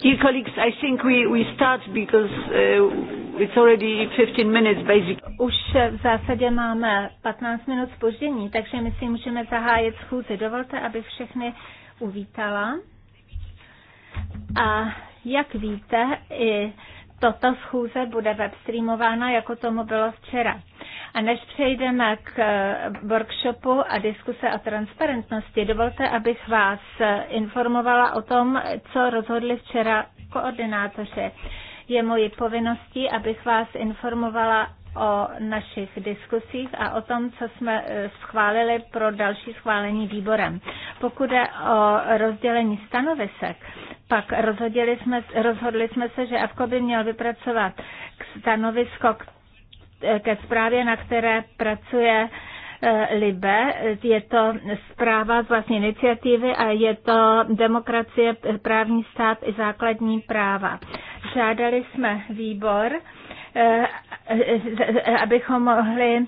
Dear colleagues, I think we, we start because uh, it's already 15 minutes basically. Už v zásadě máme 15 minut spoždění, takže my si můžeme zahájit schůzi. Dovolte, aby všechny uvítala. A jak víte, i toto schůze bude webstreamována, jako tomu bylo včera. A než přejdeme k eh, workshopu a diskuse o transparentnosti, dovolte, abych vás eh, informovala o tom, co rozhodli včera koordinátoři. Je moji povinností, abych vás informovala o našich diskusích a o tom, co jsme eh, schválili pro další schválení výborem. Pokud je o rozdělení stanovisek, pak rozhodli jsme, rozhodli jsme se, že AVKO by měl vypracovat stanovisko k ke zprávě, na které pracuje eh, Libe. Je to zpráva z vlastní iniciativy a je to demokracie, právní stát i základní práva. Žádali jsme výbor, eh, abychom mohli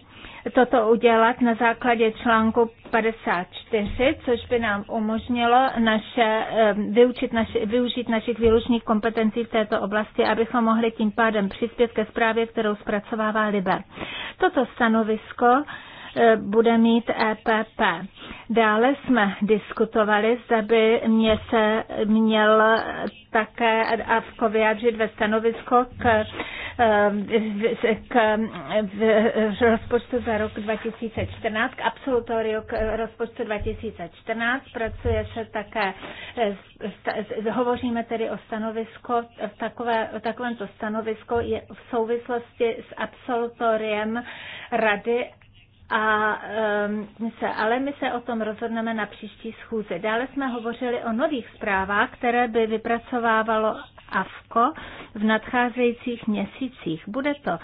toto udělat na základě článku 54, což by nám umožnilo naše, eh, vyučit naši, využít našich výlučných kompetencí v této oblasti, abychom mohli tím pádem přispět ke zprávě, kterou zpracovává Liber. Toto stanovisko E, bude mít EPP. Dále jsme diskutovali, zda by mě se měl také AFKO vyjádřit ve stanovisko k, e, k rozpočtu za rok 2014, k absolutoriu k rozpočtu 2014. Pracuje se také, e, hovoříme tedy o stanovisko, takové, o takovémto stanovisko je v souvislosti s absolutoriem Rady a, um, se, ale my se o tom rozhodneme na příští schůze. Dále jsme hovořili o nových zprávách, které by vypracovávalo AFKO v nadcházejících měsících. Bude to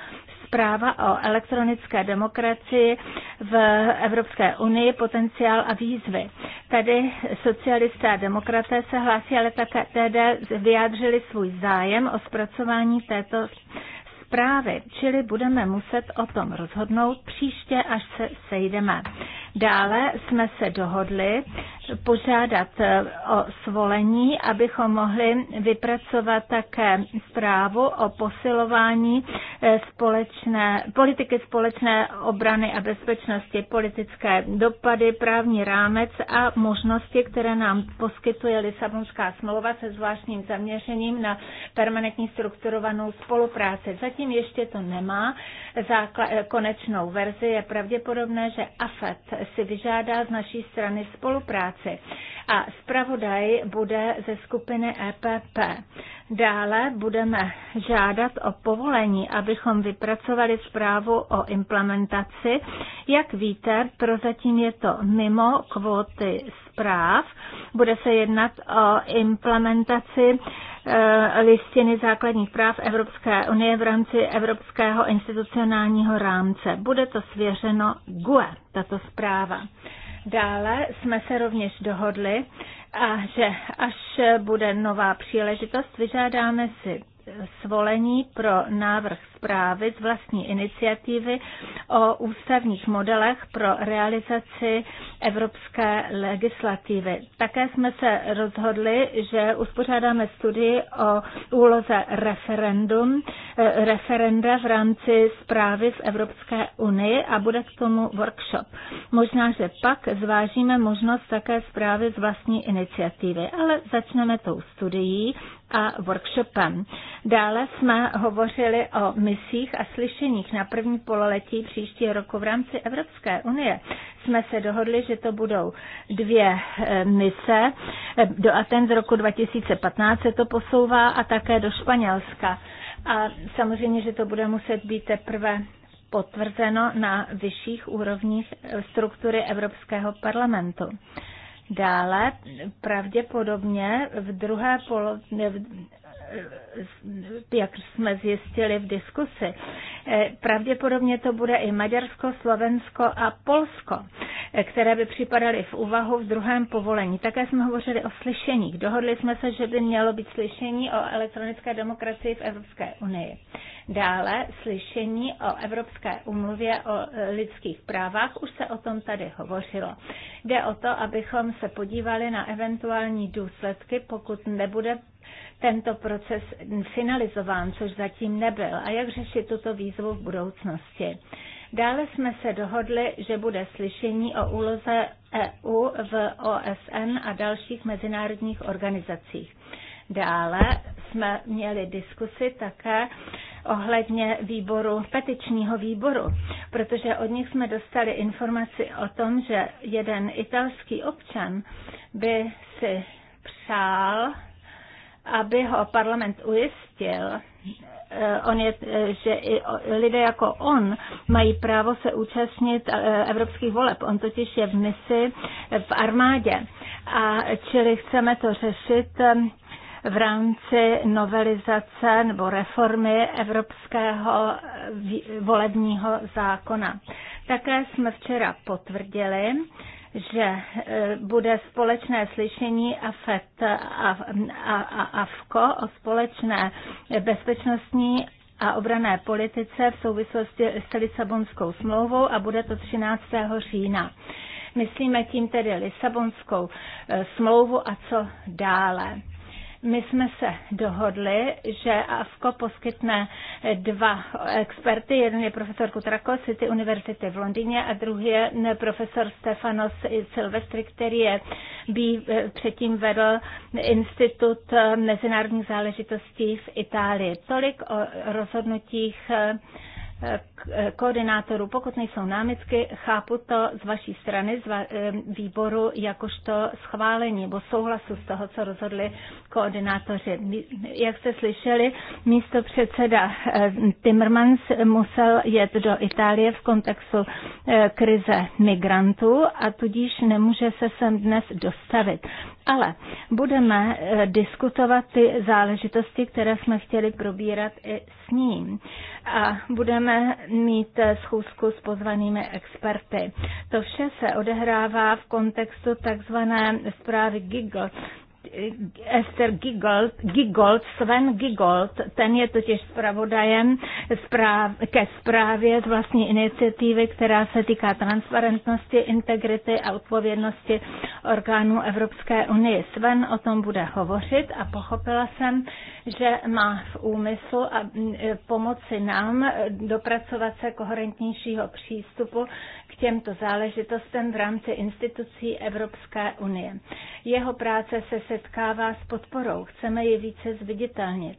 zpráva o elektronické demokracii v Evropské unii, potenciál a výzvy. Tady socialisté a demokraté se hlásí, ale také tedy vyjádřili svůj zájem o zpracování této zprávy, čili budeme muset o tom rozhodnout příště, až se sejdeme. Dále jsme se dohodli požádat eh, o svolení, abychom mohli vypracovat také zprávu o posilování eh, společné, politiky společné obrany a bezpečnosti, politické dopady, právní rámec a možnosti, které nám poskytuje Lisabonská smlouva se zvláštním zaměřením na permanentní strukturovanou spolupráci. Zatím ještě to nemá eh, konečnou verzi. Je pravděpodobné, že AFET si vyžádá z naší strany spolupráci. A zpravodaj bude ze skupiny EPP. Dále budeme žádat o povolení, abychom vypracovali zprávu o implementaci. Jak víte, prozatím je to mimo kvóty zpráv. Bude se jednat o implementaci eh, listiny základních práv Evropské unie v rámci Evropského institucionálního rámce. Bude to svěřeno GUE, tato zpráva. Dále jsme se rovněž dohodli, a že až bude nová příležitost, vyžádáme si svolení pro návrh zprávy z vlastní iniciativy o ústavních modelech pro realizaci evropské legislativy. Také jsme se rozhodli, že uspořádáme studii o úloze referendum, eh, referenda v rámci zprávy v Evropské unii a bude k tomu workshop. Možná, že pak zvážíme možnost také zprávy z vlastní iniciativy, ale začneme tou studií a workshopem. Dále jsme hovořili o misích a slyšeních na první pololetí příští roku v rámci Evropské unie jsme se dohodli, že to budou dvě eh, mise. Eh, do Aten z roku 2015 se to posouvá a také do Španělska. A samozřejmě, že to bude muset být teprve potvrzeno na vyšších úrovních eh, struktury Evropského parlamentu. Dále pravděpodobně v druhé polo, jak jsme zjistili v diskusi. Eh, pravděpodobně to bude i Maďarsko, Slovensko a Polsko, eh, které by připadaly v úvahu v druhém povolení. Také jsme hovořili o slyšeních. Dohodli jsme se, že by mělo být slyšení o elektronické demokracii v Evropské unii. Dále slyšení o Evropské umluvě o eh, lidských právách, už se o tom tady hovořilo. Jde o to, abychom se podívali na eventuální důsledky, pokud nebude tento proces finalizován, což zatím nebyl, a jak řešit tuto výzvu v budoucnosti. Dále jsme se dohodli, že bude slyšení o úloze EU v OSN a dalších mezinárodních organizacích. Dále jsme měli diskusy také ohledně výboru, petičního výboru, protože od nich jsme dostali informaci o tom, že jeden italský občan by si přál aby ho parlament ujistil, eh, on je, eh, že i lidé jako on mají právo se účastnit eh, evropských voleb. On totiž je v misi v armádě. A čili chceme to řešit v rámci novelizace nebo reformy evropského volebního zákona. Také jsme včera potvrdili, že e, bude společné slyšení AFET a, a, a a AFKO o společné bezpečnostní a obrané politice v souvislosti s Lisabonskou smlouvou a bude to 13. října. Myslíme tím tedy Lisabonskou e, smlouvu a co dále. My jsme se dohodli, že AFKO poskytne dva experty. Jeden je profesor Kutrako z City Univerzity v Londýně a druhý je profesor Stefanos Silvestri, který je by eh, předtím vedl Institut eh, mezinárodních záležitostí v Itálii. Tolik o rozhodnutích eh, Eh, koordinátorů. Pokud nejsou námitky, chápu to z vaší strany, z va- eh, výboru, jakožto schválení nebo souhlasu z toho, co rozhodli koordinátoři. Jak jste slyšeli, místo předseda eh, Timmermans musel jet do Itálie v kontextu krize migrantů a tudíž nemůže se sem dnes dostavit. Ale budeme diskutovat ty záležitosti, které jsme chtěli probírat i s ním. A budeme budeme mít schůzku s pozvanými experty. To vše se odehrává v kontextu takzvané zprávy GIGL, Esther Gigold, Gigold, Sven Gigold, ten je totiž zpravodajem zpráv, ke zprávě z vlastní iniciativy, která se týká transparentnosti, integrity a odpovědnosti orgánů Evropské unie. Sven o tom bude hovořit a pochopila jsem, že má v úmyslu a eh, pomoci nám eh, dopracovat se koherentnějšího přístupu těmto záležitostem v rámci institucí Evropské unie. Jeho práce se setkává s podporou, chceme ji více zviditelnit.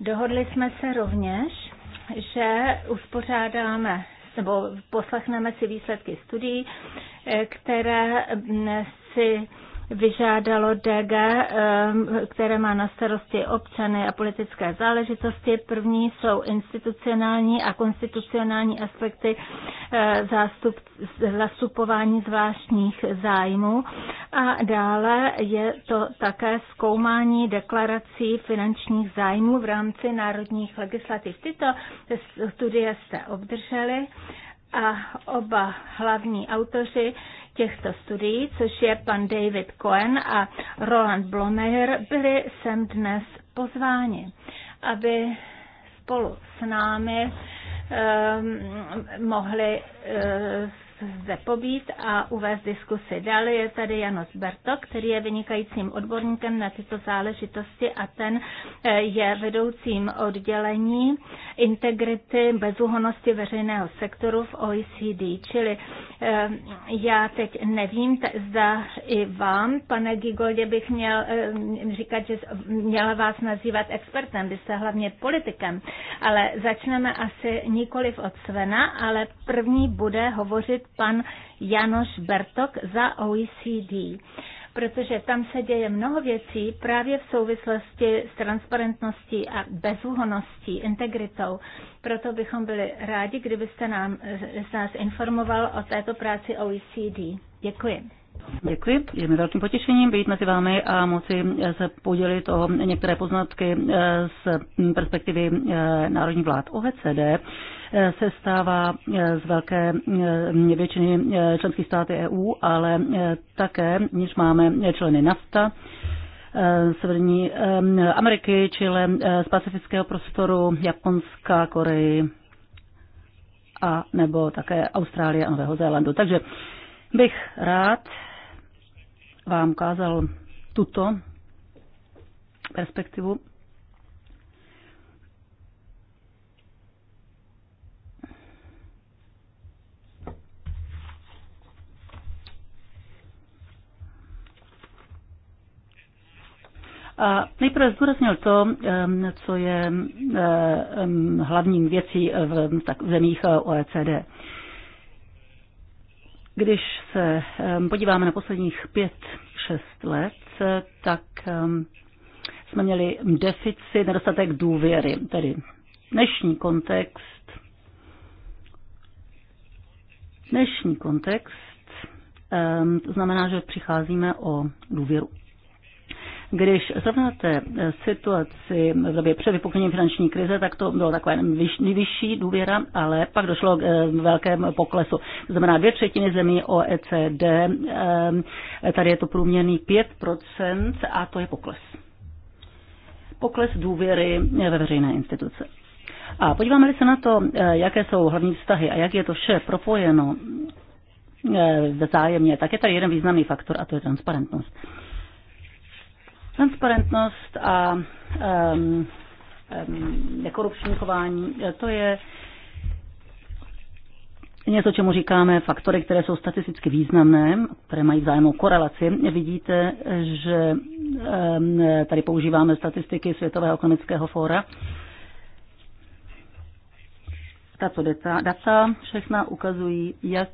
Dohodli jsme se rovněž, že uspořádáme nebo poslechneme si výsledky studií, eh, které mm, si vyžádalo DG, ehm, které má na starosti občany a politické záležitosti. První jsou institucionální a konstitucionální aspekty eh, zástup, zastupování zvláštních zájmů a dále je to také zkoumání deklarací finančních zájmů v rámci národních legislativ. Tyto studie jste obdrželi a oba hlavní autoři těchto studií, což je pan David Cohen a Roland Blomeyer, byli sem dnes pozváni, aby spolu s námi eh, mohli eh, zde pobít a uvést diskusi. Dále je tady Janos Berto, který je vynikajícím odborníkem na tyto záležitosti a ten eh, je vedoucím oddělení integrity bezúhonosti veřejného sektoru v OECD. Čili eh, já teď nevím, zda i vám, pane Gigoldě, bych měl eh, říkat, že měla vás nazývat expertem, vy jste hlavně politikem, ale začneme asi nikoliv od Svena, ale první bude hovořit pan Janoš Bertok za OECD protože tam se děje mnoho věcí právě v souvislosti s transparentností a bezúhoností, integritou. Proto bychom byli rádi, kdybyste nám, nás informoval o této práci OECD. Děkuji. Děkuji, je mi velkým potěšením být mezi vámi a moci eh, se podělit o některé poznatky eh, z perspektivy eh, národních vlád OECD se stává z velké většiny členských států EU, ale také, když máme členy NAFTA, Severní Ameriky, Chile, z pacifického prostoru, Japonska, Koreji a nebo také Austrálie a Nového Zélandu. Takže bych rád vám ukázal tuto perspektivu. A nejprve zdůraznil to, co je hlavním věcí v zemích eh, OECD. Když se ehm, podíváme na posledních pět šest let, tak ehm, jsme měli deficit, nedostatek důvěry, tedy dnešní kontext. Dnešní kontext ehm, znamená, že přicházíme o důvěru. Když srovnáte eh, situaci v době před vypuknutím finanční krize, tak to bylo takové nejvyšší důvěra, ale pak došlo k eh, velkém poklesu. To znamená dvě třetiny zemí OECD, eh, tady je to průměrný 5% a to je pokles. Pokles důvěry ve veřejné instituce. A podíváme-li se na to, jaké jsou hlavní vztahy a jak je to vše propojeno vzájemně, tak je tady jeden významný faktor a to je transparentnost. Transparentnost a um, um, nekorupční chování, e, to je něco, čemu říkáme faktory, které jsou statisticky významné, které mají vzájemnou korelaci. Vidíte, že tady používáme statistiky Světového ekonomického fóra. Tato data, data všechna ukazují, jak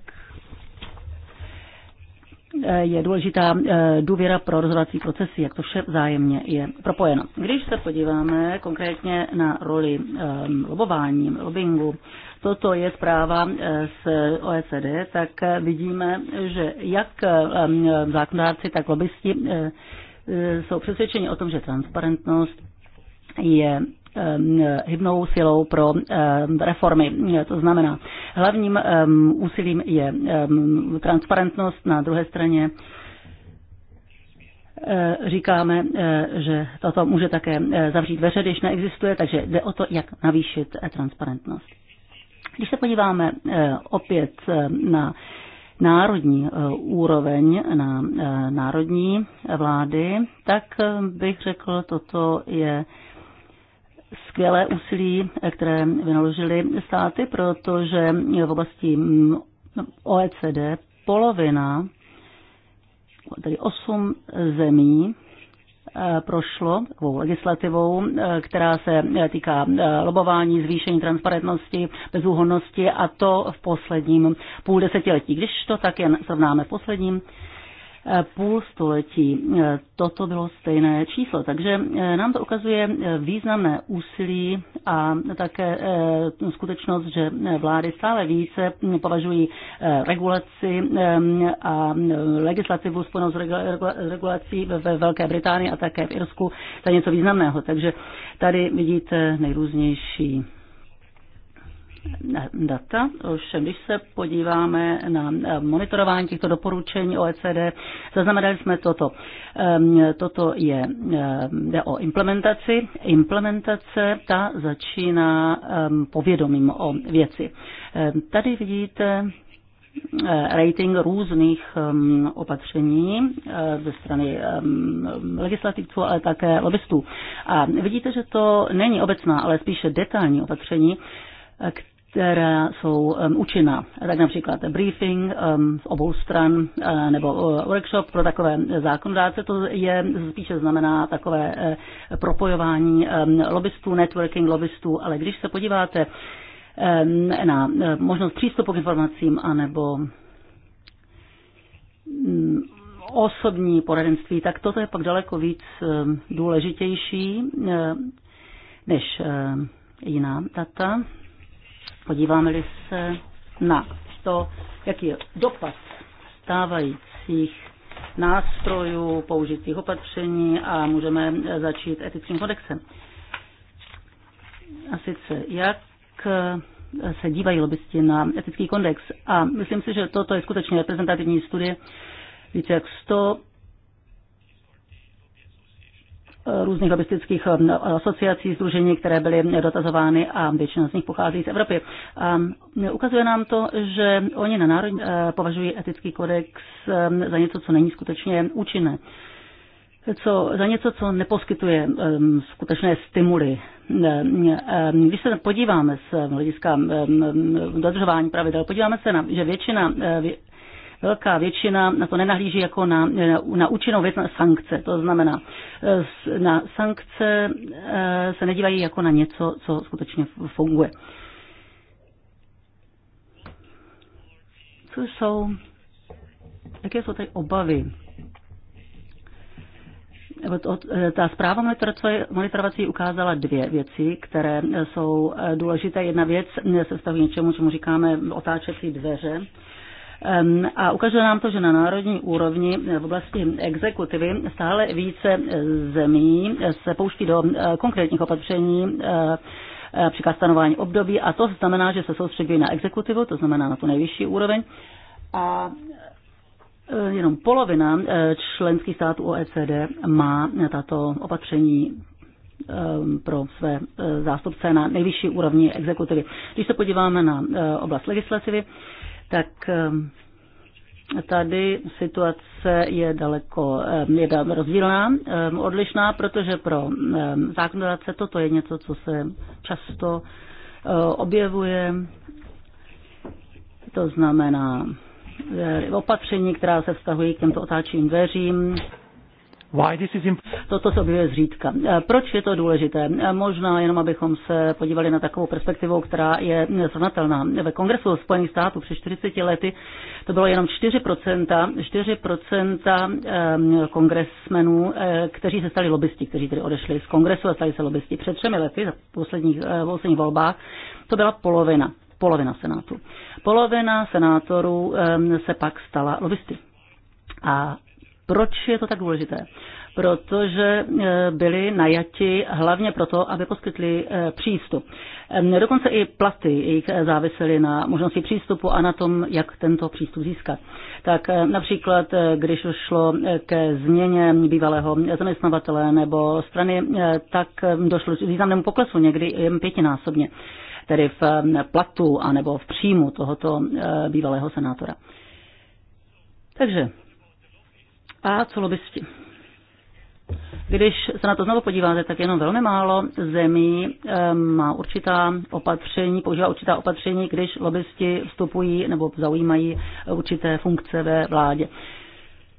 Eh, je důležitá eh, důvěra pro rozhodovací procesy, jak to vše vzájemně je propojeno. Když se podíváme konkrétně na roli ehm, lobování, lobbyingu, toto je zpráva eh, z OECD, tak vidíme, že jak ehm, zákonodárci, tak lobbysti jsou přesvědčeni o tom, že transparentnost je Ehm, hybnou silou pro ehm, reformy. To znamená, hlavním ehm, úsilím je transparentnost, na druhé straně eh, říkáme, eh, že toto může také eh, zavřít dveře, když neexistuje, takže jde o to, jak navýšit transparentnost. Když se podíváme opět na národní úroveň, na národní vlády, tak bych řekl, toto je skvělé úsilí, které vynaložili státy, protože v oblasti mm, no, OECD polovina, tedy osm zemí, eh, prošlo takovou legislativou, eh, která se eh, týká lobování, zvýšení transparentnosti, bezúhonnosti a to v posledním půl desetiletí. Když to tak jen srovnáme v posledním půl století. E, toto bylo stejné číslo. Takže e, nám to ukazuje e, významné úsilí a také skutečnost, že vlády stále více považují regulaci a legislativu spojenou s regulací ve Velké Británii a také v Irsku za něco významného. Takže tady vidíte nejrůznější data, ovšem když se podíváme na monitorování těchto doporučení OECD, zaznamenali jsme toto. Toto je, jde o implementaci. Implementace ta začíná povědomím o věci. Tady vidíte eh, rating různých opatření eh, ze strany legislativců, ale také lobbystů. A vidíte, že to není obecná, ale spíše detailní opatření, eh, která jsou um, účinná. Tak například briefing um, z obou stran uh, nebo uh, workshop pro takové zákonodáce, to je spíše znamená takové uh, propojování um, lobbystů, networking lobbystů, ale když se podíváte um, na uh, možnost přístupu k informacím anebo um, osobní poradenství, tak toto je pak daleko víc um, důležitější uh, než uh, jiná data. Podíváme-li se na to, jaký je dopad stávajících nástrojů, použitých opatření a můžeme začít etickým kodexem. A sice, jak se dívají lobbysti na etický kodex. A myslím si, že toto je skutečně reprezentativní studie. Více jak 100 různých lobistických eh, asociací, združení, které byly dotazovány a většina z nich pochází z Evropy. A eh, ukazuje nám to, že oni na národní eh, považují etický kodex za něco, co není skutečně účinné co, za něco, co neposkytuje um, skutečné stimuly. Ehm, když se podíváme z hlediska ehm, dodržování pravidel, podíváme se na, že většina velká většina na to nenahlíží jako na, na, na účinnou věc na sankce. To znamená, eh, na sankce eh, se nedívají jako na něco, co skutečně funguje. Co jsou, jaké jsou tady obavy eh, ta zpráva monitorovací ukázala dvě věci, které jsou důležité. Jedna věc se vztahuje něčemu, čemu říkáme otáčecí dveře a ukazuje nám to, že na národní úrovni v oblasti exekutivy stále více zemí se pouští do eh, konkrétních opatření eh, eh, při stanování období a to znamená, že se soustředí na exekutivu, to znamená na tu nejvyšší úroveň a jenom polovina členských států OECD má tato opatření pro své zástupce na nejvyšší úrovni exekutivy. Když se podíváme na oblast legislativy, tak ehm, Tady situace je daleko ehm, je rozdílná, ehm, odlišná, protože pro zákonodárce toto je něco, co se často eh, objevuje. To znamená eh, opatření, která se vztahují k těmto otáčím dveřím. Toto se objevuje zřídka. Eh, proč je to důležité? Eh, možná jenom, abychom se podívali na takovou perspektivu, která je srovnatelná. Ve kongresu Spojených států před 40 lety to bylo jenom 4%, 4% eh, kongresmenů, kteří se stali lobbysti, kteří tedy odešli z kongresu a stali se lobbysti. Před třemi lety, v posledních, v posledních volbách, to byla polovina. Polovina senátu. Polovina senátorů se pak stala lobbysty. A proč je to tak důležité? Protože eh, byli najati hlavně proto, aby poskytli eh, přístup. Ehm, dokonce i platy jich eh, závisely na možnosti přístupu a na tom, jak tento přístup získat. Tak například, když šlo ke změně bývalého zaměstnavatele nebo strany, tak ehm, došlo k významnému poklesu někdy jen pětinásobně tedy v ehm, platu anebo v příjmu tohoto bývalého senátora. Takže a co Když se na to znovu podíváte, tak jenom velmi málo zemí ehm, má určitá opatření, používá určitá opatření, když lobbysti vstupují nebo zaujímají určité funkce ve vládě.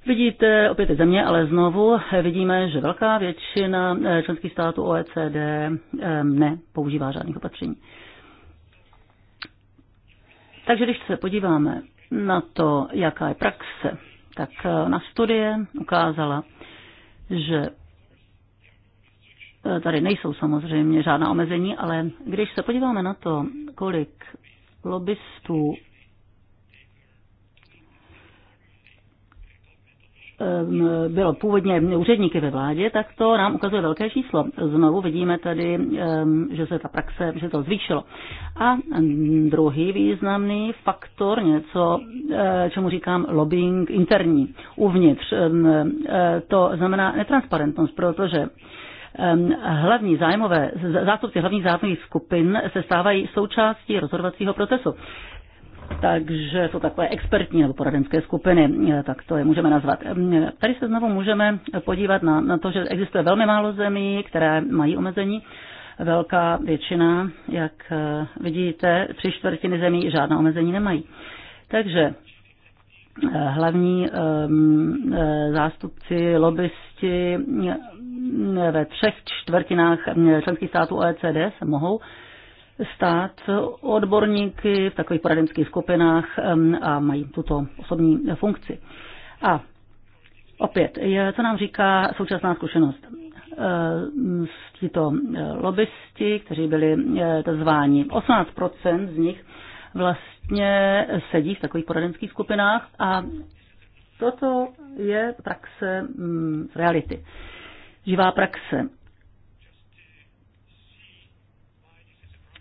Vidíte opět země, ale znovu vidíme, že velká většina eh, členských států OECD ehm, nepoužívá žádných opatření. Takže když se podíváme na to, jaká je praxe tak eh, na studie ukázala, že eh, tady nejsou samozřejmě žádná omezení, ale když se podíváme na to, kolik lobbystů bylo původně úředníky ve vládě, tak to nám ukazuje velké číslo. Znovu vidíme tady, že se ta praxe, že to zvýšilo. A druhý významný faktor, něco, e, čemu říkám lobbying interní, uvnitř, e, to znamená netransparentnost, protože hlavní zájmové, zástupci hlavních zájmových skupin se stávají součástí rozhodovacího procesu. Takže jsou takové expertní nebo poradenské skupiny, eh, tak to je můžeme nazvat. Tady se znovu můžeme podívat na, na to, že existuje velmi málo zemí, které mají omezení. Velká většina, jak eh, vidíte, tři čtvrtiny zemí žádná omezení nemají. Takže eh, hlavní zástupci, lobbysti ve třech čtvrtinách členských států OECD se mohou stát odborníky v takových poradenských skupinách a mají tuto osobní funkci. A opět, je, co nám říká současná zkušenost? Tito eh, lobbysti, kteří byli eh, zváni, 18% z nich vlastně sedí v takových poradenských skupinách a toto je praxe z mm, reality. Živá praxe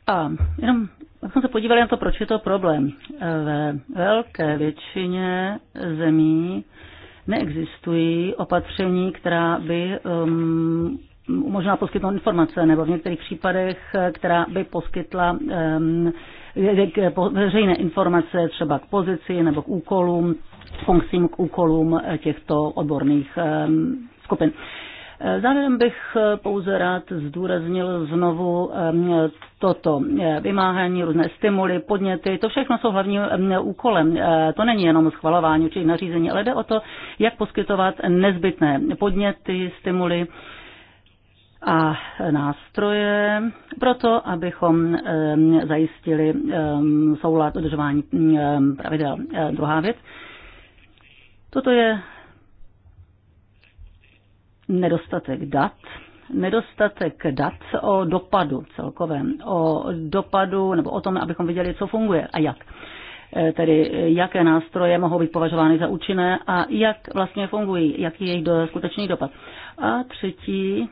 A jenom jsme se podívali na to, proč je to problém. Ve velké většině zemí neexistují opatření, která by um, umožnila poskytnout informace, nebo v některých případech, která by poskytla um, veřejné informace třeba k pozici nebo k úkolům, funkcím k úkolům těchto odborných um, skupin. Závěrem bych pouze rád zdůraznil znovu toto eh, vymáhání, různé stimuly, podněty, to všechno jsou hlavním úkolem. Eh, to není jenom schvalování či nařízení, ale jde o to, jak poskytovat nezbytné podněty, stimuly a nástroje pro to, abychom zajistili soulad dodržování pravidel. Eh, druhá věc. Toto je nedostatek dat, nedostatek dat o dopadu celkovém, o dopadu nebo o tom, abychom viděli, co funguje a jak. E, tedy e, jaké nástroje mohou být považovány za účinné a jak vlastně fungují, jaký je jejich skutečný dopad. A třetí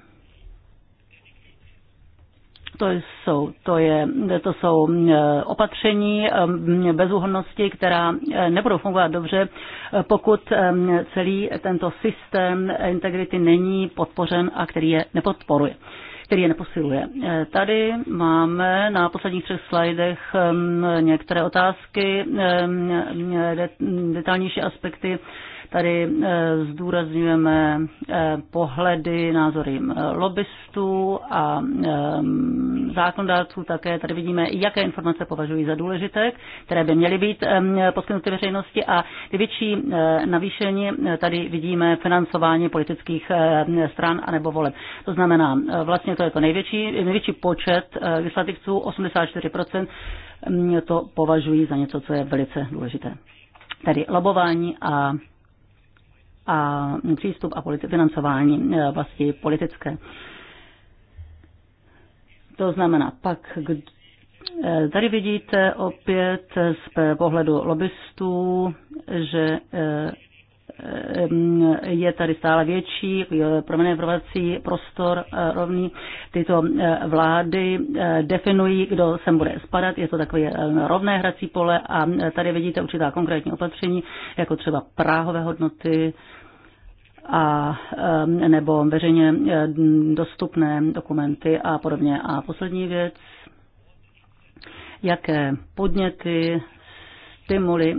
to jsou, to je, to jsou e, opatření e, bezúhonnosti, která e, nebudou fungovat dobře, pokud celý tento systém integrity není podpořen a který je nepodporuje který je neposiluje. Tady máme na posledních třech slajdech některé otázky, detailnější aspekty Tady eh, zdůrazňujeme eh, pohledy, názory eh, lobbystů a zákonodárců také. Tady vidíme, jaké informace považují za důležité, které by měly být poskytnuty veřejnosti a největší navýšení tady vidíme financování politických stran anebo voleb. To znamená, vlastně to je to největší, největší počet legislativců, 84%, mm, to považují za něco, co je velice důležité. Tedy lobování a a přístup a politi- financování vlastně politické. To znamená pak, eh, tady vidíte opět z pohledu lobbystů, že eh, Ehm, je tady stále větší proměnovací prostor eh, rovný. Tyto eh, vlády eh, definují, kdo sem bude spadat, je to takové rovné hrací pole a tady vidíte určitá konkrétní opatření, jako třeba práhové hodnoty, a ehm, nebo veřejně dostupné dokumenty a podobně. A poslední věc, jaké podněty, stimuly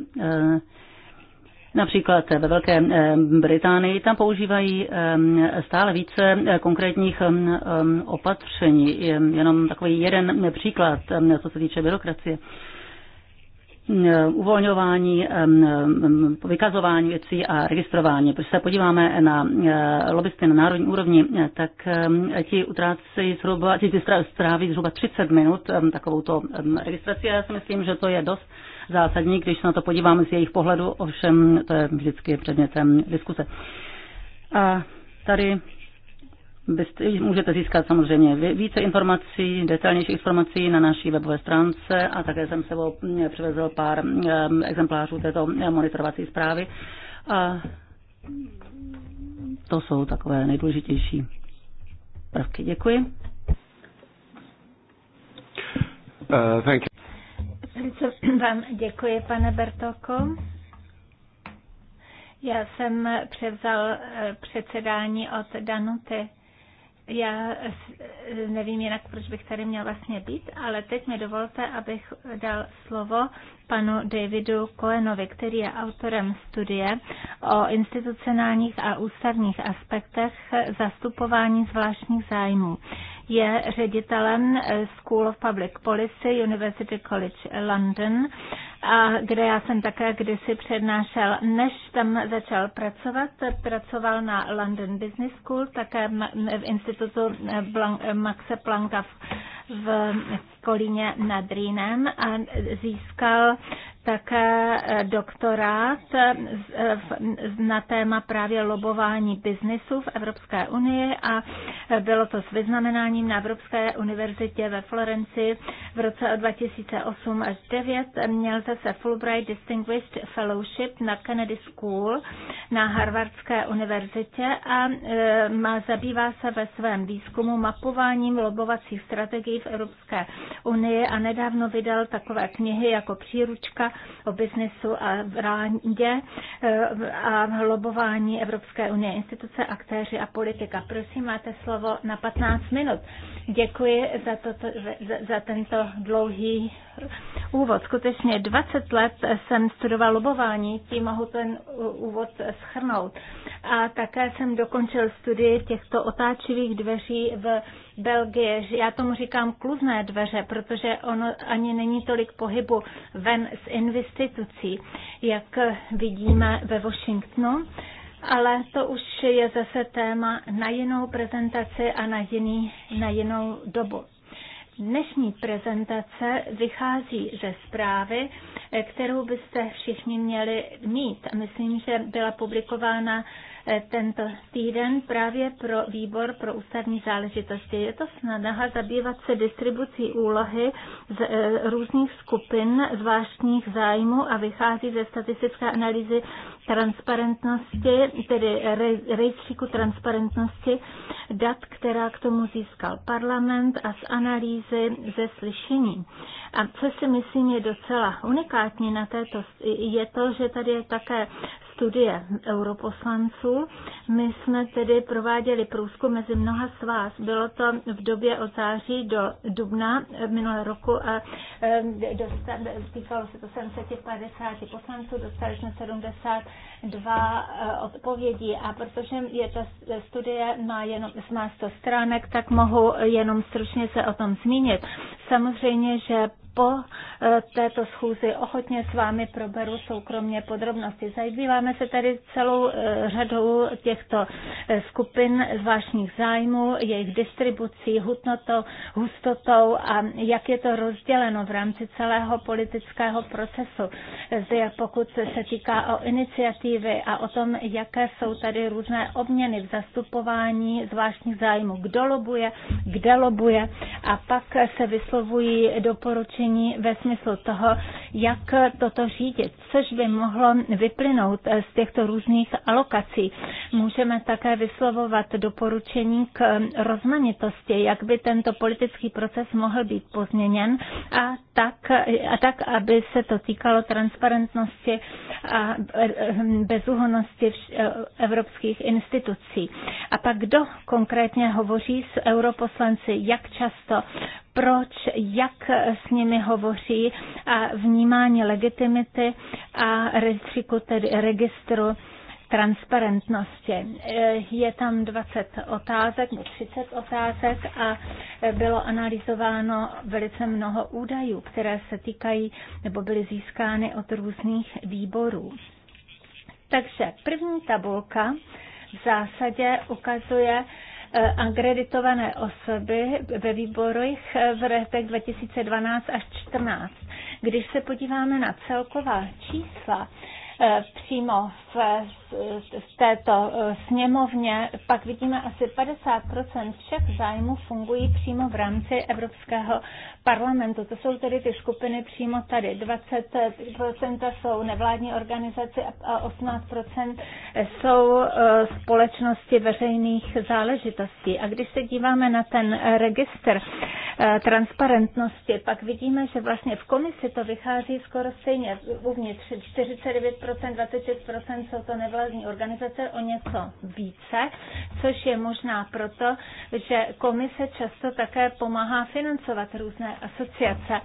Například ve Velké eh, Británii tam používají eh, stále více eh, konkrétních opatření. Jenom takový jeden příklad, co se týče byrokracie uvolňování, vykazování věcí a registrování. Když se podíváme na lobbysty na národní úrovni, tak ti utrácejí zhruba, ti stráví zhruba 30 minut takovouto registraci. Já si myslím, že to je dost zásadní, když se na to podíváme z jejich pohledu, ovšem to je vždycky předmětem diskuse. A tady byste, můžete získat samozřejmě více informací, detailnějších informací na naší webové stránce a také jsem sebou mm, přivezl pár mm, exemplářů této mm, monitorovací zprávy. A to jsou takové nejdůležitější prvky. Děkuji. Uh, thank you. Velice vám děkuji, pane Bertoko. Já jsem převzal eh, předsedání od Danuty. Já eh, nevím jinak, proč bych tady měl vlastně být, ale teď mi dovolte, abych dal slovo panu Davidu Koenovi, který je autorem studie o institucionálních a ústavních aspektech zastupování zvláštních zájmů. Je ředitelem School of Public Policy University College London, a kde já jsem také kdysi přednášel. Než tam začal pracovat, pracoval na London Business School, také v institutu Maxe Plancka v v Kolíně nad Rýnem a získal také eh, doktorát eh, eh, na téma právě lobování biznisu v Evropské unii a bylo to s vyznamenáním na Evropské univerzitě ve Florenci v roce 2008 až 2009. Měl zase Fulbright Distinguished Fellowship na Kennedy School na Harvardské univerzitě a má, zabývá se ve svém výzkumu mapováním lobovacích strategií v Evropské unii a nedávno vydal takové knihy jako příručka o biznesu a rádě e, a lobování Evropské unie, instituce, aktéři a politika. Prosím, máte slovo na 15 minut. Děkuji za, toto, za, za tento dlouhý úvod. Skutečně 20 let jsem studoval lobování, tím mohu ten úvod schrnout. A také jsem dokončil studii těchto otáčivých dveří v Belgie, že já tomu říkám kluzné dveře, protože ono ani není tolik pohybu ven z investicí, jak vidíme ve Washingtonu ale to už je zase téma na jinou prezentaci a na, jiný, na jinou dobu. Dnešní prezentace vychází ze zprávy, kterou byste všichni měli mít. Myslím, že byla publikována Eh, tento týden právě pro výbor pro ústavní záležitosti. Je to snaha zabývat se distribucí úlohy z eh, různých skupin zvláštních zájmů a vychází ze statistické analýzy transparentnosti, tedy rejstříku transparentnosti dat, která k tomu získal parlament a z analýzy ze slyšení. A co si myslím je docela unikátní na této, je to, že tady je také studie europoslanců. My jsme tedy prováděli průzkum mezi mnoha z vás. Bylo to v době od září do dubna minulého roku a týkalo se to 750 poslanců, dostali jsme 72 eh, odpovědí a protože je ta studie má jenom má 100 stránek, tak mohu jenom stručně se o tom zmínit. Samozřejmě, že po eh, této schůzi ochotně s vámi proberu soukromně podrobnosti. Zabýváme se tady celou eh, řadou těchto eh, skupin zvláštních zájmů, jejich distribucí, hutnotou, hustotou a jak je to rozděleno v rámci celého politického procesu, pokud se týká o iniciativy a o tom, jaké jsou tady různé obměny v zastupování zvláštních zájmů, kdo lobuje, kde lobuje a pak se vyslovují doporučení opatření ve smyslu toho, jak toto řídit, což by mohlo vyplynout z těchto různých alokací. Můžeme také vyslovovat doporučení k rozmanitosti, jak by tento politický proces mohl být pozměněn a tak, a tak aby se to týkalo transparentnosti a bezúhonosti evropských institucí. A pak kdo konkrétně hovoří s europoslanci, jak často, proč, jak s nimi hovoří a vnímání legitimity a rejstříku, tedy registru transparentnosti. Je tam 20 otázek, 30 otázek a bylo analyzováno velice mnoho údajů, které se týkají nebo byly získány od různých výborů. Takže první tabulka v zásadě ukazuje Eh, akreditované osoby ve výborech eh, v letech 2012 až 2014. Když se podíváme na celková čísla, Eh, přímo v, v této eh, sněmovně, pak vidíme asi 50 všech zájmů fungují přímo v rámci Evropského parlamentu. To jsou tedy ty skupiny přímo tady. 20 jsou nevládní organizace a 18 jsou eh, společnosti veřejných záležitostí. A když se díváme na ten registr transparentnosti, pak vidíme, že vlastně v komisi to vychází skoro stejně. Uvnitř 49 26% jsou to nevládní organizace, o něco více, což je možná proto, že komise často také pomáhá financovat různé asociace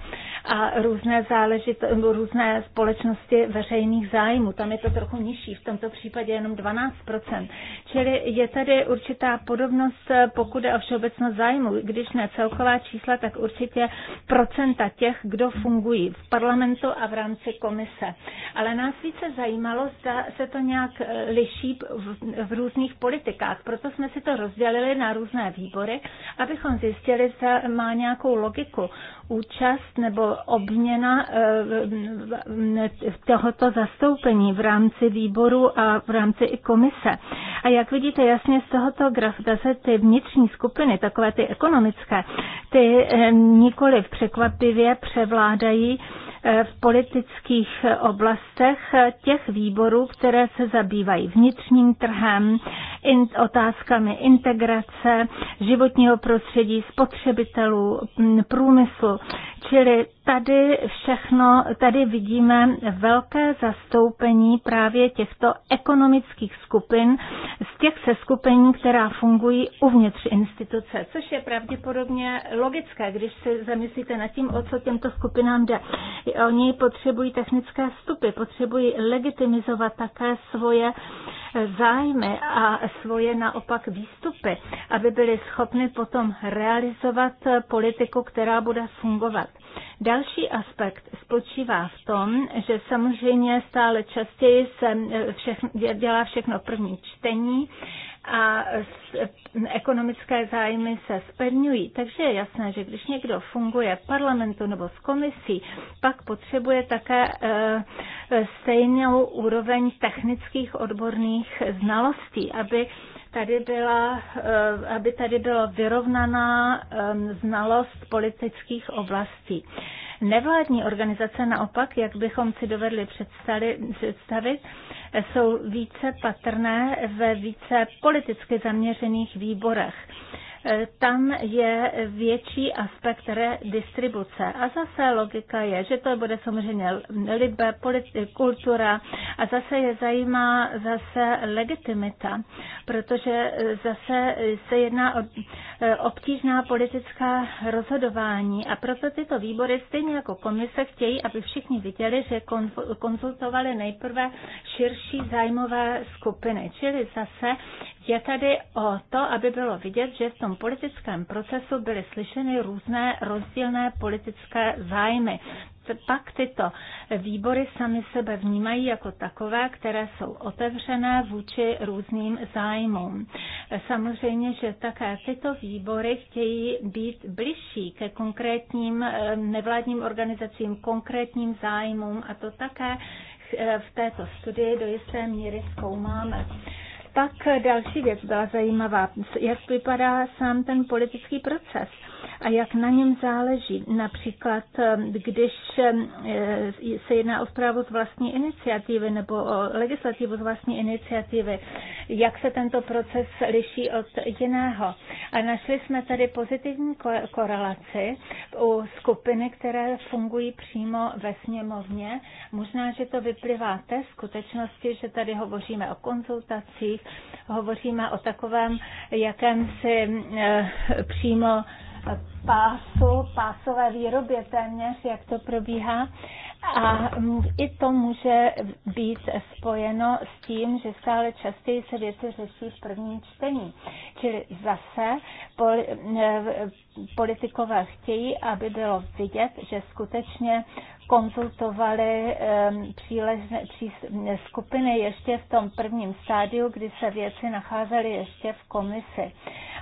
a různé záležit, různé společnosti veřejných zájmů. Tam je to trochu nižší, v tomto případě jenom 12%. Čili je tady určitá podobnost, pokud je o všeobecnost zájmu. Když ne celková čísla, tak určitě procenta těch, kdo fungují v parlamentu a v rámci komise. Ale nás více zajímalo, zda se to nějak eh, liší v, v různých politikách. Proto jsme si to rozdělili na různé výbory, abychom zjistili, zda má nějakou logiku účast nebo obměna eh, tohoto zastoupení v rámci výboru a v rámci i komise. A jak vidíte jasně z tohoto grafu, se ty vnitřní skupiny, takové ty ekonomické, ty eh, nikoli překvapivě převládají Eh, v politických oblastech těch výborů, které se zabývají vnitřním trhem, in, otázkami integrace, životního prostředí, spotřebitelů, mm, průmyslu. Čili tady všechno, tady vidíme velké zastoupení právě těchto ekonomických skupin z těch se která fungují uvnitř instituce, což je pravděpodobně logické, když si zamyslíte nad tím, o co těmto skupinám jde. Oni potřebují technické vstupy, potřebují legitimizovat také svoje zájmy a svoje naopak výstupy, aby byli schopni potom realizovat politiku, která bude fungovat. Další aspekt spočívá v tom, že samozřejmě stále častěji se eh, všechno, dělá všechno první čtení, a ekonomické zájmy se splňují. Takže je jasné, že když někdo funguje v parlamentu nebo s komisí, pak potřebuje také e, e, stejnou úroveň technických odborných znalostí, aby tady byla, eh, aby tady byla vyrovnaná ehm, znalost politických oblastí. Nevládní organizace naopak, jak bychom si dovedli představit, jsou více patrné ve více politicky zaměřených výborech. E, tam je větší aspekt redistribuce. A zase logika je, že to bude samozřejmě libe, politi- kultura a zase je zajímá zase legitimita, protože zase se jedná o e, obtížná politická rozhodování a proto tyto výbory stejně jako komise chtějí, aby všichni viděli, že konzultovali nejprve širší zájmové skupiny. Čili zase je tady o to, aby bylo vidět, že v tom tom politickém procesu byly slyšeny různé rozdílné politické zájmy. Pak tyto výbory sami sebe vnímají jako takové, které jsou otevřené vůči různým zájmům. Samozřejmě, že také tyto výbory chtějí být bližší ke konkrétním eh, nevládním organizacím, konkrétním zájmům a to také eh, v této studii do jisté míry zkoumáme. Pak další věc byla zajímavá, jak vypadá sám ten politický proces a jak na něm záleží. Například, eh, když eh, se jedná o zprávu z vlastní iniciativy nebo o legislativu z vlastní iniciativy, jak se tento proces liší od jiného. A našli jsme tady pozitivní korelaci u skupiny, které fungují přímo ve sněmovně. Možná, že to vyplývá té skutečnosti, že tady hovoříme o konzultacích, hovoříme o takovém jakémsi eh, přímo pásu, pásové výrobě téměř, jak to probíhá. A i to může být spojeno s tím, že stále častěji se věci řeší v prvním čtení. Čili zase politikové chtějí, aby bylo vidět, že skutečně konzultovali příležné, skupiny ještě v tom prvním stádiu, kdy se věci nacházely ještě v komisi.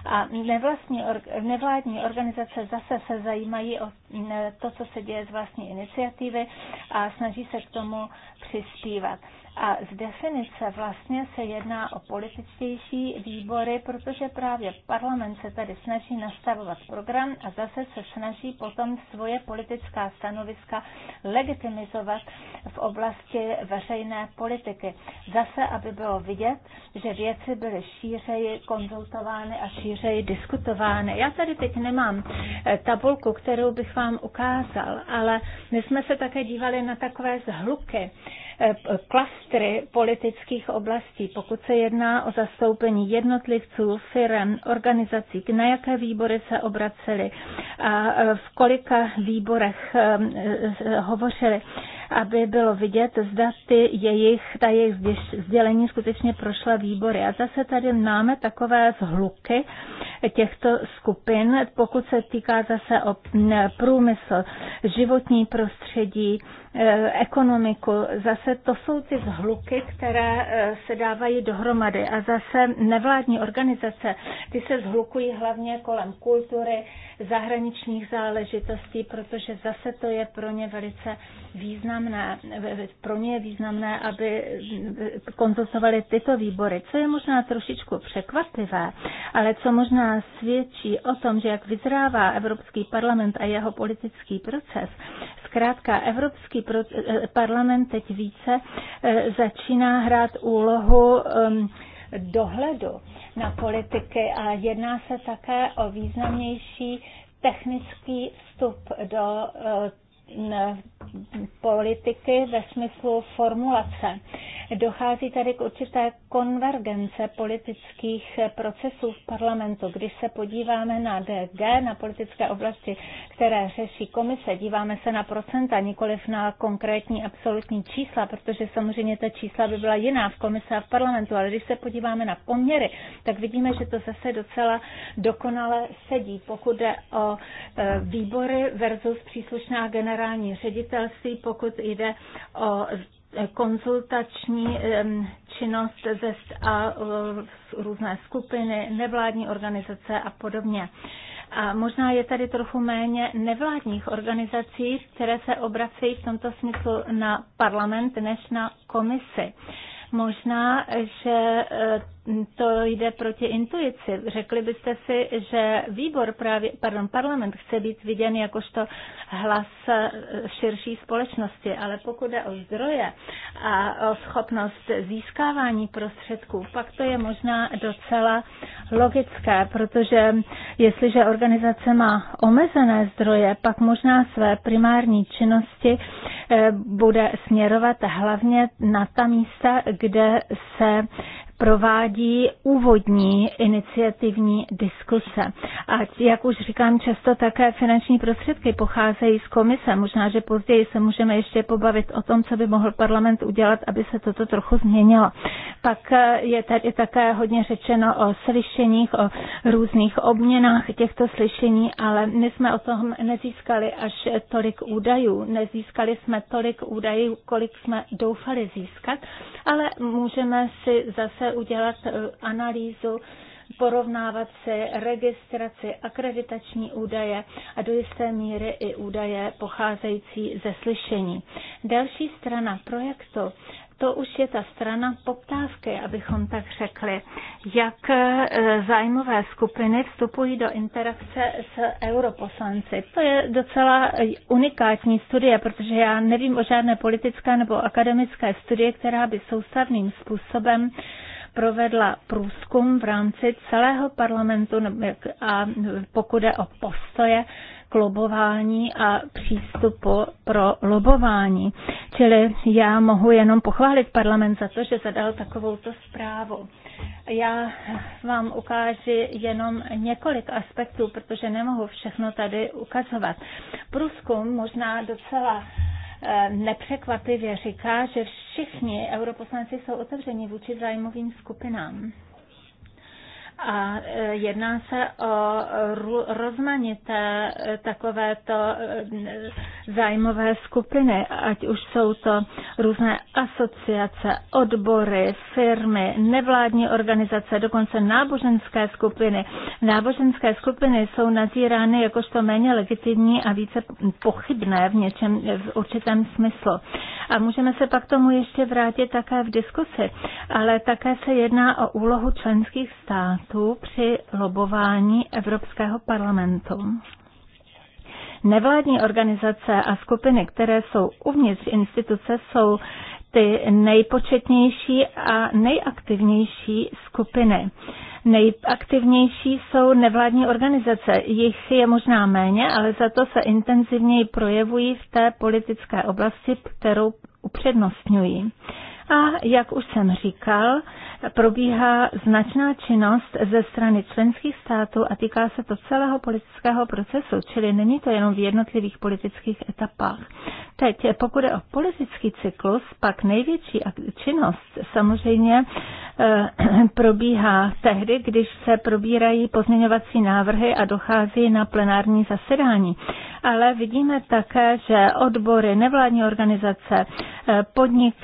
A nevlastní, nevládní organizace zase se zajímají o mm, to, co se děje z vlastní iniciativy a snaží se k tomu přispívat. A z definice vlastně se jedná o političtější výbory, protože právě parlament se tady snaží nastavovat program a zase se snaží potom svoje politická stanoviska legitimizovat v oblasti veřejné politiky. Zase, aby bylo vidět, že věci byly šířeji konzultovány a šířeji diskutovány. Já tady teď nemám eh, tabulku, kterou bych vám ukázal, ale my jsme se také dívali na takové zhluky klastry politických oblastí, pokud se jedná o zastoupení jednotlivců, firm, organizací, na jaké výbory se obraceli a v kolika výborech eh, eh, hovořili, aby bylo vidět, zda ty jejich, ta jejich sdělení skutečně prošla výbory. A zase tady máme takové zhluky těchto skupin, pokud se týká zase o průmysl, životní prostředí, Eh, ekonomiku. Zase to jsou ty zhluky, které eh, se dávají dohromady. A zase nevládní organizace, ty se zhlukují hlavně kolem kultury, zahraničních záležitostí, protože zase to je pro ně velice významné. Pro ně je významné, aby eh, konzultovali tyto výbory. Co je možná trošičku překvapivé, ale co možná svědčí o tom, že jak vyzrává Evropský parlament a jeho politický proces, zkrátka Evropský Evropský eh, parlament teď více eh, začíná hrát úlohu ehm, dohledu na politiky a jedná se také o významnější technický vstup do eh, politiky ve smyslu formulace. Dochází tady k určité konvergence politických procesů v parlamentu. Když se podíváme na DG, na politické oblasti, které řeší komise, díváme se na procenta, nikoliv na konkrétní absolutní čísla, protože samozřejmě ta čísla by byla jiná v komise a v parlamentu, ale když se podíváme na poměry, tak vidíme, že to zase docela dokonale sedí, pokud jde o e, výbory versus příslušná generace generální ředitelství, pokud jde o konzultační činnost a různé skupiny, nevládní organizace a podobně. A možná je tady trochu méně nevládních organizací, které se obrací v tomto smyslu na parlament než na komisi. Možná, že eh, to jde proti intuici. Řekli byste si, že výbor právě, pardon, parlament chce být viděn jakožto hlas eh, širší společnosti, ale pokud jde o zdroje a o schopnost získávání prostředků, pak to je možná docela logické, protože jestliže organizace má omezené zdroje, pak možná své primární činnosti eh, bude směrovat hlavně na ta místa, kde se provádí úvodní iniciativní diskuse. A jak už říkám, často také finanční prostředky pocházejí z komise. Možná, že později se můžeme ještě pobavit o tom, co by mohl parlament udělat, aby se toto trochu změnilo. Pak eh, je tady také hodně řečeno o slyšeních, o různých obměnách těchto slyšení, ale my jsme o tom nezískali až tolik údajů. Nezískali jsme tolik údajů, kolik jsme doufali získat, ale můžeme si zase udělat eh, analýzu, porovnávat se registraci, akreditační údaje a do jisté míry i údaje pocházející ze slyšení. Další strana projektu to už je ta strana poptávky, abychom tak řekli, jak eh, zájmové skupiny vstupují do interakce s europoslanci. To je docela unikátní studie, protože já nevím o žádné politické nebo akademické studie, která by soustavným způsobem uh, provedla průzkum v rámci celého parlamentu a pokud je o postoje k lobování a přístupu pro lobování. Čili já mohu jenom pochválit parlament za to, že zadal takovouto zprávu. Já vám ukážu jenom několik aspektů, protože nemohu všechno tady ukazovat. Průzkum možná docela Eh, nepřekvapivě říká, že všichni europoslanci jsou otevřeni vůči zájmovým skupinám. A e, jedná se o rozmanité e, takovéto e, zájmové skupiny, ať už jsou to různé asociace, odbory, firmy, nevládní organizace, dokonce náboženské skupiny. Náboženské skupiny jsou nazírány jakožto méně legitimní a více pochybné v něčem, v určitém smyslu. A můžeme se pak tomu ještě vrátit také v diskusi, ale také se jedná o úlohu členských států států při lobování Evropského parlamentu. Nevládní organizace a skupiny, které jsou uvnitř instituce, jsou ty nejpočetnější a nejaktivnější skupiny. Nejaktivnější jsou nevládní organizace. Jich je možná méně, ale za to se intenzivněji projevují v té politické oblasti, kterou upřednostňují. A jak už jsem říkal, probíhá značná činnost ze strany členských států a týká se to celého politického procesu, čili není to jenom v jednotlivých politických etapách. Teď, pokud je o politický cyklus, pak největší činnost samozřejmě eh, probíhá tehdy, když se probírají pozměňovací návrhy a dochází na plenární zasedání. Ale vidíme také, že odbory, nevládní organizace, eh, podnik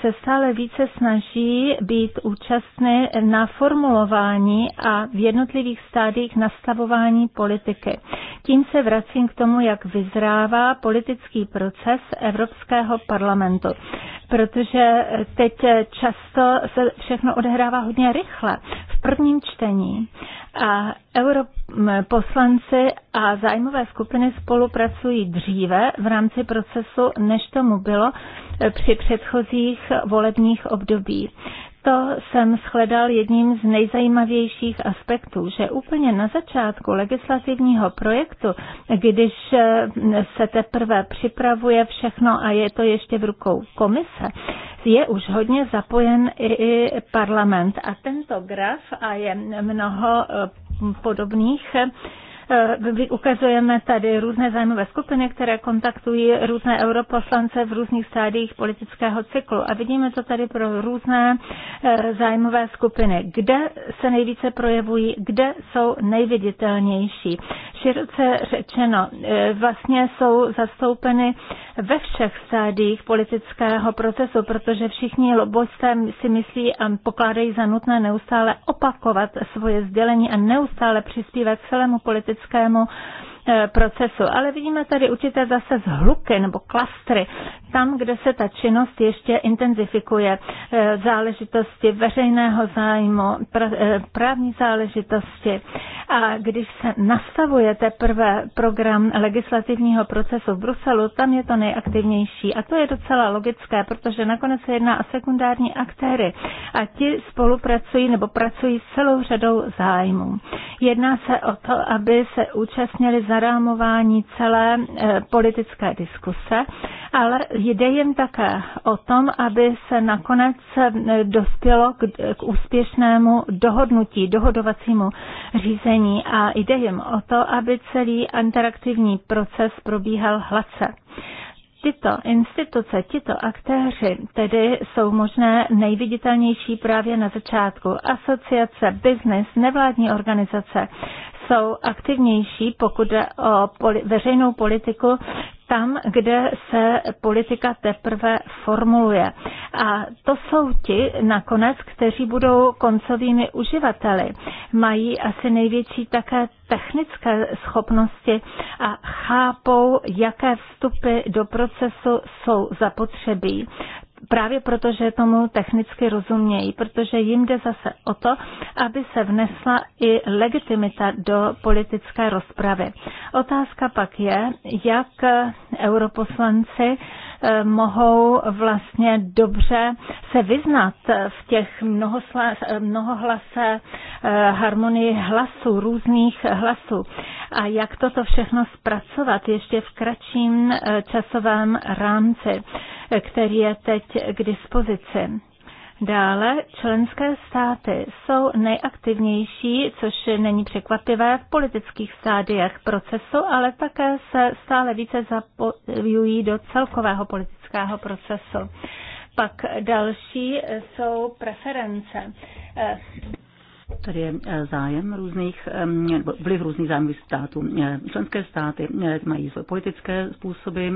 se stále více snaží být už účastné na formulování a v jednotlivých stádiích nastavování politiky. Tím se vracím k tomu, jak vyzrává politický proces Evropského parlamentu, protože teď často se všechno odehrává hodně rychle v prvním čtení a europoslanci a zájmové skupiny spolupracují dříve v rámci procesu, než tomu bylo při předchozích volebních období to jsem shledal jedním z nejzajímavějších aspektů, že úplně na začátku legislativního projektu, když se teprve připravuje všechno a je to ještě v rukou komise, je už hodně zapojen i, i parlament. A tento graf a je mnoho podobných Eh, ukazujeme tady různé zájmové skupiny, které kontaktují různé europoslance v různých stádiích politického cyklu. A vidíme to tady pro různé eh, zájmové skupiny. Kde se nejvíce projevují, kde jsou nejviditelnější. Široce řečeno, eh, vlastně jsou zastoupeny ve všech stádiích politického procesu, protože všichni lobbysté si myslí a pokládají za nutné neustále opakovat svoje sdělení a neustále přispívat k celému politickému politickému Eh, procesu. Ale vidíme tady určité zase zhluky nebo klastry, tam, kde se ta činnost ještě intenzifikuje. Eh, záležitosti veřejného zájmu, eh, právní záležitosti. A když se nastavuje teprve program legislativního procesu v Bruselu, tam je to nejaktivnější. A to je docela logické, protože nakonec se jedná o sekundární aktéry a ti spolupracují nebo pracují s celou řadou zájmů. Jedná se o to, aby se účastnili zarámování celé eh, politické diskuse, ale jde jim také o tom, aby se nakonec eh, dospělo k, k úspěšnému dohodnutí, dohodovacímu řízení a jde jim o to, aby celý interaktivní proces probíhal hladce tyto instituce, tyto aktéři tedy jsou možné nejviditelnější právě na začátku. Asociace, biznis, nevládní organizace jsou aktivnější, pokud jde o poli- veřejnou politiku tam, kde se politika teprve formuluje. A to jsou ti nakonec, kteří budou koncovými uživateli. Mají asi největší také technické schopnosti a chápou, jaké vstupy do procesu jsou zapotřebí právě proto, že tomu technicky rozumějí, protože jim jde zase o to, aby se vnesla i legitimita do politické rozpravy. Otázka pak je, jak europoslanci Eh, mohou vlastně dobře se vyznat v těch mnohohlase eh, harmonii hlasů, různých hlasů. A jak toto všechno zpracovat ještě v kratším eh, časovém rámci, který je teď k dispozici. Dále členské státy jsou nejaktivnější, což není překvapivé, v politických stádiech procesu, ale také se stále více zapojují do celkového politického procesu. Pak další jsou preference. Tady je eh, zájem různých, vliv různých zájmů států. Eh, členské státy eh, mají své politické způsoby,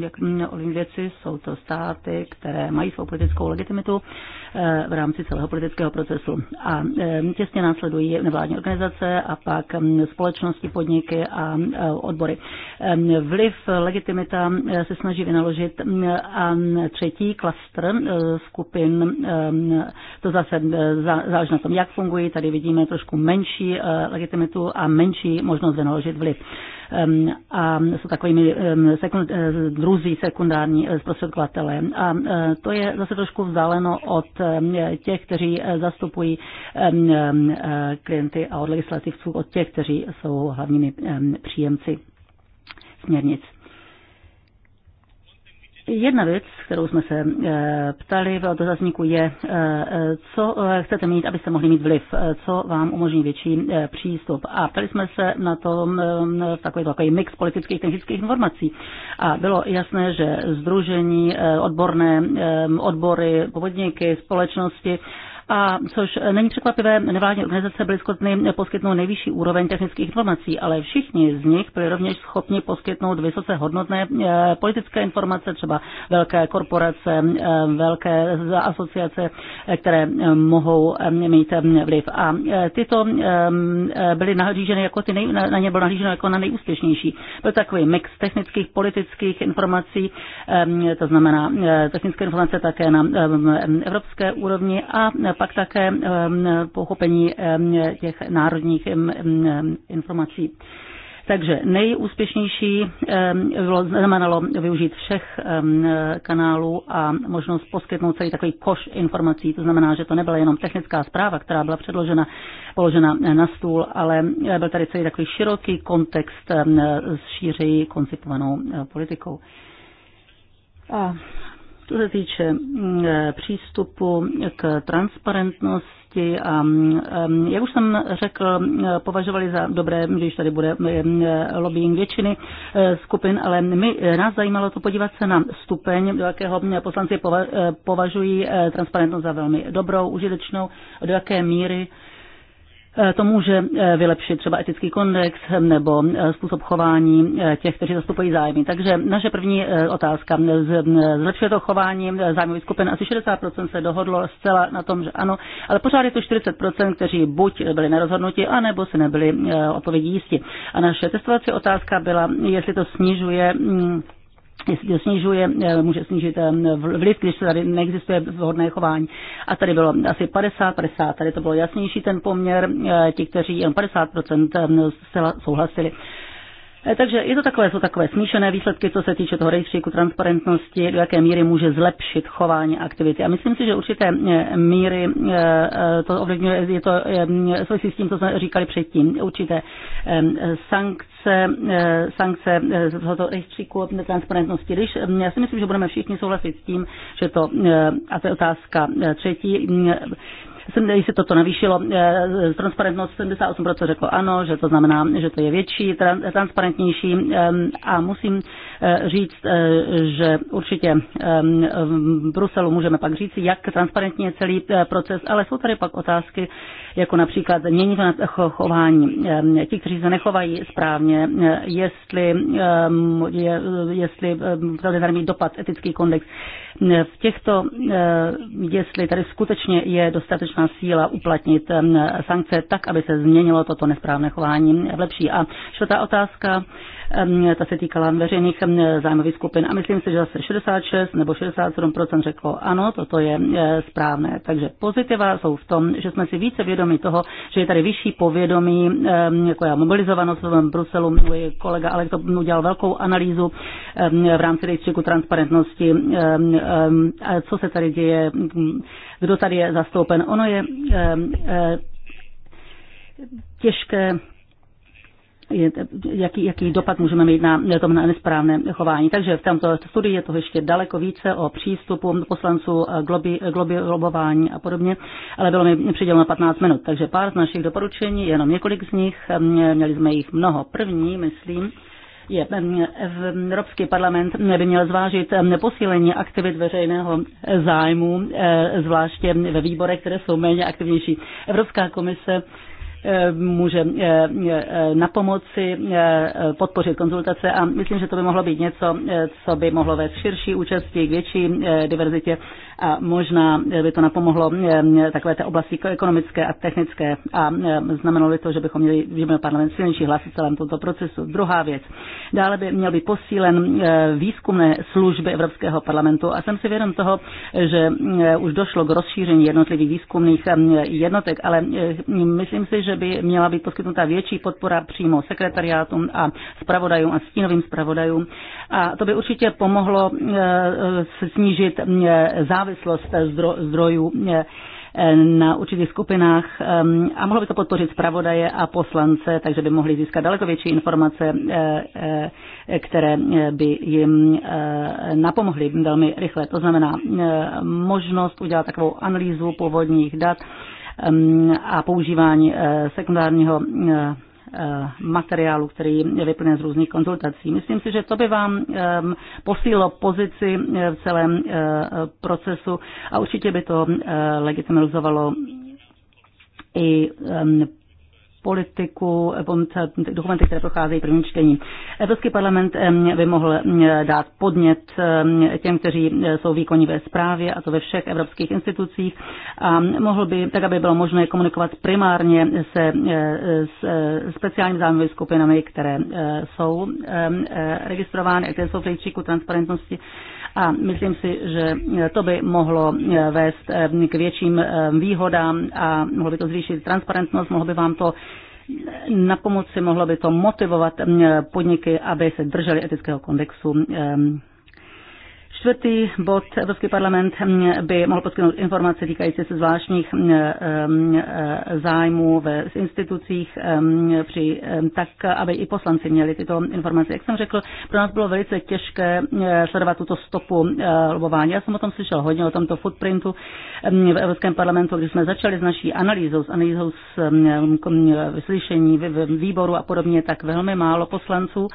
jak ovlivňují věci. Jsou to státy, které mají svou politickou legitimitu v rámci celého politického procesu. A těsně následují nevládní organizace a pak společnosti, podniky a odbory. Vliv, legitimita se snaží vynaložit a třetí klastr skupin, to zase záleží na tom, jak fungují opakuji, tady vidíme trošku menší eh, legitimitu a menší možnost vynaložit vliv. Ehm, a jsou takovými ehm, sekund, eh, druzí sekundární eh, zprostředkovatele. A to je zase trošku vzdáleno od těch, kteří zastupují ehm, klienty a od legislativců, od těch, kteří jsou hlavními příjemci směrnic. Jedna věc, kterou jsme se eh, ptali v dotazníku, je, eh, co eh, chcete mít, abyste mohli mít vliv, co vám umožní větší přístup. A ptali jsme se na tom mm, takový, takový mix politických technických informací. A bylo jasné, že združení, odborné odbory, podniky, společnosti a což není překvapivé, nevládní organizace byly schopny poskytnout nejvyšší úroveň technických informací, ale všichni z nich byli rovněž schopni poskytnout vysoce hodnotné eh, politické informace, třeba velké korporace, eh, velké asociace, eh, které mohou mít vliv. A tyto byly nahlíženy jako ty nej, na ně bylo nahlíženo jako na nejúspěšnější. Byl takový mix technických, politických informací, to znamená technické informace také na evropské úrovni a pak také pochopení těch národních informací. Takže nejúspěšnější znamenalo využít všech kanálů a možnost poskytnout celý takový koš informací. To znamená, že to nebyla jenom technická zpráva, která byla předložena, položena na stůl, ale eh, byl tady celý takový široký kontext s šířejí koncipovanou eh, politikou. A co se týče mm, e, přístupu k transparentnosti a mm, e, jak už jsem řekl, mm, e, považovali za dobré, když tady bude lobbying většiny skupin, ale my, nás zajímalo to podívat se na stupeň, do jakého poslanci považují transparentnost za velmi dobrou, užitečnou, do jaké míry Eh, to může eh, vylepšit třeba etický kondex eh, nebo způsob chování těch, kteří zastupují zájmy. Takže naše první otázka. Zlepšuje to chování zájmových skupin. Asi 60% se dohodlo zcela na tom, že ano, ale pořád je to 40%, kteří buď byli nerozhodnuti, anebo si nebyli odpovědí jistí. A naše testovací otázka byla, jestli to snižuje mm, jestli snižuje, eh, může snížit eh, vliv, když tady neexistuje vhodné chování. A tady bylo asi 50-50, tady to bylo jasnější ten poměr, eh, ti, kteří jen 50% souhlasili. Eh, takže je to takové, jsou takové smíšené výsledky, co se týče toho rejstříku transparentnosti, do jaké míry může zlepšit chování aktivity. A myslím si, že určité eh, míry eh, to ovlivňuje, je to mm, souvisí s tím, co jsme říkali předtím, určité ehm, sankce, sankce z tohoto rejstříku transparentnosti. Když, mm, já si myslím, že budeme všichni souhlasit s tím, že to, a to je otázka třetí, mm, když se toto navýšilo, eh, transparentnost 78% řeklo ano, že to znamená, že to je větší, transparentnější a musím eh, říct, eh, že určitě v Bruselu můžeme pak říct, jak transparentně je celý proces, ale jsou tady pak otázky, jako například mění to na chování. Ti, kteří se nechovají správně, jestli, je, jestli tady tady mít dopad etický kondex. V těchto, jestli tady skutečně je dostatečně dostatečná síla uplatnit sankce tak, aby se změnilo toto nesprávné chování v lepší. A čtvrtá otázka ta se týkala veřejných zájmových skupin a myslím si, že zase 66 nebo 67% řeklo ano, toto je e, správné. Takže pozitiva jsou v tom, že jsme si více vědomi toho, že je tady vyšší povědomí, jako já mobilizovanost v Bruselu, můj kolega Alek to udělal velkou analýzu v rámci rejstříku transparentnosti, co se tady děje, kdo tady je zastoupen. Ono je e, těžké jaký, jaký dopad můžeme mít na tom nesprávné chování. Takže v tomto studii je toho ještě daleko více o přístupu poslanců, globi, globi, globování a podobně, ale bylo mi přiděleno 15 minut. Takže pár z našich doporučení, jenom několik z nich, měli jsme jich mnoho. První, myslím, je, Evropský parlament by měl zvážit neposílení aktivit veřejného eh, zájmu, eh, zvláště ve výborech, které jsou méně aktivnější. Evropská komise může eh, eh, na pomoci eh, podpořit konzultace a myslím, že to by mohlo být něco, co by mohlo vést širší účasti k větší diverzitě a možná by to napomohlo eh, takové té oblasti ekonomické a technické a eh, znamenalo by to, že bychom měli, že měl parlament silnější hlasy v celém tomto procesu. Druhá věc. Dále by měl být posílen eh, výzkumné služby Evropského parlamentu a jsem si vědom toho, že už došlo k rozšíření jednotlivých výzkumných jednotek, ale myslím si, že by měla být poskytnuta větší podpora přímo sekretariátům a zpravodajům a stínovým spravodajům. A to by určitě pomohlo snížit závislost závislost eh, zdrojů eh, eh, na určitých skupinách ehm, a mohlo by to podpořit zpravodaje a poslance, takže by mohli získat daleko větší informace, které by jim napomohly velmi rychle. To znamená možnost udělat takovou analýzu původních dat ehm, a používání sekundárního Eh, materiálu, který je vyplněn z různých konzultací. Myslím si, že to by vám posílilo pozici eh, v celém eh, procesu a určitě by to legitimizovalo i politiku, eh, dokumenty, které procházejí prvním čtení. Evropský parlament by mohl eh, dát podnět těm, kteří eh, jsou výkonní ve správě, a to ve všech evropských institucích, a mohl by, tak aby bylo možné komunikovat primárně se s speciálními zájmovými skupinami, které jsou registrovány, které jsou v rejstříku transparentnosti, a myslím si, že to by mohlo eh, vést eh, k větším eh, výhodám a mohlo by to zvýšit transparentnost, mohlo by vám to na pomoci, mohlo by to motivovat mm, podniky, aby se drželi etického kodexu Čtvrtý bod, Evropský parlament mm, by mohl poskytnout informace týkající se zvláštních mm, mm, zájmů ve institucích, při, tak aby i poslanci měli tyto informace. Jak jsem řekl, pro nás bylo velice těžké sledovat tuto stopu lobování. Já jsem o tom slyšel hodně, o tomto footprintu v Evropském parlamentu, když jsme začali s naší analýzou, s analýzou z vyslyšení výboru a podobně, tak velmi málo poslanců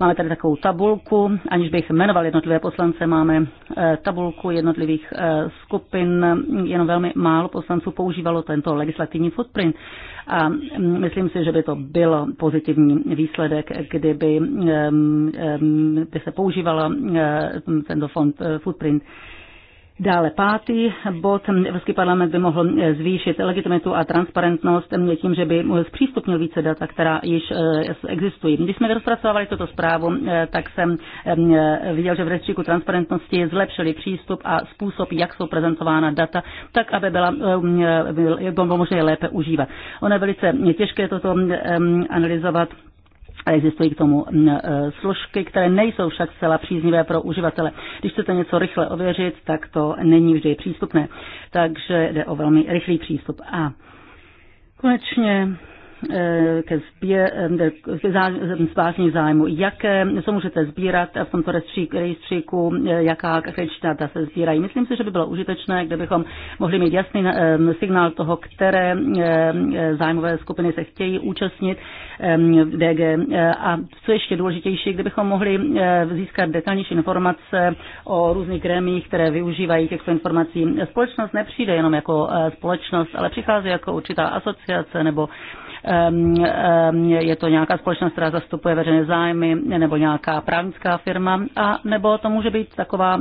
Máme tady takovou tabulku, aniž bych jmenoval jednotlivé poslance, máme eh, tabulku jednotlivých eh, skupin, jenom velmi málo poslanců používalo tento legislativní footprint a mm, myslím si, že by to byl pozitivní výsledek, kdyby eh, mm, mm, by se používala tento fond footprint. Dále pátý bod. Evropský parlament by mohl eh, zvýšit legitimitu a transparentnost mm, tím, že by zpřístupnil více data, která již eh, existují. Když jsme rozpracovali tuto zprávu, eh, tak jsem viděl, že v rejstříku transparentnosti zlepšili přístup a způsob, jak jsou prezentována data, tak, aby byla, bylo možné lépe užívat. Ono je velice těžké toto mm, analyzovat ale existují k tomu e, složky, které nejsou však zcela příznivé pro uživatele. Když chcete něco rychle ověřit, tak to není vždy přístupné. Takže jde o velmi rychlý přístup. A konečně ke, zbě, zvážení zájmu. Jaké, co můžete sbírat v tomto rejstříku, jaká krediční data se sbírají. Myslím si, že by bylo užitečné, kdybychom mohli mít jasný eh, signál toho, které eh, zájmové skupiny se chtějí účastnit v eh, DG. A co ještě důležitější, kdybychom mohli získat detailnější informace o různých grémích, které využívají těchto informací. Společnost nepřijde jenom jako společnost, ale přichází jako určitá asociace nebo je to nějaká společnost, která zastupuje veřejné zájmy, nebo nějaká právnická firma, a nebo to může být taková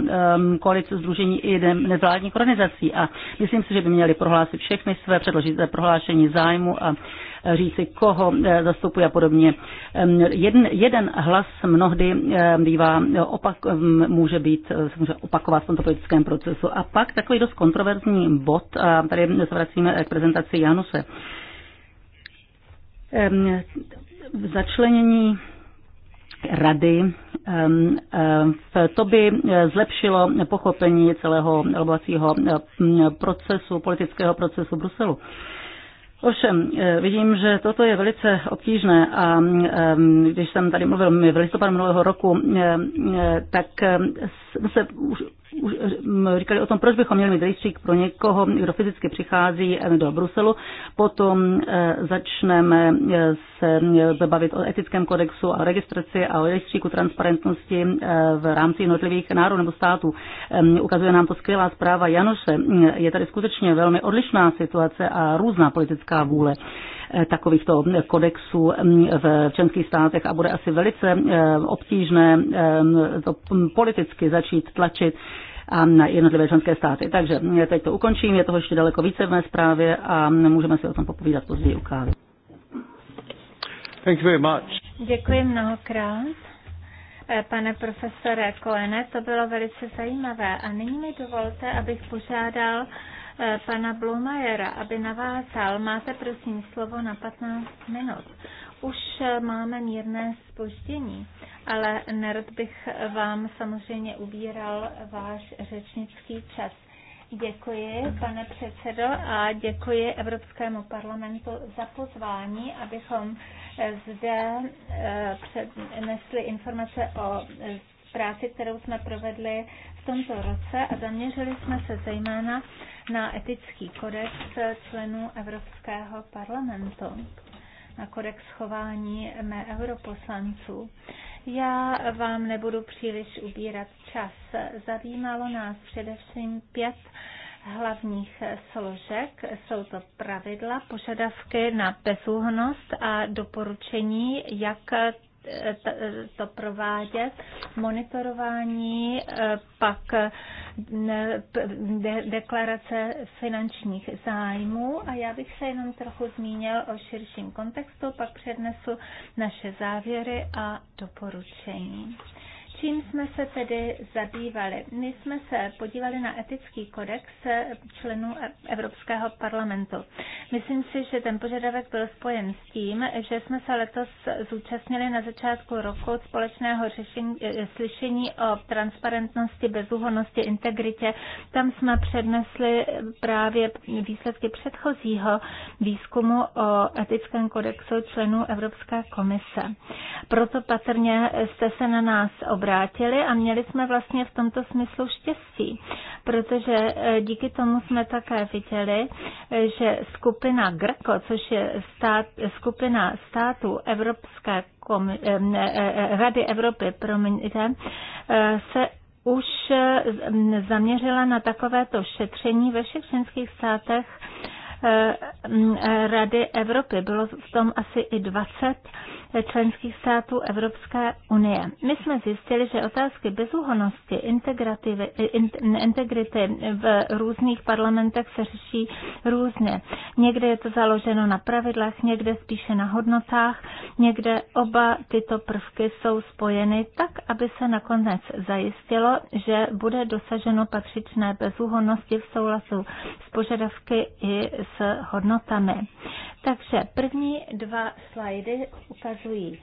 koalice združení i nevládních organizací. A myslím si, že by měli prohlásit všechny své předložit prohlášení zájmu a říci, koho eh, zastupuje a podobně. Jeden, jeden hlas mnohdy bývá opak, může být, eh, může opakovat v tomto politickém procesu. A pak takový dost kontroverzní bod, a tady se vracíme k prezentaci Januse začlenění rady. To by eh, zlepšilo pochopení celého lobovacího eh, procesu, politického procesu Bruselu. Ovšem, eh, vidím, že toto je velice obtížné a když jsem tady mluvil v listopadu minulého roku, tak se už říkali o tom, proč bychom měli mít rejstřík pro někoho, kdo fyzicky přichází eh, do Bruselu. Potom eh, začneme eh, se bavit o etickém kodexu a o registraci a o rejstříku transparentnosti v rámci jednotlivých národů nebo států. Ukazuje nám to skvělá zpráva Janoše. Mm, je tady skutečně velmi odlišná situace a různá politická vůle takovýchto kodexů mm, v členských státech a bude asi velice eh, obtížné eh, to politicky začít tlačit a na jednotlivé členské státy. Takže mm, teď to ukončím, je toho ještě daleko více v mé zprávě a můžeme si o tom popovídat později u kávy. Thank you very much. Děkuji mnohokrát. Eh, pane profesore Koene, to bylo velice zajímavé. A nyní mi dovolte, abych požádal Eh, pana Blumajera, aby navázal. Máte prosím slovo na 15 minut. Už eh, máme mírné spoždění, ale nerd bych vám samozřejmě ubíral váš řečnický čas. Děkuji, pane předsedo, a děkuji Evropskému parlamentu za pozvání, abychom eh, zde přednesli informace o práci, kterou jsme provedli v tomto roce a zaměřili jsme se zejména na etický kodex členů Evropského parlamentu na kodex chování mé europoslanců. Já vám nebudu příliš ubírat čas. Zajímalo nás především pět hlavních složek. Jsou to pravidla, požadavky na bezúhnost a doporučení, jak to provádět. Monitorování e, pak deklarace finančních zájmů a já bych se jenom trochu zmínil o širším kontextu, pak přednesu naše závěry a doporučení. Čím jsme se tedy zabývali? My jsme se podívali na etický kodex členů Evropského parlamentu. Myslím si, že ten požadavek byl spojen s tím, že jsme se letos zúčastnili na začátku roku společného řešení, eh, slyšení o transparentnosti, bezúhonnosti, integritě. Tam jsme přednesli právě výsledky předchozího výzkumu o etickém kodexu členů Evropské komise. Proto patrně jste se na nás obrátili vrátili a měli jsme vlastně v tomto smyslu štěstí, protože eh, díky tomu jsme také viděli, eh, že skupina GRKO, což je stát, skupina států Evropské komi, eh, Rady Evropy, promiňte, se už zaměřila na takovéto šetření ve všech členských státech Rady Evropy. Bylo v tom asi i 20 členských států Evropské unie. My jsme zjistili, že otázky bezúhonosti, integrity v různých parlamentech se řeší různě. Někde je to založeno na pravidlech, někde spíše na hodnotách, někde oba tyto prvky jsou spojeny tak, aby se nakonec zajistilo, že bude dosaženo patřičné bezúhonosti v souhlasu s požadavky i s hodnotami. Takže první dva slajdy ukazují, ukazují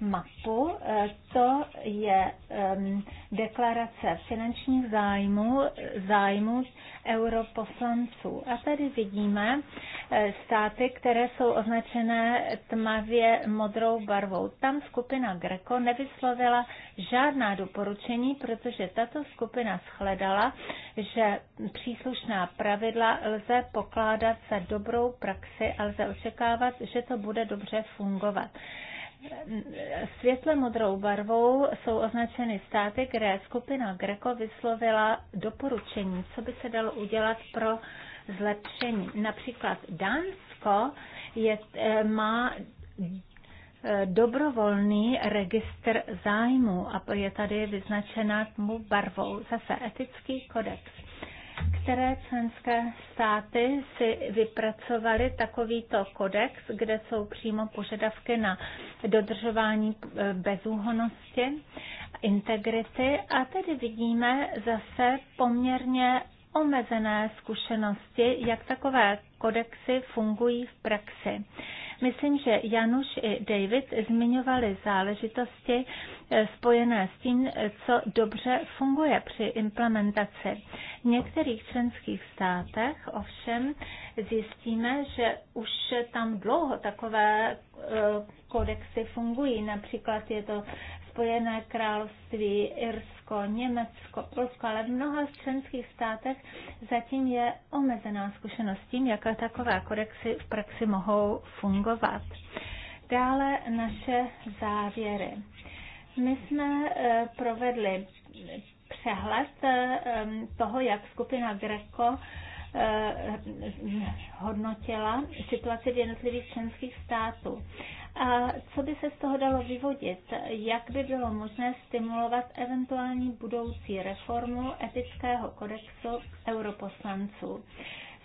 mapu. E, to je deklarace finančních zájmů, zájmů europoslanců. A tady vidíme e, státy, které jsou označené tmavě modrou barvou. Tam skupina Greco nevyslovila žádná doporučení, protože tato skupina shledala, že příslušná pravidla lze pokládat za dobrou praxi a lze očekávat, že to bude dobře fungovat. Světle modrou barvou jsou označeny státy, kde skupina Greco vyslovila doporučení, co by se dalo udělat pro zlepšení. Například Dánsko je, eh, má eh, dobrovolný registr zájmu a je tady vyznačena mu barvou. Zase etický kodex. Některé členské státy si vypracovaly takovýto kodex, kde jsou přímo požadavky na dodržování eh, bezúhonosti, integrity a tedy vidíme zase poměrně omezené zkušenosti, jak takové kodexy fungují v praxi. Myslím, že Januš i David zmiňovali záležitosti eh, spojené s tím, co dobře funguje při implementaci. V některých členských státech ovšem zjistíme, že už tam dlouho takové eh, kodexy fungují. Například je to Spojené království, Irsko, Německo, Polsko, ale v mnoha členských státech zatím je omezená zkušenost tím, jaké takové kodexy v praxi mohou fungovat. Dále naše závěry. My jsme eh, provedli přehled eh, eh, toho, jak skupina Greco hodnotila situaci v jednotlivých členských států. A co by se z toho dalo vyvodit? Jak by bylo možné stimulovat eventuální budoucí reformu etického kodexu europoslanců?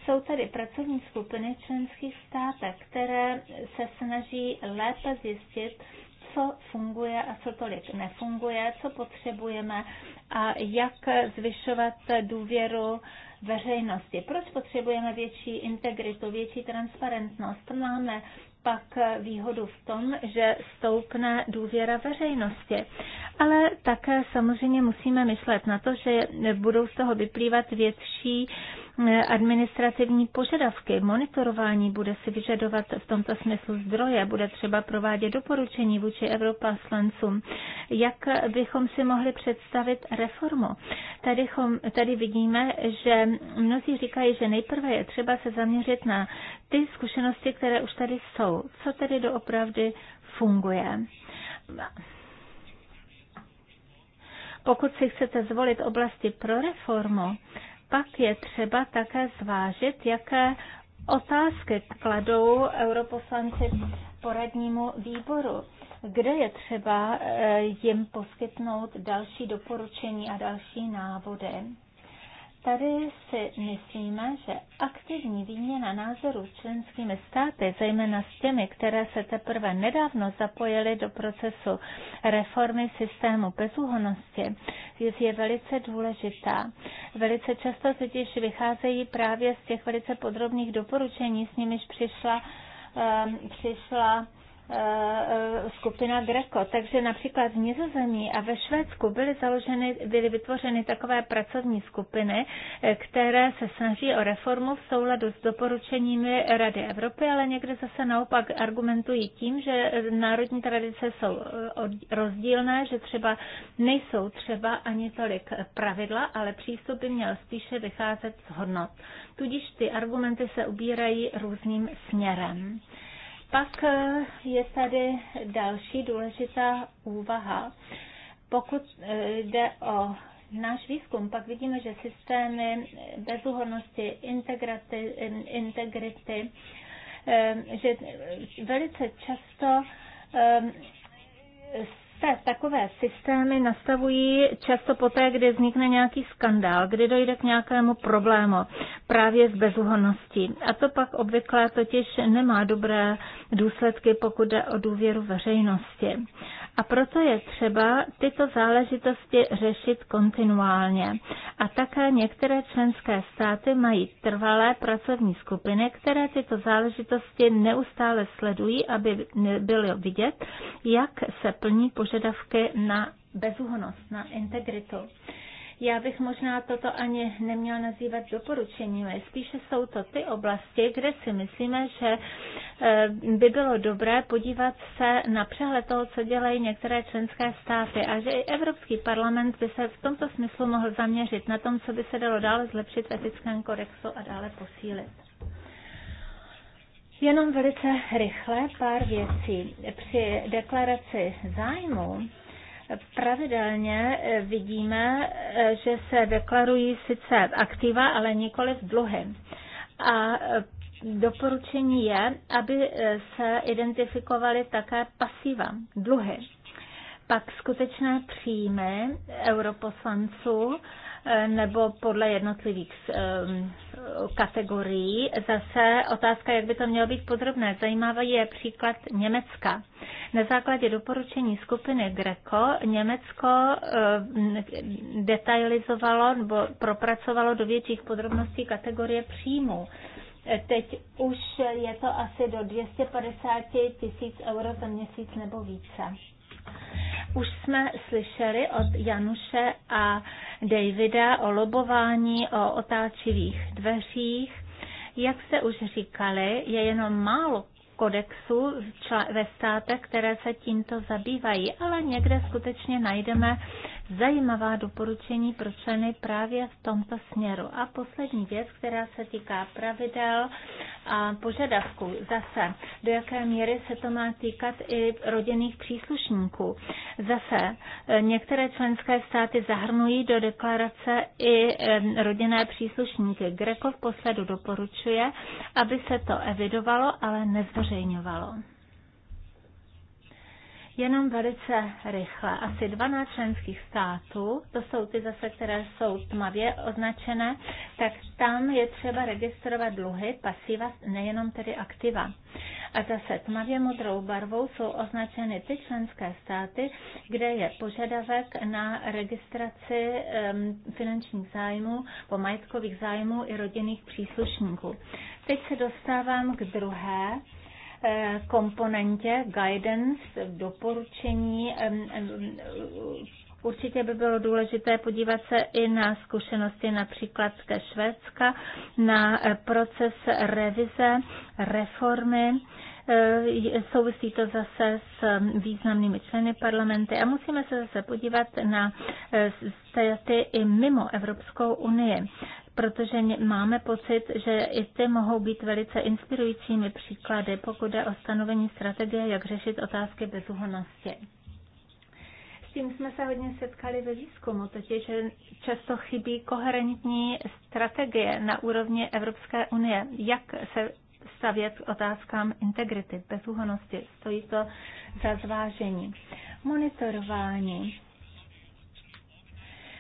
Jsou tady pracovní skupiny členských státech, které se snaží lépe zjistit, co funguje a co tolik nefunguje, co potřebujeme a jak zvyšovat důvěru veřejnosti. Proč potřebujeme větší integritu, větší transparentnost? Máme pak výhodu v tom, že stoupne důvěra veřejnosti. Ale také samozřejmě musíme myslet na to, že budou z toho vyplývat větší uh, administrativní požadavky. Monitorování bude si vyžadovat v tomto smyslu zdroje, bude třeba provádět doporučení vůči europaslancům. Jak bychom si mohli představit reformu? Tady, tady vidíme, že mnozí říkají, že nejprve je třeba se zaměřit na ty zkušenosti, které už tady jsou. Co tedy doopravdy funguje? Pokud si chcete zvolit oblasti pro reformu, pak je třeba také zvážit, jaké otázky kladou europoslanci poradnímu výboru, kde je třeba eh, jim poskytnout další doporučení a další návody. Tady si myslíme, že aktivní výměna názorů s členskými státy, zejména s těmi, které se teprve nedávno zapojily do procesu reformy systému bezúhonosti, je velice důležitá. Velice často totiž vycházejí právě z těch velice podrobných doporučení, s nimiž přišla, eh, přišla Eh, eh, skupina Greco. Takže například v Nizozemí a ve Švédsku byly, založeny, byly vytvořeny takové pracovní skupiny, eh, které se snaží o reformu v souladu s doporučeními Rady Evropy, ale někde zase naopak argumentují tím, že národní tradice jsou rozdílné, že třeba nejsou třeba ani tolik pravidla, ale přístup by měl spíše vycházet z hodnot. Tudíž ty argumenty se ubírají různým směrem. Pak eh, je tady další důležitá úvaha. Pokud eh, jde o náš výzkum, pak vidíme, že systémy bezúhodnosti, integrity, integrity eh, že velice často se takové systémy nastavují často poté, kdy vznikne nějaký skandál, kdy dojde k nějakému problému právě z bezúhonností. A to pak obvykle totiž nemá dobré důsledky, pokud jde o důvěru veřejnosti. A proto je třeba tyto záležitosti řešit kontinuálně. A také některé členské státy mají trvalé pracovní skupiny, které tyto záležitosti neustále sledují, aby bylo vidět, jak se plní požadavky na bezúhonost, na integritu. Já bych možná toto ani neměla nazývat doporučeními. Spíše jsou to ty oblasti, kde si myslíme, že eh, by bylo dobré podívat se na přehled toho, co dělají některé členské státy a že i Evropský parlament by se v tomto smyslu mohl zaměřit na tom, co by se dalo dále zlepšit v etickém kodexu a dále posílit. Jenom velice rychle pár věcí. Při deklaraci zájmu Pravidelně eh, vidíme, eh, že se deklarují sice aktiva, ale nikoli v dluhy. A eh, doporučení je, aby se identifikovaly také pasiva, dluhy. Pak skutečné příjmy europoslanců nebo podle jednotlivých ehm, kategorií. Zase otázka, jak by to mělo být podrobné. Zajímavý je příklad Německa. Na základě doporučení skupiny Greco Německo ehm, detailizovalo nebo propracovalo do větších podrobností kategorie příjmu. Teď už je to asi do 250 tisíc euro za měsíc nebo více. Už jsme slyšeli od Januše a Davida o lobování, o otáčivých dveřích. Jak se už říkali, je jenom málo kodexu ve státech, které se tímto zabývají, ale někde skutečně najdeme zajímavá doporučení pro členy právě v tomto směru. A poslední věc, která se týká pravidel a požadavků. Zase, do jaké míry se to má týkat i rodinných příslušníků. Zase, eh, některé členské státy zahrnují do deklarace i eh, rodinné příslušníky. Greko v posledu doporučuje, aby se to evidovalo, ale nezveřejňovalo. Jenom velice rychle. Asi 12 členských států, to jsou ty zase, které jsou tmavě označené, tak tam je třeba registrovat dluhy, pasiva, nejenom tedy aktiva. A zase tmavě modrou barvou jsou označeny ty členské státy, kde je požadavek na registraci um, finančních zájmů, po majetkových zájmů i rodinných příslušníků. Teď se dostávám k druhé Eh, komponentě guidance, doporučení Určitě by bylo důležité podívat se i na zkušenosti například ze Švédska, na eh, proces revize, reformy. Eh, souvisí to zase s významnými členy parlamenty a musíme se zase podívat na státy i mimo Evropskou unii protože máme pocit, že i ty mohou být velice inspirujícími příklady, pokud je o stanovení strategie, jak řešit otázky bezúhonnosti. S tím jsme se hodně setkali ve výzkumu, totiž že často chybí koherentní strategie na úrovni Evropské unie, jak se stavět k otázkám integrity, bezúhonosti. Stojí to za zvážení. Monitorování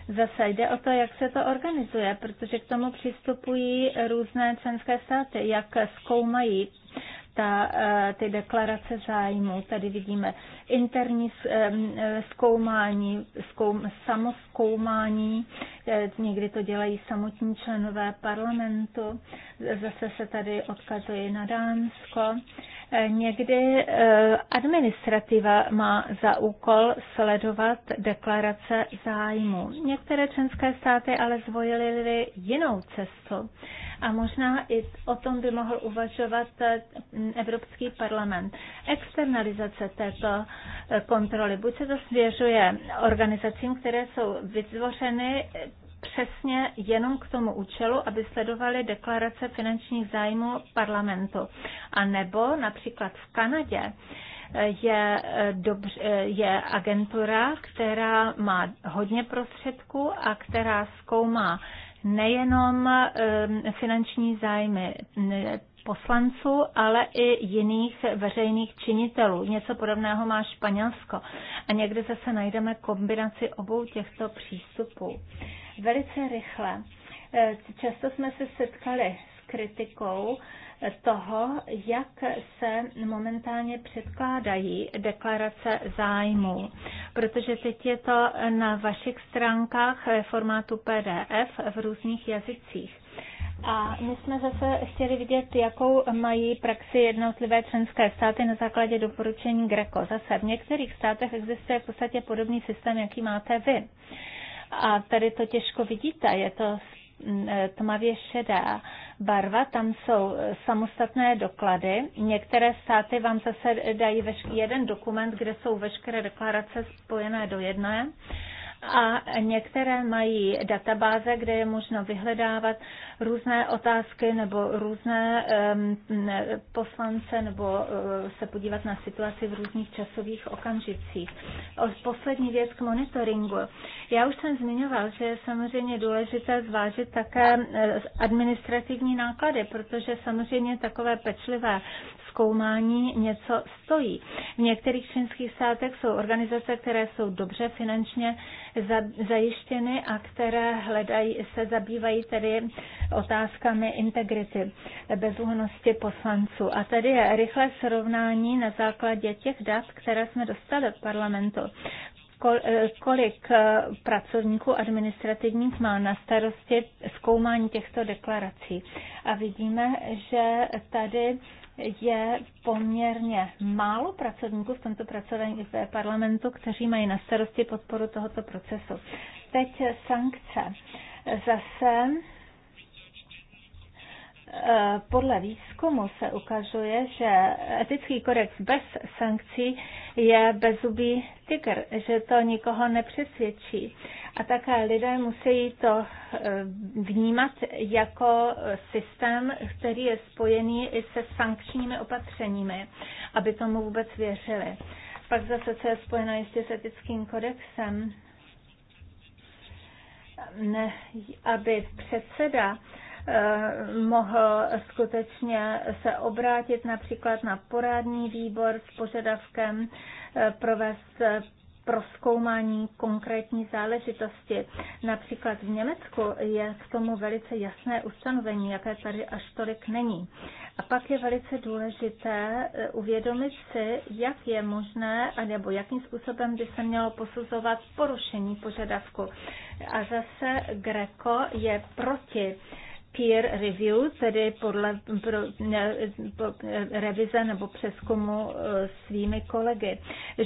Zase jde o to, jak se to organizuje, protože k tomu přistupují různé členské státy, jak zkoumají ta, eh, ty deklarace zájmu. Tady vidíme interní eh, zkoumání, zkoum, samozkoumání, eh, někdy to dělají samotní členové parlamentu, zase se tady odkazuje na Dánsko Někdy eh, administrativa má za úkol sledovat deklarace zájmu. Některé členské státy ale zvolily jinou cestu a možná i o tom by mohl uvažovat eh, Evropský parlament. Externalizace této eh, kontroly buď se to svěřuje organizacím, které jsou vytvořeny přesně jenom k tomu účelu, aby sledovali deklarace finančních zájmů parlamentu. A nebo například v Kanadě eh, je, eh, dobře, eh, je agentura, která má hodně prostředků a která zkoumá nejenom finanční zájmy poslanců, ale i jiných veřejných činitelů. Něco podobného má Španělsko. A někde zase najdeme kombinaci obou těchto přístupů velice rychle. Eh, často jsme se setkali s kritikou eh, toho, jak se momentálně předkládají deklarace zájmů, protože teď je to na vašich stránkách eh, formátu PDF v různých jazycích. A my jsme zase chtěli vidět, jakou mají praxi jednotlivé členské státy na základě doporučení Greco. Zase v některých státech existuje v podstatě podobný systém, jaký máte vy. A tady to těžko vidíte, je to mm, e, tmavě šedá barva, tam jsou samostatné doklady. Některé státy vám zase dají jeden dokument, kde jsou veškeré deklarace spojené do jedné a některé mají databáze, kde je možno vyhledávat různé otázky nebo různé poslance nebo eh, se podívat na situaci v různých časových okamžicích. Poslední věc k monitoringu. Já už jsem zmiňoval, že je samozřejmě důležité zvážit také eh, administrativní náklady, protože samozřejmě takové pečlivé zkoumání něco stojí. V některých členských státech jsou organizace, které jsou dobře finančně zajištěny a které hledají, se zabývají tedy otázkami integrity, bezúhonosti poslanců. A tady je rychlé srovnání na základě těch dat, které jsme dostali od parlamentu eh, kolik eh, pracovníků administrativních má na starosti zkoumání těchto deklarací. A vidíme, že tady je poměrně málo pracovníků v tomto pracovní v parlamentu, kteří mají na starosti podporu tohoto procesu. Teď sankce. Zase eh, podle výzkumu se ukazuje, že etický kodex bez sankcí je bezubý tygr, že to nikoho nepřesvědčí. A také lidé musí to eh, vnímat jako systém, který je spojený i se sankčními opatřeními, aby tomu vůbec věřili. Pak zase, co je spojeno jistě s etickým kodexem, ne, aby předseda eh, mohl skutečně se obrátit například na poradní výbor s požadavkem eh, provést proskoumání konkrétní záležitosti. Například v Německu je k tomu velice jasné ustanovení, jaké tady až tolik není. A pak je velice důležité e, uvědomit si, jak je možné, nebo jakým způsobem by se mělo posuzovat porušení požadavku. A zase Greco je proti peer review, tedy podle pro, ne, po, revize nebo přeskumu eh, svými kolegy,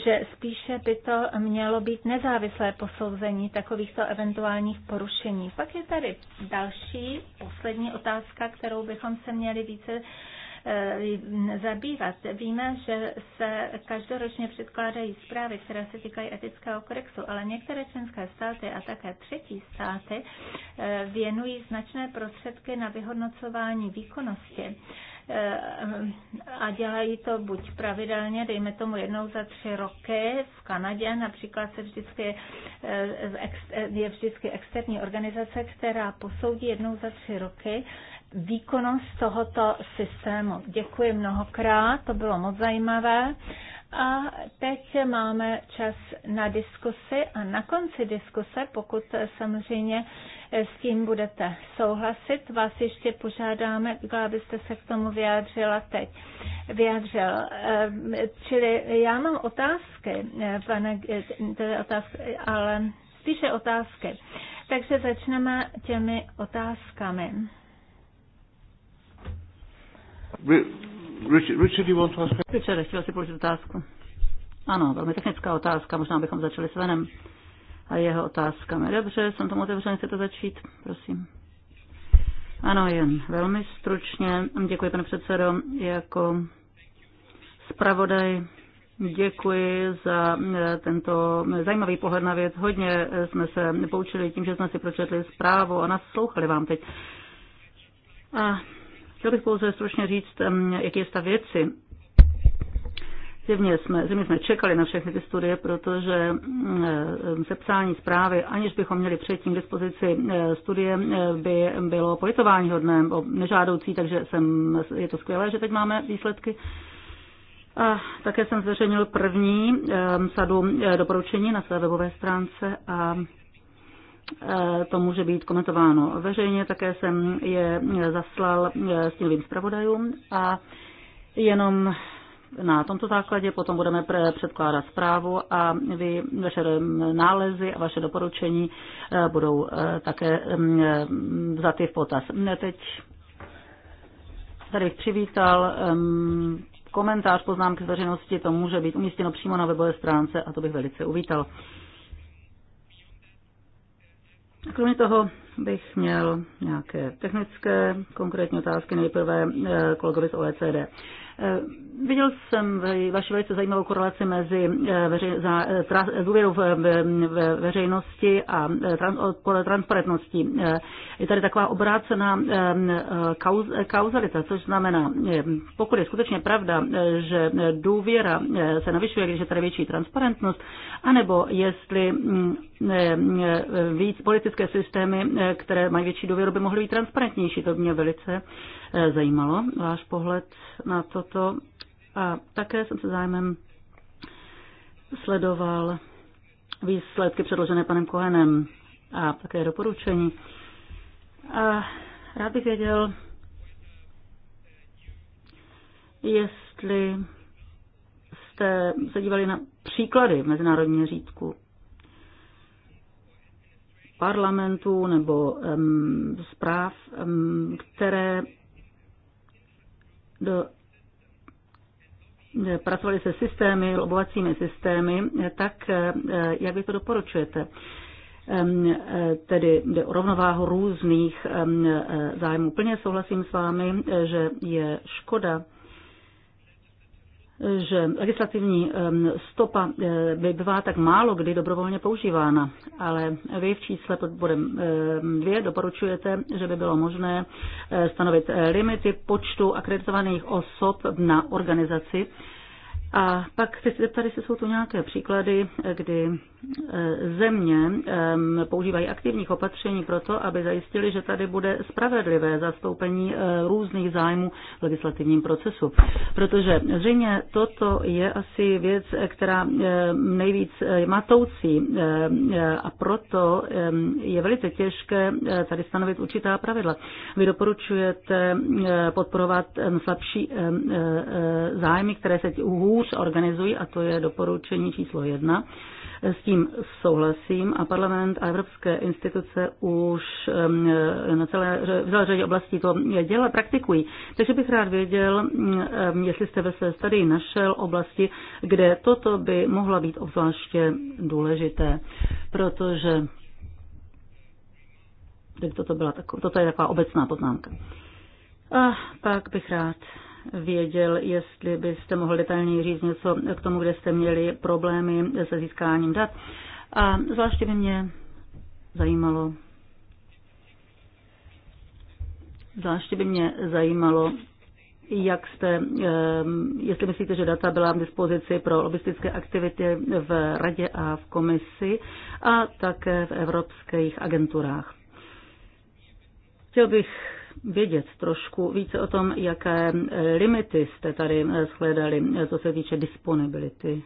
že spíše by to mělo být nezávislé posouzení takovýchto eventuálních porušení. Pak je tady další, poslední otázka, kterou bychom se měli více Eh, zabývat. Víme, že se každoročně předkládají zprávy, které se týkají etického kodexu, ale některé členské státy a také třetí státy eh, věnují značné prostředky na vyhodnocování výkonnosti eh, a dělají to buď pravidelně, dejme tomu jednou za tři roky. V Kanadě například se vždycky, je vždycky externí organizace, která posoudí jednou za tři roky, výkonnost tohoto systému. Děkuji mnohokrát, to bylo moc zajímavé. A teď máme čas na diskusy a na konci diskuse, pokud samozřejmě s tím budete souhlasit, vás ještě požádáme, abyste se k tomu vyjádřila teď. Vyjádřil. Eh, čili já mám otázky, pane, eh, otázky, ale spíše otázky. Takže začneme těmi otázkami. Richard, Richard, you want to ask? Richard, chtěl si položit otázku. Ano, velmi technická otázka, možná bychom začali s Venem a jeho otázkami. Dobře, jsem tomu otevřený, chcete začít, prosím. Ano, jen velmi stručně. Děkuji, pane předsedo, jako zpravodaj Děkuji za eh, tento zajímavý pohled na věc. Hodně eh, jsme se poučili tím, že jsme si pročetli zprávu a naslouchali vám teď. A Chtěl bych pouze stručně říct, jaký je stav věci. Zjevně jsme, zjevně jsme čekali na všechny ty studie, protože sepsání zprávy, aniž bychom měli předtím k dispozici e, studie, e, by bylo politování hodné, nežádoucí, takže jsem, je to skvělé, že teď máme výsledky. A také jsem zveřejnil první sadu e, doporučení na své webové stránce a Eh, to může být komentováno veřejně, také jsem je zaslal eh, tím zpravodajům a jenom na tomto základě potom budeme předkládat zprávu a vy vaše nálezy a vaše doporučení eh, budou také mm, vzaty v potaz. Teď tady přivítal ehm, komentář poznámky z veřejnosti, to může být umístěno přímo na webové stránce a to bych velice uvítal. Kromě toho bych měl nějaké technické konkrétní otázky nejprve eh, kolegovi z OECD. Eh, viděl jsem vaši velice zajímavou korelaci mezi eh, eh, důvěrou ve, veřejnosti a transparentností. Je tady taková obrácená kauzalita, což znamená, pokud je skutečně pravda, že důvěra se navyšuje, když je tady větší transparentnost, anebo jestli mm, víc politické systémy, které mají větší důvěru, by mohly být transparentnější. To by mě velice Eh, zajímalo, váš pohled na toto. A také jsem se zájmem sledoval výsledky předložené panem Kohenem a také doporučení. A rád bych věděl, jestli jste se dívali na příklady v mezinárodní řídku parlamentů nebo um, zpráv, um, které do, e, pracovali se systémy, lobovacími systémy, e, tak e, jak vy to doporučujete? tedy jde o rovnováhu různých zájmů. Plně souhlasím s vámi, že je škoda, že legislativní stopa eh, bývá tak málo kdy dobrovolně používána, ale vy v čísle pod bodem 2 doporučujete, že by bylo možné eh, stanovit eh, limity počtu akreditovaných osob na organizaci. A pak tady jsou tu nějaké příklady, kdy Eh, země eh, používají aktivních opatření pro to, aby zajistili, že tady bude spravedlivé zastoupení eh, různých zájmů v legislativním procesu. Protože zřejmě toto je asi věc, která nejvíc je matoucí a proto je velice těžké tady stanovit určitá pravidla. Vy doporučujete podporovat slabší zájmy, které se hůř organizují a to je doporučení číslo jedna. S tím tím souhlasím a parlament a evropské instituce už na celé, v celé řadě oblastí to děla, praktikují. Takže bych rád věděl, jestli jste ve své studii našel oblasti, kde toto by mohla být obzvláště důležité, protože toto, byla tako, toto je taková obecná poznámka. A pak bych rád věděl, jestli byste mohl detailně říct něco k tomu, kde jste měli problémy se získáním dat. A zvláště by mě zajímalo, zvláště by mě zajímalo, jak jste, ehm, jestli myslíte, že data byla v dispozici pro lobistické aktivity v Radě a v Komisi a také v evropských agenturách. Chtěl bych vědět trošku více o tom, jaké eh, limity jste tady eh, shledali, eh, co se týče disponibility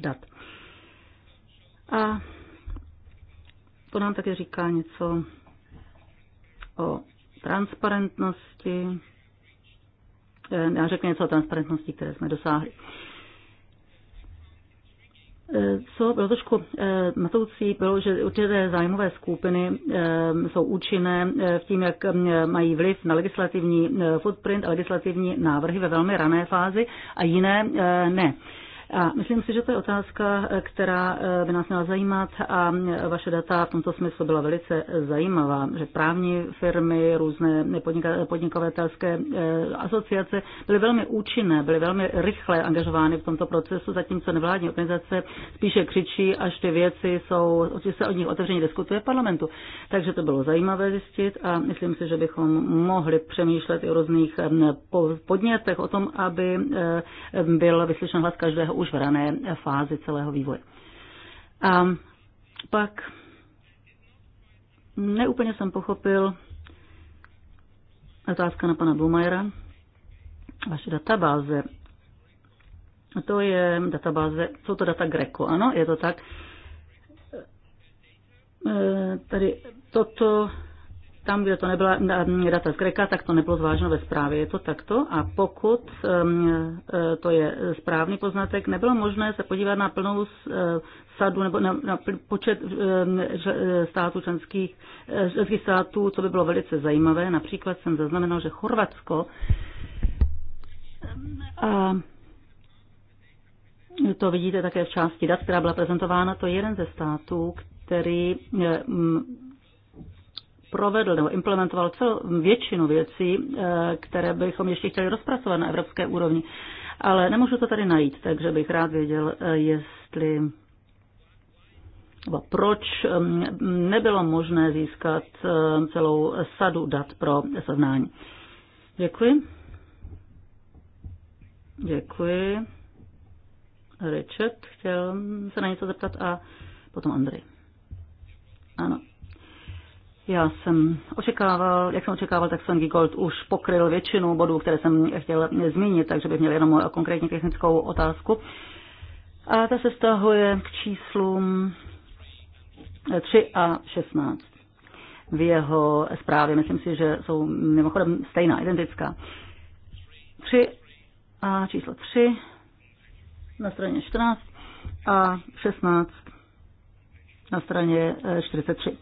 dat. A to nám také říká něco o transparentnosti, já řeknu něco o transparentnosti, které jsme dosáhli. Co bylo trošku eh, matoucí, bylo, že určité zájmové skupiny eh, jsou účinné eh, v tím, jak mají vliv na legislativní footprint a legislativní návrhy ve velmi rané fázi a jiné ne. A myslím si, že to je otázka, eh, která eh, by nás měla zajímat a eh, vaše data v tomto smyslu byla velice zajímavá, že právní firmy, různé podnikovatelské asociace byly velmi účinné, byly velmi rychle angažovány v tomto procesu, zatímco nevládní organizace spíše křičí, až ty věci jsou, že se o nich otevřeně diskutuje v parlamentu. Takže to bylo zajímavé zjistit a myslím si, že bychom mohli přemýšlet i o různých podnětech o tom, aby byl vyslyšen hlas každého už v rané fázi celého vývoje. A pak neúplně jsem pochopil otázka na pana Blumajera. Vaše databáze, to je databáze, jsou to data Greco, ano, je to tak. E, tady toto tam, kde to nebyla data z Greka, tak to nebylo zváženo ve zprávě. Je to takto a pokud e, to je správný poznatek, nebylo možné se podívat na plnou e, sadu nebo na, na počet e, států členských, členských států, co by bylo velice zajímavé. Například jsem zaznamenal, že Chorvatsko a to vidíte také v části dat, která byla prezentována, to je jeden ze států, který provedl nebo implementoval celou většinu věcí, eh, které bychom ještě chtěli rozpracovat na evropské úrovni. Ale nemůžu to tady najít, takže bych rád věděl, eh, jestli proč ehm, nebylo možné získat eh, celou sadu dat pro srovnání. Děkuji. Děkuji. Richard chtěl se na něco zeptat a potom Andrej. Ano. Já jsem očekával, jak jsem očekával, tak Sven Gold už pokryl většinu bodů, které jsem chtěl zmínit, takže bych měl jenom konkrétní technickou otázku. A ta se stahuje k číslům 3 a 16 v jeho zprávě. Myslím si, že jsou mimochodem stejná, identická. 3 a číslo 3 na straně 14 a 16 na straně 43.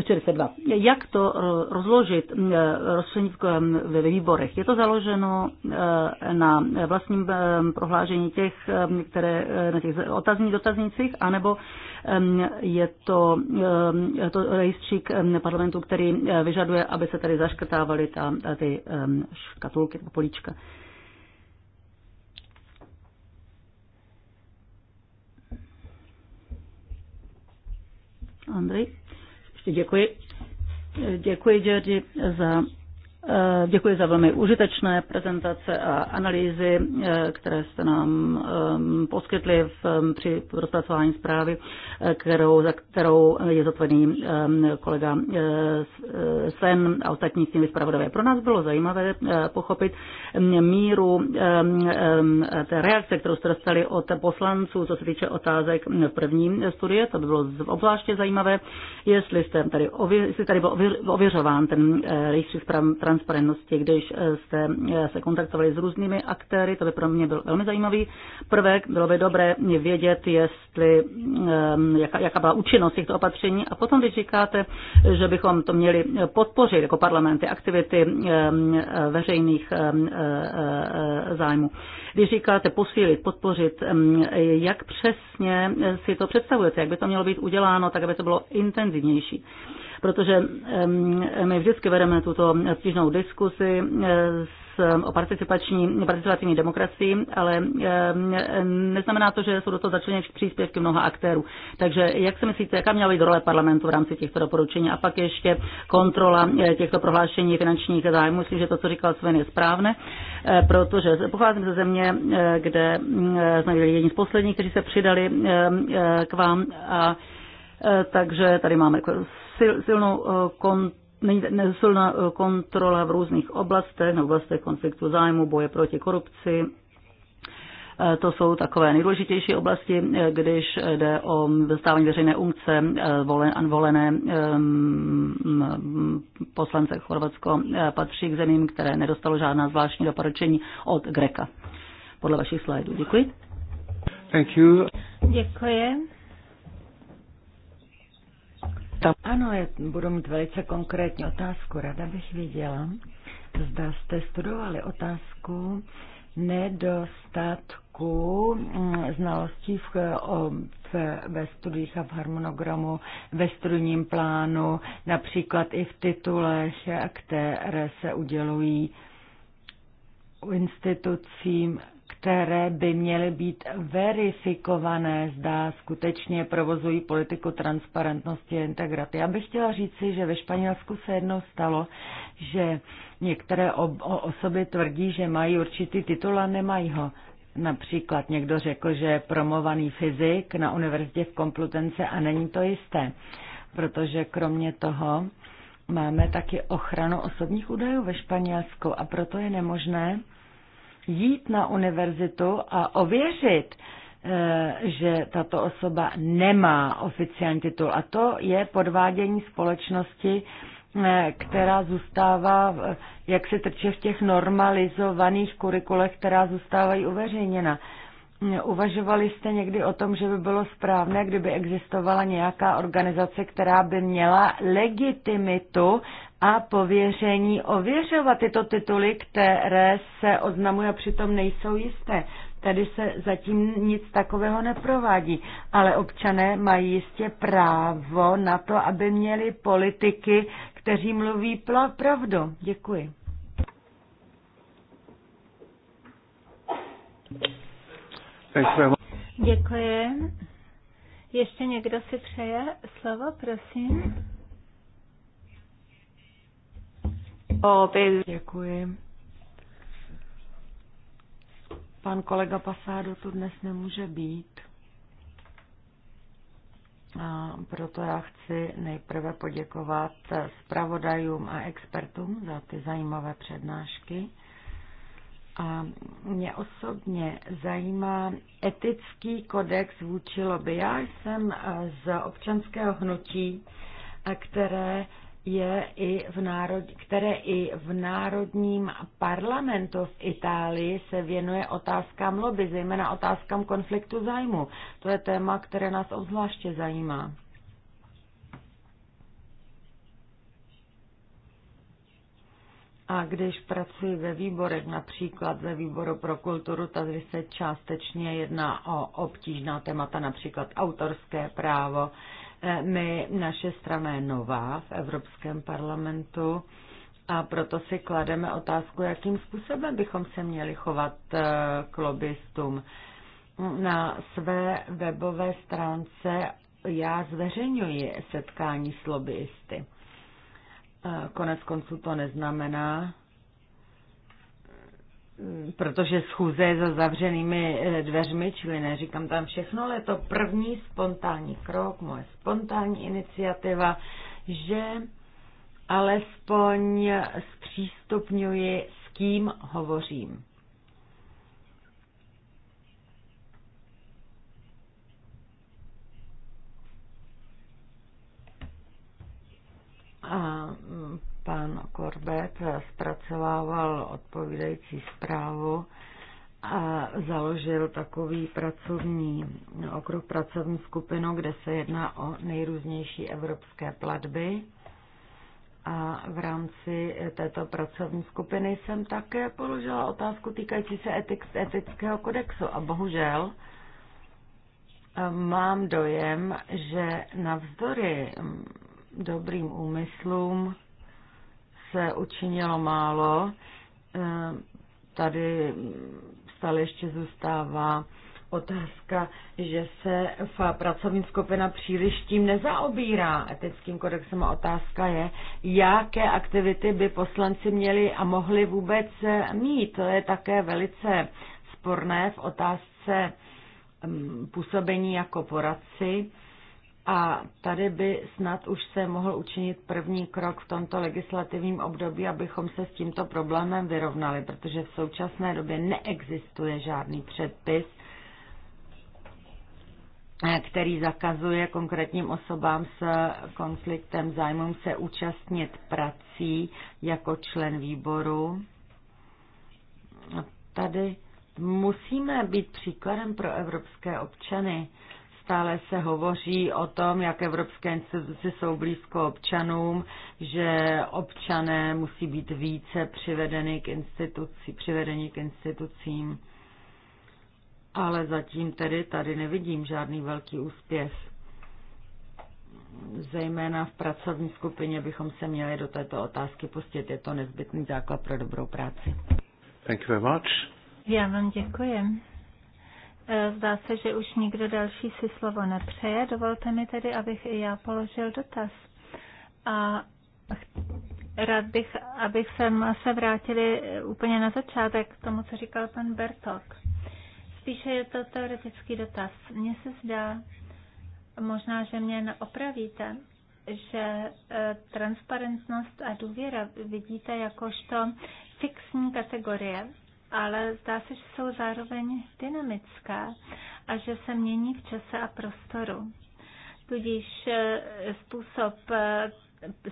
42. Jak to eh, rozložit eh, rozšení eh, ve výborech? Je to založeno na vlastním prohlášení těch, které na těch otazních dotaznicích, anebo ehm, je to, je to rejstřík ehm, parlamentu, který vyžaduje, aby se tady zaškrtávaly ta, ty ehm, škatulky, nebo políčka? Andrej? Děkuji. Děkuji, Georgi, za Eh, děkuji za velmi užitečné prezentace a analýzy, eh, které jste nám eh, poskytli v, při rozpracování zprávy, kterou, za kterou je zodpovědný kolega Sen a ostatní s tím zpravodové. Pro nás bylo zajímavé pochopit míru té reakce, kterou jste dostali od poslanců, co se týče otázek v první studie. To by bylo obzvláště zajímavé, jestli, jste tady, jestli tady byl ověřován ten rejstřík zpráv transparentnosti, když eh, jste eh, se kontaktovali s různými aktéry, to by pro mě byl velmi zajímavý prvek. Bylo by dobré vědět, jestli, ehm, jaká, jaká byla účinnost těchto opatření. A potom, když říkáte, že bychom to měli podpořit jako parlamenty, aktivity ehm, eh, veřejných ehm, zájmů. Když říkáte posílit, podpořit, jak přesně si to představujete, jak by to mělo být uděláno, tak aby to bylo intenzivnější protože my vždycky vedeme tuto stížnou diskusi eh, s, o participační, participativní demokracii, ale neznamená to, že jsou do toho začleněny příspěvky mnoha aktérů. Takže jak si myslíte, jaká měla být role parlamentu v rámci těchto doporučení? A pak ještě kontrola eh, těchto prohlášení finančních zájmů. Myslím, že to, co říkal Sven, je správné, eh, protože pocházím ze země, kde jsme byli jedni z posledních, kteří se přidali k vám a takže tady máme silnou eh, kontrolu silná eh, kontrola v různých oblastech, na oblastech konfliktu zájmu, boje proti korupci. Eh, to jsou takové nejdůležitější oblasti, když jde o dostávání veřejné unkce volené ehm, poslance. Chorvatsko patří k zemím, které nedostalo žádná zvláštní doporučení od Greka. Podle vašich slajdů. Děkuji. Thank you. Děkuji tam. Ano, já budu mít velice konkrétní otázku. Rada bych věděla, zda jste studovali otázku nedostatku mm, znalostí v, v, ve studiích a v harmonogramu, ve studijním plánu, například i v titulech, které se udělují institucím které by měly být verifikované, zda skutečně provozují politiku transparentnosti a integraty. Já bych chtěla říci, že ve Španělsku se jednou stalo, že některé osoby tvrdí, že mají určitý titul a nemají ho. Například někdo řekl, že je promovaný fyzik na univerzitě v Komplutence a není to jisté, protože kromě toho máme taky ochranu osobních údajů ve Španělsku a proto je nemožné, jít na univerzitu a ověřit, eh, že tato osoba nemá oficiální titul. A to je podvádění společnosti, eh, která zůstává, eh, jak se trče v těch normalizovaných kurikulech, která zůstávají uveřejněna. Uvažovali jste někdy o tom, že by bylo správné, kdyby existovala nějaká organizace, která by měla legitimitu a pověření ověřovat tyto tituly, které se oznamují a přitom nejsou jisté. Tady se zatím nic takového neprovádí, ale občané mají jistě právo na to, aby měli politiky, kteří mluví pravdu. Děkuji. Děkuji. Ještě někdo si přeje slovo, prosím? Děkuji. Pan kolega Pasádo tu dnes nemůže být. A proto já chci nejprve poděkovat zpravodajům a expertům za ty zajímavé přednášky. A mě osobně zajímá etický kodex vůči lobby. Já jsem z občanského hnutí, které je i v národ, které i v Národním parlamentu v Itálii se věnuje otázkám lobby, zejména otázkám konfliktu zájmu. To je téma, které nás obzvláště zajímá. A když pracuji ve výborech, například ve výboru pro kulturu, tady se částečně jedná o obtížná témata, například autorské právo, my, naše strana je nová v Evropském parlamentu a proto si klademe otázku, jakým způsobem bychom se měli chovat eh, k lobbystům. Na své webové stránce já zveřejňuji setkání s lobbysty. Eh, konec konců to neznamená, Mm, protože schůze je za zavřenými eh, dveřmi, čili neříkám tam všechno, ale je to první spontánní krok, moje spontánní iniciativa, že alespoň zpřístupňuji, s kým hovořím. A mm, pan Korbet zpracovával odpovídající zprávu a založil takový pracovní okruh pracovní skupinu, kde se jedná o nejrůznější evropské platby. A v rámci této pracovní skupiny jsem také položila otázku týkající se etik, etického kodexu. A bohužel ehm, mám dojem, že navzdory ehm, dobrým úmyslům se učinilo málo. Eh, tady stále ještě zůstává otázka, že se v pracovní skupina příliš tím nezaobírá etickým kodexem a otázka je, jaké aktivity by poslanci měli a mohli vůbec mít. To je také velice sporné v otázce mm, působení jako poradci a tady by snad už se mohl učinit první krok v tomto legislativním období, abychom se s tímto problémem vyrovnali, protože v současné době neexistuje žádný předpis, který zakazuje konkrétním osobám s konfliktem zájmů se účastnit prací jako člen výboru. Tady musíme být příkladem pro evropské občany. Neustále se hovoří o tom, jak evropské instituce jsou blízko občanům, že občané musí být více přivedeny k, instituci, přivedeni k institucím. Ale zatím tedy tady nevidím žádný velký úspěch. Zejména v pracovní skupině bychom se měli do této otázky pustit. Je to nezbytný základ pro dobrou práci. Thank you very much. Já vám děkuji. Eh, zdá se, že už nikdo další si slovo nepřeje. Dovolte mi tedy, abych i já položil dotaz. A rád bych, abych sem se vrátili eh, úplně na začátek k tomu, co říkal pan Bertok. Spíše je to teoretický dotaz. Mně se zdá, možná, že mě opravíte, že eh, transparentnost a důvěra vidíte jakožto fixní kategorie ale zdá se, že jsou zároveň dynamická a že se mění v čase a prostoru. Tudíž e, způsob e,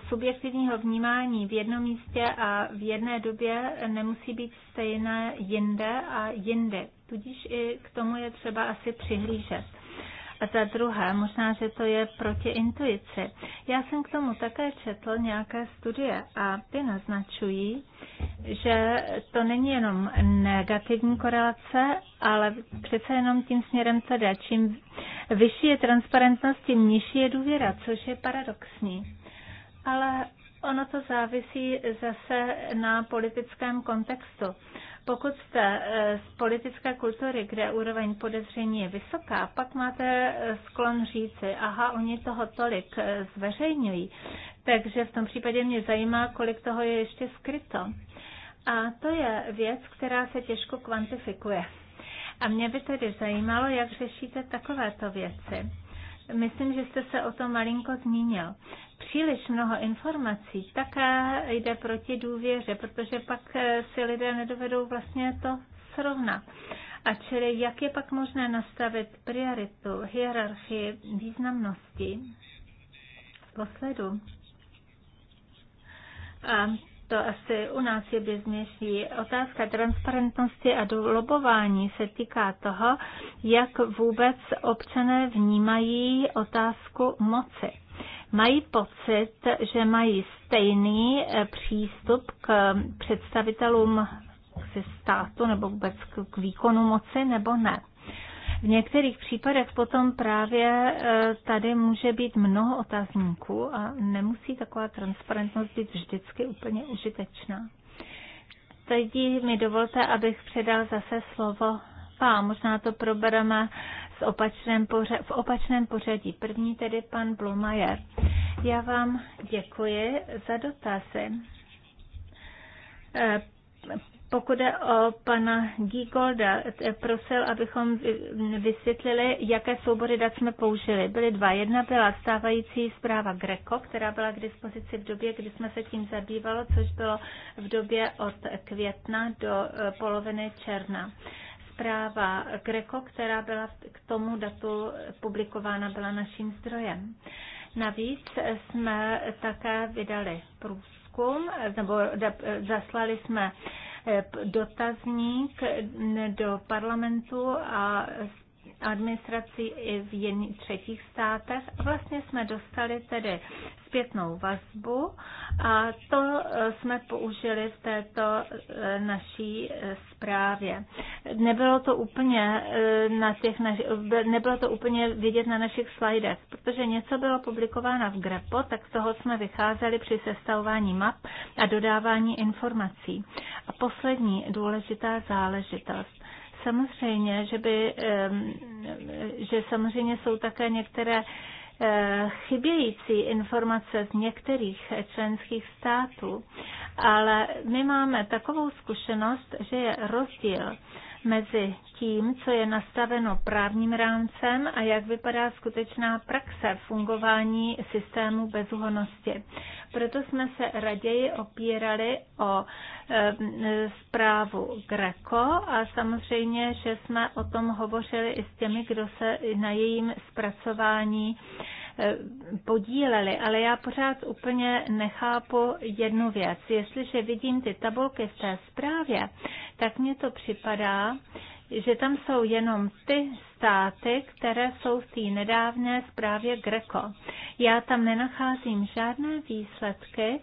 subjektivního vnímání v jednom místě a v jedné době nemusí být stejné jinde a jinde. Tudíž i k tomu je třeba asi přihlížet. Za druhé, možná, že to je proti intuici. Já jsem k tomu také četl nějaké studie a ty naznačují, že to není jenom negativní korelace, ale přece jenom tím směrem to jde. Čím vyšší je transparentnost, tím nižší je důvěra, což je paradoxní. Ale ono to závisí zase na politickém kontextu. Pokud jste eh, z politické kultury, kde úroveň podezření je vysoká, pak máte eh, sklon říci, aha, oni toho tolik eh, zveřejňují, takže v tom případě mě zajímá, kolik toho je ještě skryto. A to je věc, která se těžko kvantifikuje. A mě by tedy zajímalo, jak řešíte takovéto věci. Myslím, že jste se o tom malinko zmínil příliš mnoho informací tak jde proti důvěře, protože pak si lidé nedovedou vlastně to srovnat. A čili jak je pak možné nastavit prioritu, hierarchii významnosti posledu? A to asi u nás je běžnější. Otázka transparentnosti a lobování se týká toho, jak vůbec občané vnímají otázku moci mají pocit, že mají stejný eh, přístup k představitelům státu nebo vůbec k výkonu moci nebo ne. V některých případech potom právě eh, tady může být mnoho otazníků a nemusí taková transparentnost být vždycky úplně užitečná. Teď mi dovolte, abych předal zase slovo vám. Možná to probereme opačném pořadí, v opačném pořadí. První tedy pan Blumajer. Já vám děkuji za dotazy. Eh, pokud je o pana Gigolda, eh, prosil, abychom vysvětlili, jaké soubory dat jsme použili. Byly dva. Jedna byla stávající zpráva Greco, která byla k dispozici v době, kdy jsme se tím zabývalo, což bylo v době od května do eh, poloviny června zpráva Greco, která byla k tomu datu publikována, byla naším zdrojem. Navíc jsme také vydali průzkum, nebo zaslali jsme eh, dotazník do parlamentu a administrací i v jiných třetích státech. Vlastně jsme dostali tedy zpětnou vazbu a to eh, jsme použili v této eh, naší eh, zprávě. Nebylo to úplně, na těch naši, nebylo to úplně vidět na našich slidech, protože něco bylo publikováno v Grepo, tak z toho jsme vycházeli při sestavování map a dodávání informací. A poslední důležitá záležitost samozřejmě, že by, že samozřejmě jsou také některé chybějící informace z některých členských států, ale my máme takovou zkušenost, že je rozdíl mezi tím, co je nastaveno právním rámcem a jak vypadá skutečná praxe fungování systému bezúhonosti. Proto jsme se raději opírali o e, zprávu Greco a samozřejmě, že jsme o tom hovořili i s těmi, kdo se na jejím zpracování e, Eh, podíleli, ale já pořád úplně nechápu jednu věc. Jestliže vidím ty tabulky v té zprávě, tak mně to připadá, že tam jsou jenom ty státy, které jsou v té nedávné zprávě Greco. Já tam nenacházím žádné výsledky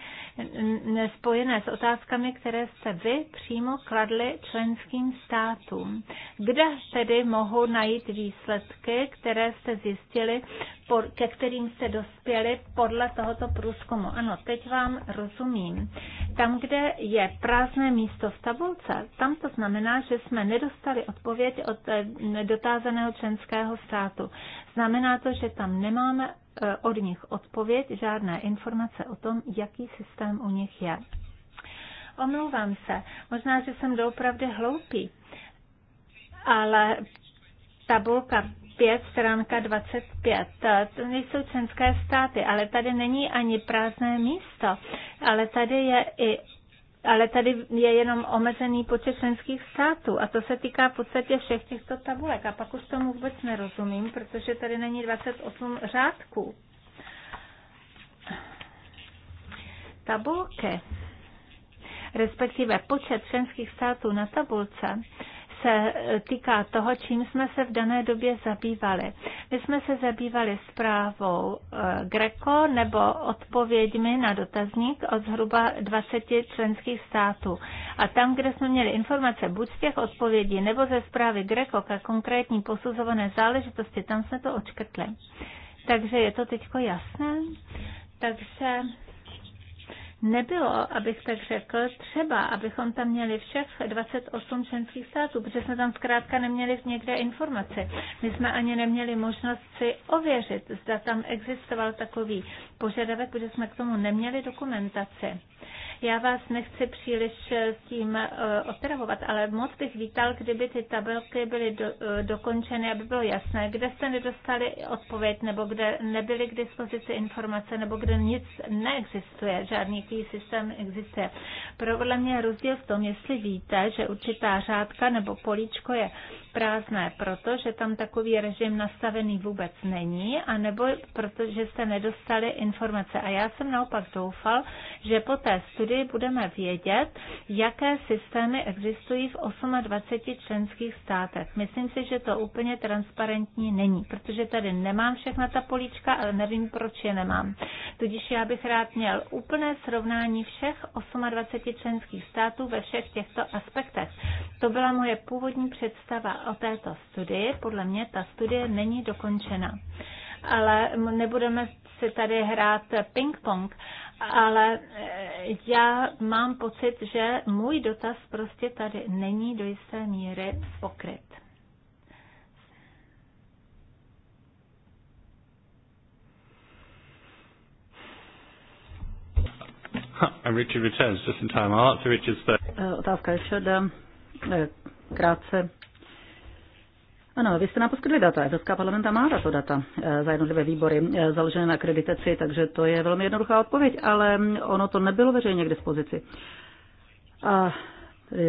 spojené s otázkami, které jste vy přímo kladli členským státům. Kde tedy mohou najít výsledky, které jste zjistili, ke kterým jste dospěli podle tohoto průzkumu? Ano, teď vám rozumím. Tam, kde je prázdné místo v tabulce, tam to znamená, že jsme nedostali odpověď od eh, dotázaného jiného členského státu. Znamená to, že tam nemáme eh, od nich odpověď, žádné informace o tom, jaký systém u nich je. Omlouvám se, možná, že jsem doopravdy hloupý, ale tabulka 5, stránka 25. Eh, to nejsou členské státy, ale tady není ani prázdné místo, ale tady je i ale tady je jenom omezený počet členských států a to se týká v podstatě všech těchto tabulek. A pak už tomu vůbec nerozumím, protože tady není 28 řádků. Tabulky, respektive počet členských států na tabulce, se týká toho, čím jsme se v dané době zabývali. My jsme se zabývali zprávou eh, Greco nebo odpověďmi na dotazník od zhruba 20 členských států. A tam, kde jsme měli informace buď z těch odpovědí nebo ze zprávy Greco ke konkrétní posuzované záležitosti, tam jsme to očkrtli. Takže je to teď jasné. Takže nebylo, abych tak řekl, třeba, abychom tam měli všech 28 členských států, protože jsme tam zkrátka neměli někde informace. My jsme ani neměli možnost si ověřit, zda tam existoval takový požadavek, protože jsme k tomu neměli dokumentaci. Já vás nechci příliš eh, s tím eh, otravovat, ale moc bych vítal, kdyby ty tabelky byly do, eh, dokončeny, aby bylo jasné, kde jste nedostali odpověď, nebo kde nebyly k dispozici informace, nebo kde nic neexistuje, žádný tý systém existuje. Pro mě je rozdíl v tom, jestli víte, že určitá řádka nebo políčko je prázdné proto, že tam takový režim nastavený vůbec není, anebo protože se nedostaly informace. A já jsem naopak doufal, že po té studii budeme vědět, jaké systémy existují v 28 členských státech. Myslím si, že to úplně transparentní není, protože tady nemám všechna ta políčka, ale nevím, proč je nemám. Tudíž já bych rád měl úplné srovnání všech 28 členských států ve všech těchto aspektech. To byla moje původní představa o této studii. Podle mě ta studie není dokončena. Ale nebudeme si tady hrát ping-pong, ale eh, já mám pocit, že můj dotaz prostě tady není do jisté míry pokryt. And Richard returns just in time. I'll answer Richard's eh, Otázka je všude. Eh, krátce ano, vy jste nám poskytli data. Evropská parlamenta má tato data eh, za jednotlivé výbory eh, založené na kreditaci, takže to je velmi jednoduchá odpověď, ale mm, ono to nebylo veřejně k dispozici. A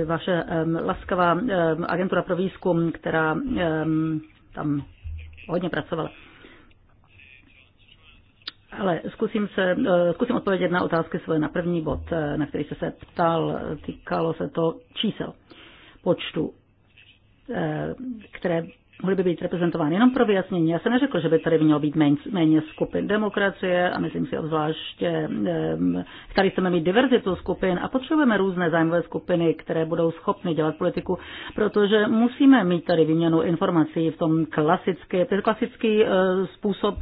vaše um, laskavá um, agentura pro výzkum, která um, tam hodně pracovala. Ale zkusím, se, eh, zkusím odpovědět na otázky svoje na první bod, na který jste se ptal. Týkalo se to čísel, počtu Eh, které mohly by být reprezentovány jenom pro vyjasnění. Já jsem neřekl, že by tady mělo být méně skupin demokracie a myslím si obzvláště, eh, tady chceme mít diverzitu skupin a potřebujeme různé zájmové skupiny, které budou schopny dělat politiku, protože musíme mít tady výměnu informací v tom klasický, klasický eh, způsob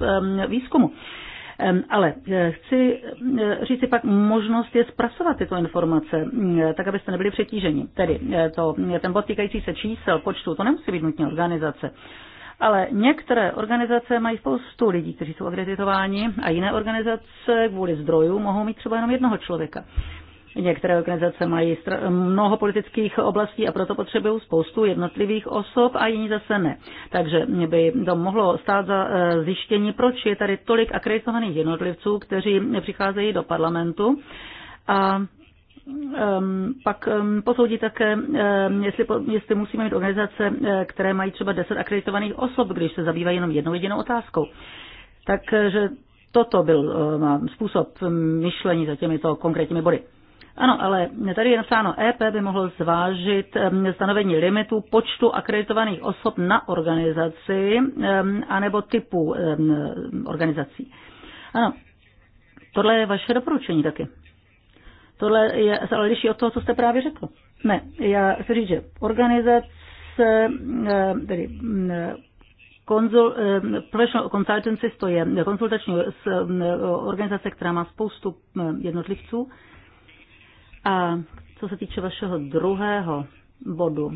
výzkumu. Ale e, chci e, říct si pak, možnost je zpracovat tyto informace, e, tak abyste nebyli přetíženi. Tedy to, ten bod týkající se čísel, počtu, to nemusí být nutně organizace. Ale některé organizace mají spoustu lidí, kteří jsou akreditováni a jiné organizace kvůli zdrojů mohou mít třeba jenom jednoho člověka. Některé organizace mají mnoho politických oblastí a proto potřebují spoustu jednotlivých osob a jiní zase ne. Takže by to mohlo stát za eh, zjištění, proč je tady tolik akreditovaných jednotlivců, kteří přicházejí do parlamentu. A ehm, pak ehm, posoudí také, ehm, jestli, jestli musíme mít organizace, eh, které mají třeba 10 akreditovaných osob, když se zabývají jenom jednou jedinou otázkou. Takže toto byl eh, způsob mm, myšlení za těmito konkrétními body. Ano, ale tady je napsáno, EP by mohl zvážit ehm, stanovení limitu počtu akreditovaných osob na organizaci ehm, anebo typu ehm, organizací. Ano, tohle je vaše doporučení taky. Tohle je, ale liší od toho, co jste právě řekl. Ne, já chci říct, že organizace, tedy konzul, Professional Consultancy, to je konzultační organizace, která má spoustu jednotlivců, a co se týče vašeho druhého bodu,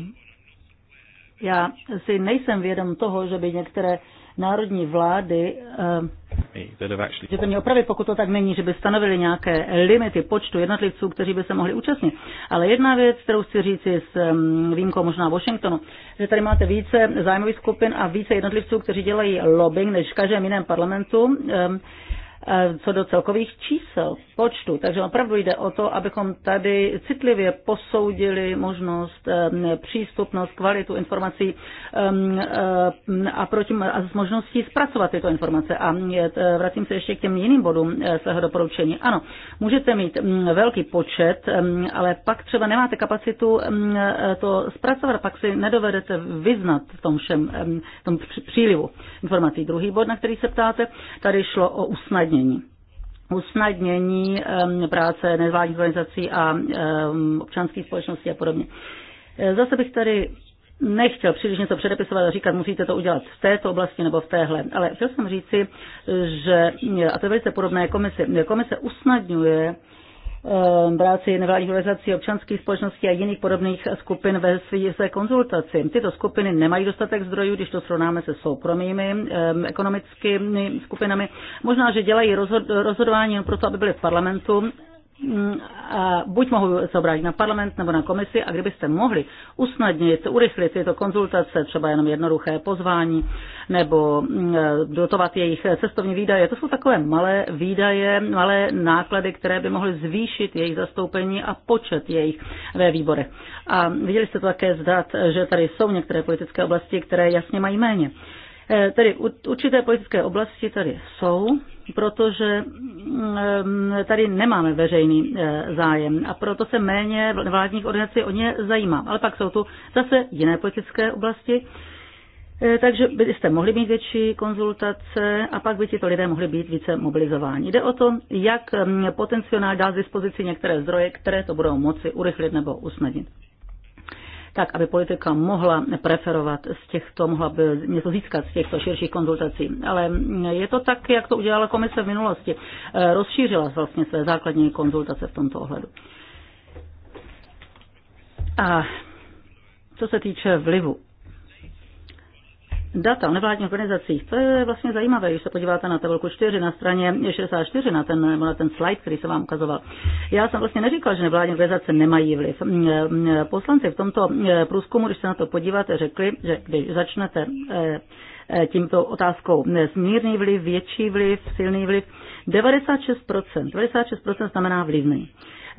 já si nejsem vědom toho, že by některé národní vlády, že to mě opravit, pokud to tak není, že by stanovili nějaké limity počtu jednotlivců, kteří by se mohli účastnit. Ale jedna věc, kterou chci říct s výjimkou možná Washingtonu, že tady máte více zájmových skupin a více jednotlivců, kteří dělají lobbying než v každém jiném parlamentu Eh, co do celkových čísel, počtu. Takže opravdu jde o to, abychom tady citlivě posoudili možnost, eh, přístupnost, kvalitu informací ehm, eh, a, proti, a s možností zpracovat tyto informace. A vracím se ještě k těm jiným bodům svého doporučení. Ano, můžete mít mm, velký počet, ehm, ale pak třeba nemáte kapacitu ehm, to zpracovat, pak si nedovedete vyznat v tom všem, v tom přílivu informací. Druhý bod, na který se ptáte, tady šlo o usnadnění usnadnění usnadnění práce nezvládních organizací a občanských společností a podobně. E, zase bych tady nechtěl příliš něco předepisovat a říkat, musíte to udělat v této oblasti nebo v téhle, ale chtěl jsem říci, že, a to je velice podobné komise, komise usnadňuje Eh, rámci nevládních organizací, občanských společností a jiných podobných skupin ve své konzultaci. Tyto skupiny nemají dostatek zdrojů, když to srovnáme se soukromými eh, ekonomickými skupinami. Možná, že dělají rozhodování jen proto, aby byly v parlamentu, mm, a buď mohou se obrátit na parlament nebo na komisi a kdybyste mohli usnadnit, urychlit tyto konzultace, třeba jenom jednoduché pozvání nebo mm, eh, dotovat jejich cestovní výdaje. To jsou takové malé výdaje, malé náklady, které by mohly zvýšit jejich zastoupení a počet jejich ve výborech. A viděli jste to také zdat, že tady jsou některé politické oblasti, které jasně mají méně. Eh, tedy určité politické oblasti tady jsou, protože mm, eh, tady nemáme veřejný zájem a proto se méně vládních organizací o ně zajímá. Ale pak jsou tu zase jiné politické oblasti, Eh, takže byste mohli mít větší konzultace a pak by tito lidé mohli být více mobilizováni. Jde o to, jak potenciál dá z dispozici některé zdroje, které to budou moci urychlit nebo usnadnit tak, aby politika mohla preferovat z těchto, mohla by něco získat z těchto širších konzultací. Ale mm, je to tak, jak to udělala komise v minulosti. Eh, rozšířila vlastně své základní konzultace v tomto ohledu. A co se týče vlivu data o nevládních organizacích, to je vlastně zajímavé, když se podíváte na tabulku 4 na straně 64, na ten, na ten slide, který jsem vám ukazoval. Já jsem vlastně neříkal, že nevládní organizace nemají vliv. Poslanci v tomto průzkumu, když se na to podíváte, řekli, že když začnete e, e, tímto otázkou smírný vliv, větší vliv, silný vliv, 96%, 96% znamená vlivný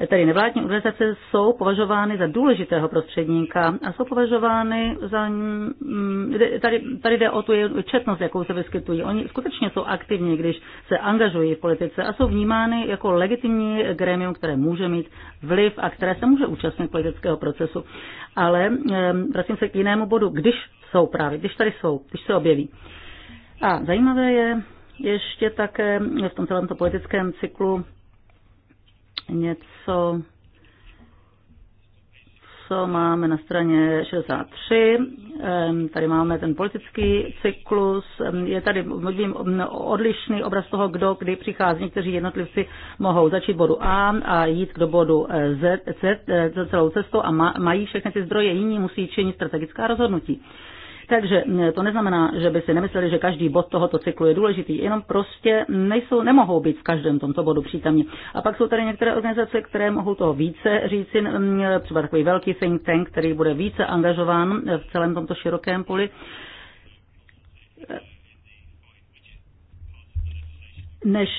tedy nevládní organizace, jsou považovány za důležitého prostředníka a jsou považovány za, mm, tady, tady jde o tu četnost, jakou se vyskytují. Oni skutečně jsou aktivní, když se angažují v politice a jsou vnímány jako legitimní grémium, které může mít vliv a které se může účastnit politického procesu. Ale vracím se k jinému bodu, když jsou právě, když tady jsou, když se objeví. A zajímavé je ještě také v tom celém to politickém cyklu něco, co máme na straně 63. Tady máme ten politický cyklus. Je tady mluvím, odlišný obraz toho, kdo kdy přichází. Někteří jednotlivci mohou začít bodu A a jít do bodu e, Z, Z, Z e, celou cestou a mají všechny ty zdroje. Jiní musí činit strategická rozhodnutí. Takže eh, to neznamená, že by si nemysleli, že každý bod tohoto cyklu je důležitý, jenom prostě nejsou, nemohou být v každém tomto bodu přítomní. A pak jsou tady některé organizace, které mohou toho více říci, mm, třeba takový velký think tank, který bude více angažován v celém tomto širokém poli. Než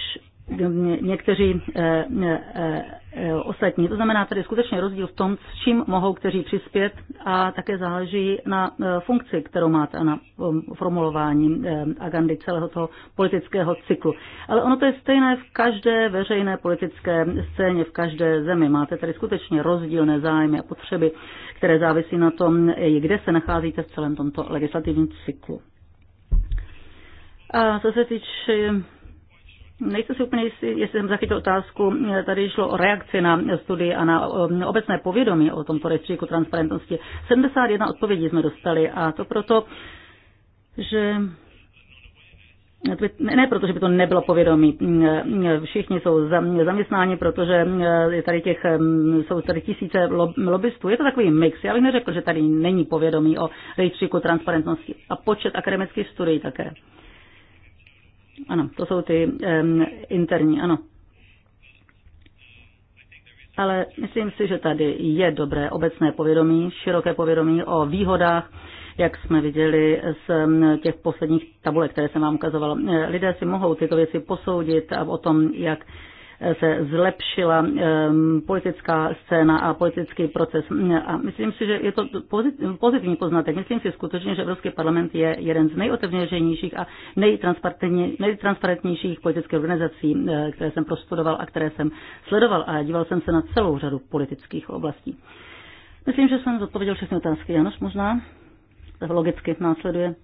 někteří eh, eh, eh, ostatní. To znamená tady skutečně rozdíl v tom, s čím mohou kteří přispět a také záleží na funkci, kterou máte a na um, formulování agendy celého toho politického cyklu. Ale ono to je stejné v každé veřejné politické scéně, v každé zemi. Máte tady skutečně rozdílné zájmy a potřeby, které závisí na tom, kde se nacházíte v celém tomto legislativním cyklu. A co se týče Nejsem si úplně jistý, jestli jsem zachytil otázku, tady šlo o reakci na studii a na um, obecné povědomí o tomto rejstříku transparentnosti. 71 odpovědí jsme dostali a to proto, že ne proto, že by to nebylo povědomí. Všichni jsou zaměstnáni, protože eh, je tady těch, jsou tady tisíce lobbystů. Je to takový mix. Já bych neřekl, že tady není povědomí o rejstříku transparentnosti. A počet akademických studií také. Ano, to jsou ty um, interní, ano. Ale myslím si, že tady je dobré obecné povědomí, široké povědomí o výhodách, jak jsme viděli z těch posledních tabulek, které jsem vám ukazovala. Lidé si mohou tyto věci posoudit a o tom, jak se zlepšila ehm, politická scéna a politický proces. Mm, a myslím si, že je to pozitivní poznatek. Myslím si skutečně, že Evropský parlament je jeden z nejotevřenějších a nejtransparentnějších politických organizací, eh, které jsem prostudoval a které jsem sledoval a díval jsem se na celou řadu politických oblastí. Myslím, že jsem zodpověděl všechny otázky. Janoš možná logicky následuje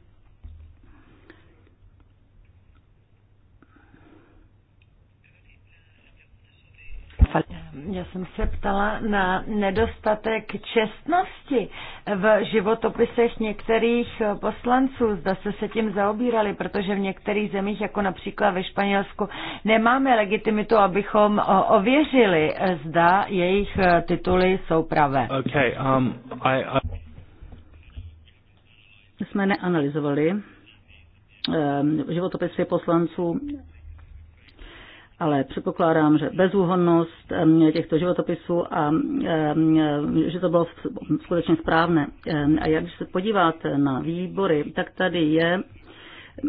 Já jsem se ptala na nedostatek čestnosti v životopisech některých poslanců. Zda se se tím zaobírali, protože v některých zemích, jako například ve Španělsku, nemáme legitimitu, abychom ověřili, zda jejich tituly jsou pravé. Okay, um, I, I... Jsme neanalyzovali eh, životopisy poslanců ale předpokládám, že bezúhonnost eh, těchto životopisů a eh, že to bylo skutečně správné. Eh, a jak když se podíváte na výbory, tak tady je,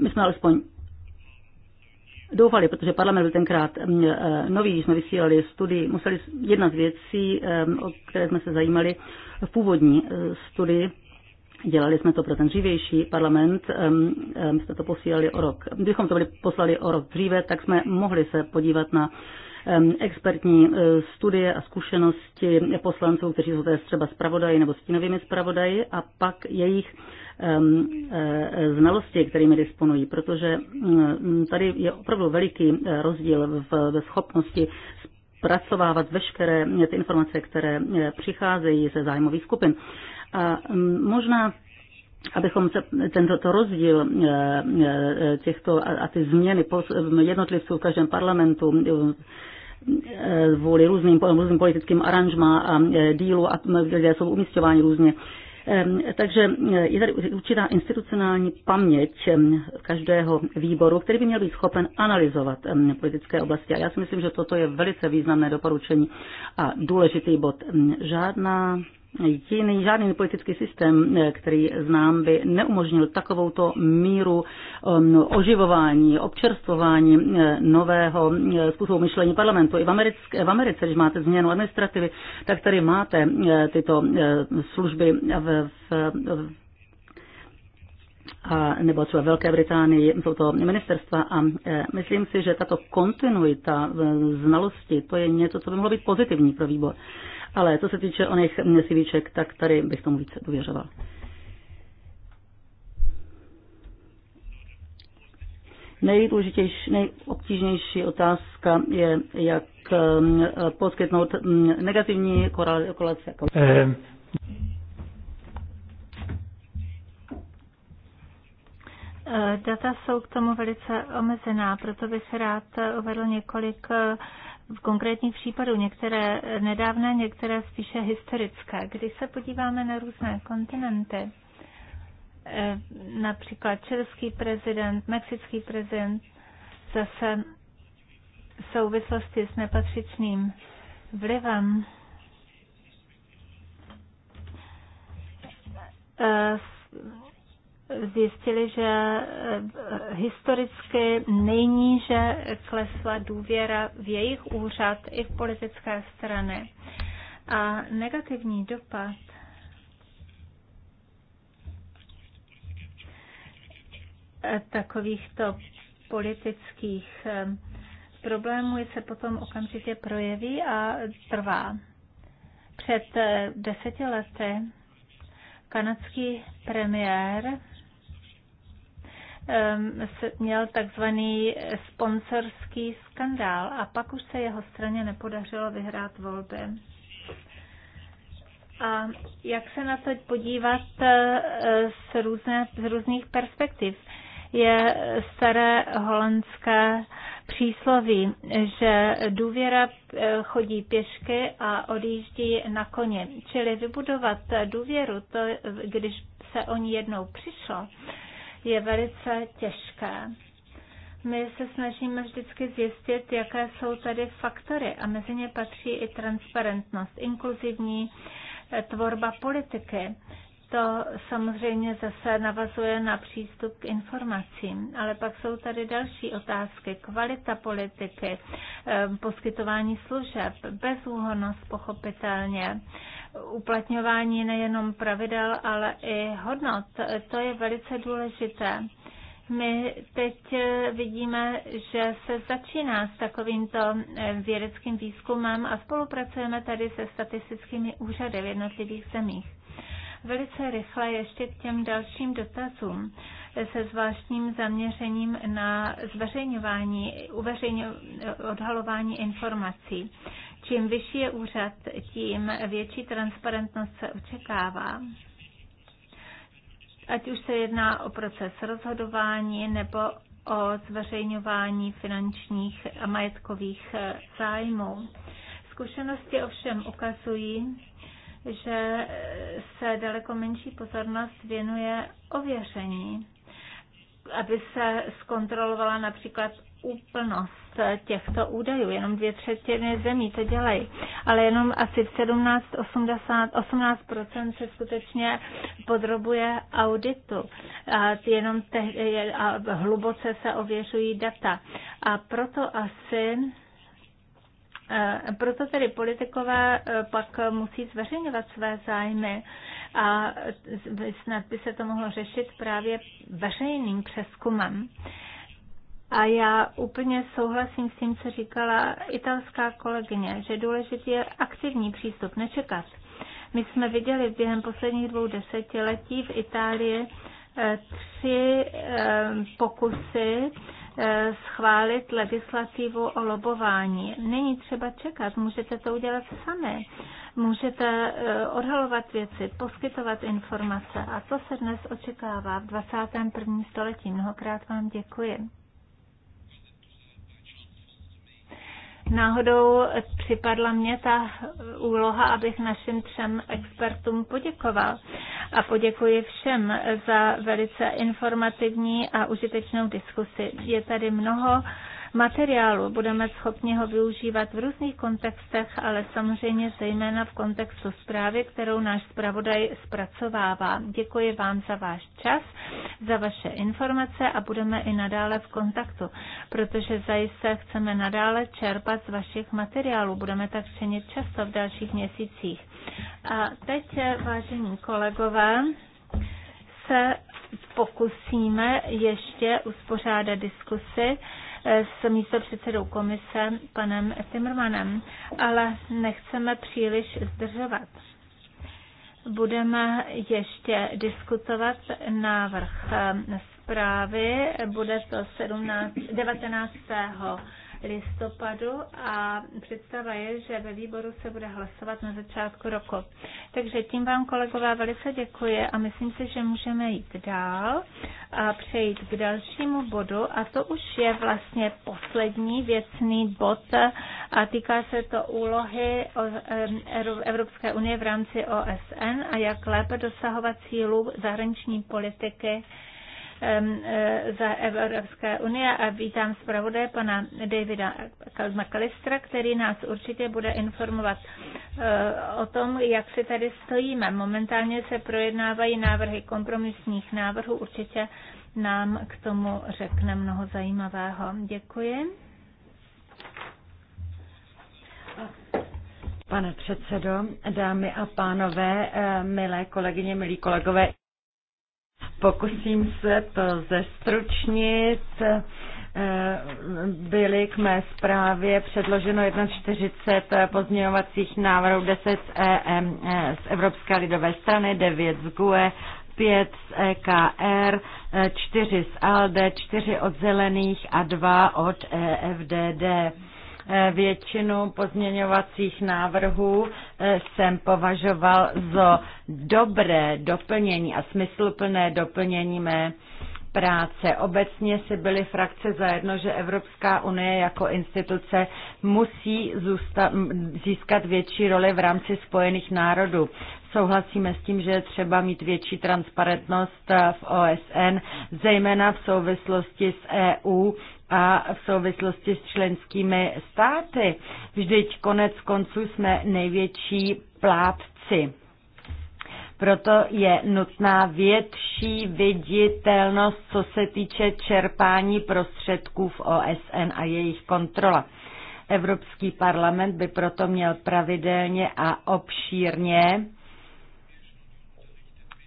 my jsme alespoň doufali, protože parlament byl tenkrát nový, jsme vysílali studii, museli jedna z věcí, o které jsme se zajímali, v původní studii Dělali jsme to pro ten dřívější parlament, um, um, jsme to posílali o rok. Kdybychom to byli poslali o rok dříve, tak jsme mohli se podívat na um, expertní uh, studie a zkušenosti poslanců, kteří jsou třeba zpravodaji nebo stínovými zpravodaji a pak jejich um, uh, znalosti, kterými disponují, protože um, tady je opravdu veliký e, rozdíl v, ve schopnosti zpracovávat veškeré ty informace, které eh, přicházejí ze zájmových skupin. A mm, možná abychom se tento rozdíl eh, eh, těchto a ty změny jednotlivců v každém parlamentu vůli různým, různým politickým aranžma a dílu a lidé jsou umístěváni různě, takže je tady určitá institucionální paměť každého výboru, který by měl být schopen analyzovat politické oblasti. A já si myslím, že toto je velice významné doporučení a důležitý bod. Žádná Jiný, žádný politický systém, eh, který znám, by neumožnil takovouto míru um, oživování, občerstvování eh, nového eh, způsobu myšlení parlamentu. I v Americe, v Americe když máte změnu administrativy, tak tady máte tyto služby v, v, v a, nebo třeba Velké Británii, jsou to ministerstva a e, myslím si, že tato kontinuita znalosti, to je něco, co by mohlo být pozitivní pro výbor. E, ale co se týče oných CVček, tak tady bych tomu více důvěřoval. Nejdůležitější, nejobtížnější otázka je, jak um, poskytnout um, negativní korelace. Jako- eh. Data jsou k tomu velice omezená, proto bych rád uvedl několik eh, v konkrétních případů, některé nedávné, některé spíše historické. Když se podíváme na různé kontinenty, eh, například český prezident, mexický prezident, zase v souvislosti s nepatřičným vlivem eh, zjistili, že eh, historicky nejníže klesla důvěra v jejich úřad i v politické strany. A negativní dopad takovýchto politických eh, problémů se potom okamžitě projeví a trvá. Před eh, deseti lety kanadský premiér Ehm, měl takzvaný sponsorský skandál a pak už se jeho straně nepodařilo vyhrát volby. A jak se na to podívat eh, z, různé, z různých perspektiv? Je staré holandské přísloví, že důvěra eh, chodí pěšky a odjíždí na koni. Čili vybudovat důvěru, to, když se o ní jednou přišlo, je velice těžké. My se snažíme vždycky zjistit, jaké jsou tady faktory a mezi ně patří i transparentnost, inkluzivní eh, tvorba politiky to samozřejmě zase navazuje na přístup k informacím, ale pak jsou tady další otázky. Kvalita politiky, eh, poskytování služeb, bezúhonost pochopitelně, uplatňování nejenom pravidel, ale i hodnot. To je velice důležité. My teď eh, vidíme, že se začíná s takovýmto eh, vědeckým výzkumem a spolupracujeme tady se statistickými úřady v jednotlivých zemích. Velice rychle ještě k těm dalším dotazům se zvláštním zaměřením na zveřejňování, uveřejňo, odhalování informací. Čím vyšší je úřad, tím větší transparentnost se očekává ať už se jedná o proces rozhodování nebo o zveřejňování finančních a majetkových eh, zájmů. Zkušenosti ovšem ukazují, že se daleko menší pozornost věnuje ověření, aby se zkontrolovala například úplnost těchto údajů. Jenom dvě třetiny zemí to dělají, ale jenom asi v 17, 80, 18 se skutečně podrobuje auditu. A jenom te, a hluboce se ověřují data. A proto asi proto tedy politikové e, pak musí zveřejňovat své zájmy a snad by se to mohlo řešit právě veřejným přeskumem. A já úplně souhlasím s tím, co říkala italská kolegyně, že důležitý je aktivní přístup, nečekat. My jsme viděli během posledních dvou desetiletí v Itálii e, tři e, pokusy Eh, schválit legislativu o lobování. Není třeba čekat, můžete to udělat sami. Můžete eh, odhalovat věci, poskytovat informace a to se dnes očekává v 21. století. Mnohokrát vám děkuji. Náhodou připadla mě ta úloha, abych našim třem expertům poděkoval. A poděkuji všem za velice informativní a užitečnou diskusi. Je tady mnoho materiálu. Budeme schopni ho využívat v různých kontextech, ale samozřejmě zejména v kontextu zprávy, kterou náš zpravodaj zpracovává. Děkuji vám za váš čas, za vaše informace a budeme i nadále v kontaktu, protože zajisté chceme nadále čerpat z vašich materiálů. Budeme tak činit často v dalších měsících. A teď, vážení kolegové, se pokusíme ještě uspořádat diskusy s místopředsedou komise panem Timmermanem, ale nechceme příliš zdržovat. Budeme ještě diskutovat návrh eh, zprávy, bude to 17, 19 listopadu a představa je, že ve výboru se bude hlasovat na začátku roku. Takže tím vám, kolegové, velice děkuji a myslím si, že můžeme jít dál a přejít k dalšímu bodu a to už je vlastně poslední věcný bod a týká se to úlohy Evropské unie v rámci OSN a jak lépe dosahovat cílů zahraniční politiky E, za Evropské unie a vítám zpravodaje pana Davida McAllistera, který nás určitě bude informovat e, o tom, jak si tady stojíme. Momentálně se projednávají návrhy kompromisních návrhů, určitě nám k tomu řekne mnoho zajímavého. Děkuji. Pane předsedo, dámy a pánové, e, milé kolegyně, milí kolegové, Pokusím se to zestručnit. Eh, byly k mé zprávě předloženo 41 pozměňovacích návrhů, 10 z, EM, z Evropské lidové strany, 9 z GUE, 5 z EKR, 4 eh, z ALDE, 4 od Zelených a 2 od EFDD. Eh, většinu pozměňovacích návrhů eh, jsem považoval za dobré doplnění a smysluplné doplnění mé práce. Obecně si byly frakce zajedno, že Evropská unie jako instituce musí zůsta- získat větší roli v rámci Spojených národů. Souhlasíme s tím, že je třeba mít větší transparentnost v OSN, zejména v souvislosti s EU a v souvislosti s členskými státy. Vždyť konec konců jsme největší plátci. Proto je nutná větší viditelnost, co se týče čerpání prostředků v OSN a jejich kontrola. Evropský parlament by proto měl pravidelně a obšírně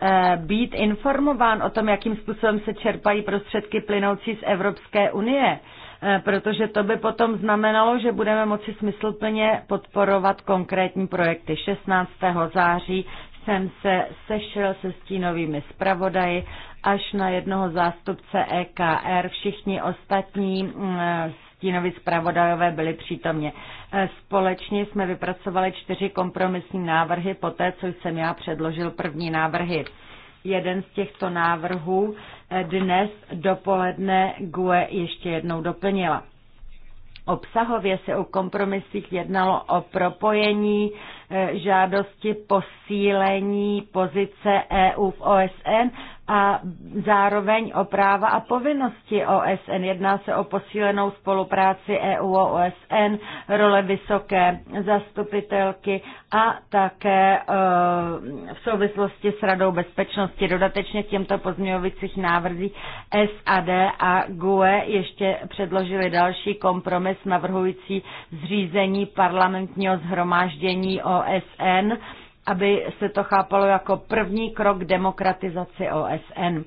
Eh, být informován o tom, jakým způsobem se čerpají prostředky plynoucí z Evropské unie, eh, protože to by potom znamenalo, že budeme moci smysluplně podporovat konkrétní projekty. 16. září jsem se sešel se stínovými zpravodaji až na jednoho zástupce EKR. Všichni ostatní mm, stínovi zpravodajové byli přítomně. E, společně jsme vypracovali čtyři kompromisní návrhy po té, co jsem já předložil první návrhy. Jeden z těchto návrhů e, dnes dopoledne GUE ještě jednou doplnila. Obsahově se u kompromisích jednalo o propojení Eh, žádosti posílení pozice EU v OSN a zároveň o práva a povinnosti OSN. Jedná se o posílenou spolupráci EU a OSN, role vysoké zastupitelky a také eh, v souvislosti s Radou bezpečnosti. Dodatečně k těmto pozměňovacích návrzích SAD a GUE ještě předložili další kompromis navrhující zřízení parlamentního zhromáždění o OSN, aby se to chápalo jako první krok k demokratizaci OSN.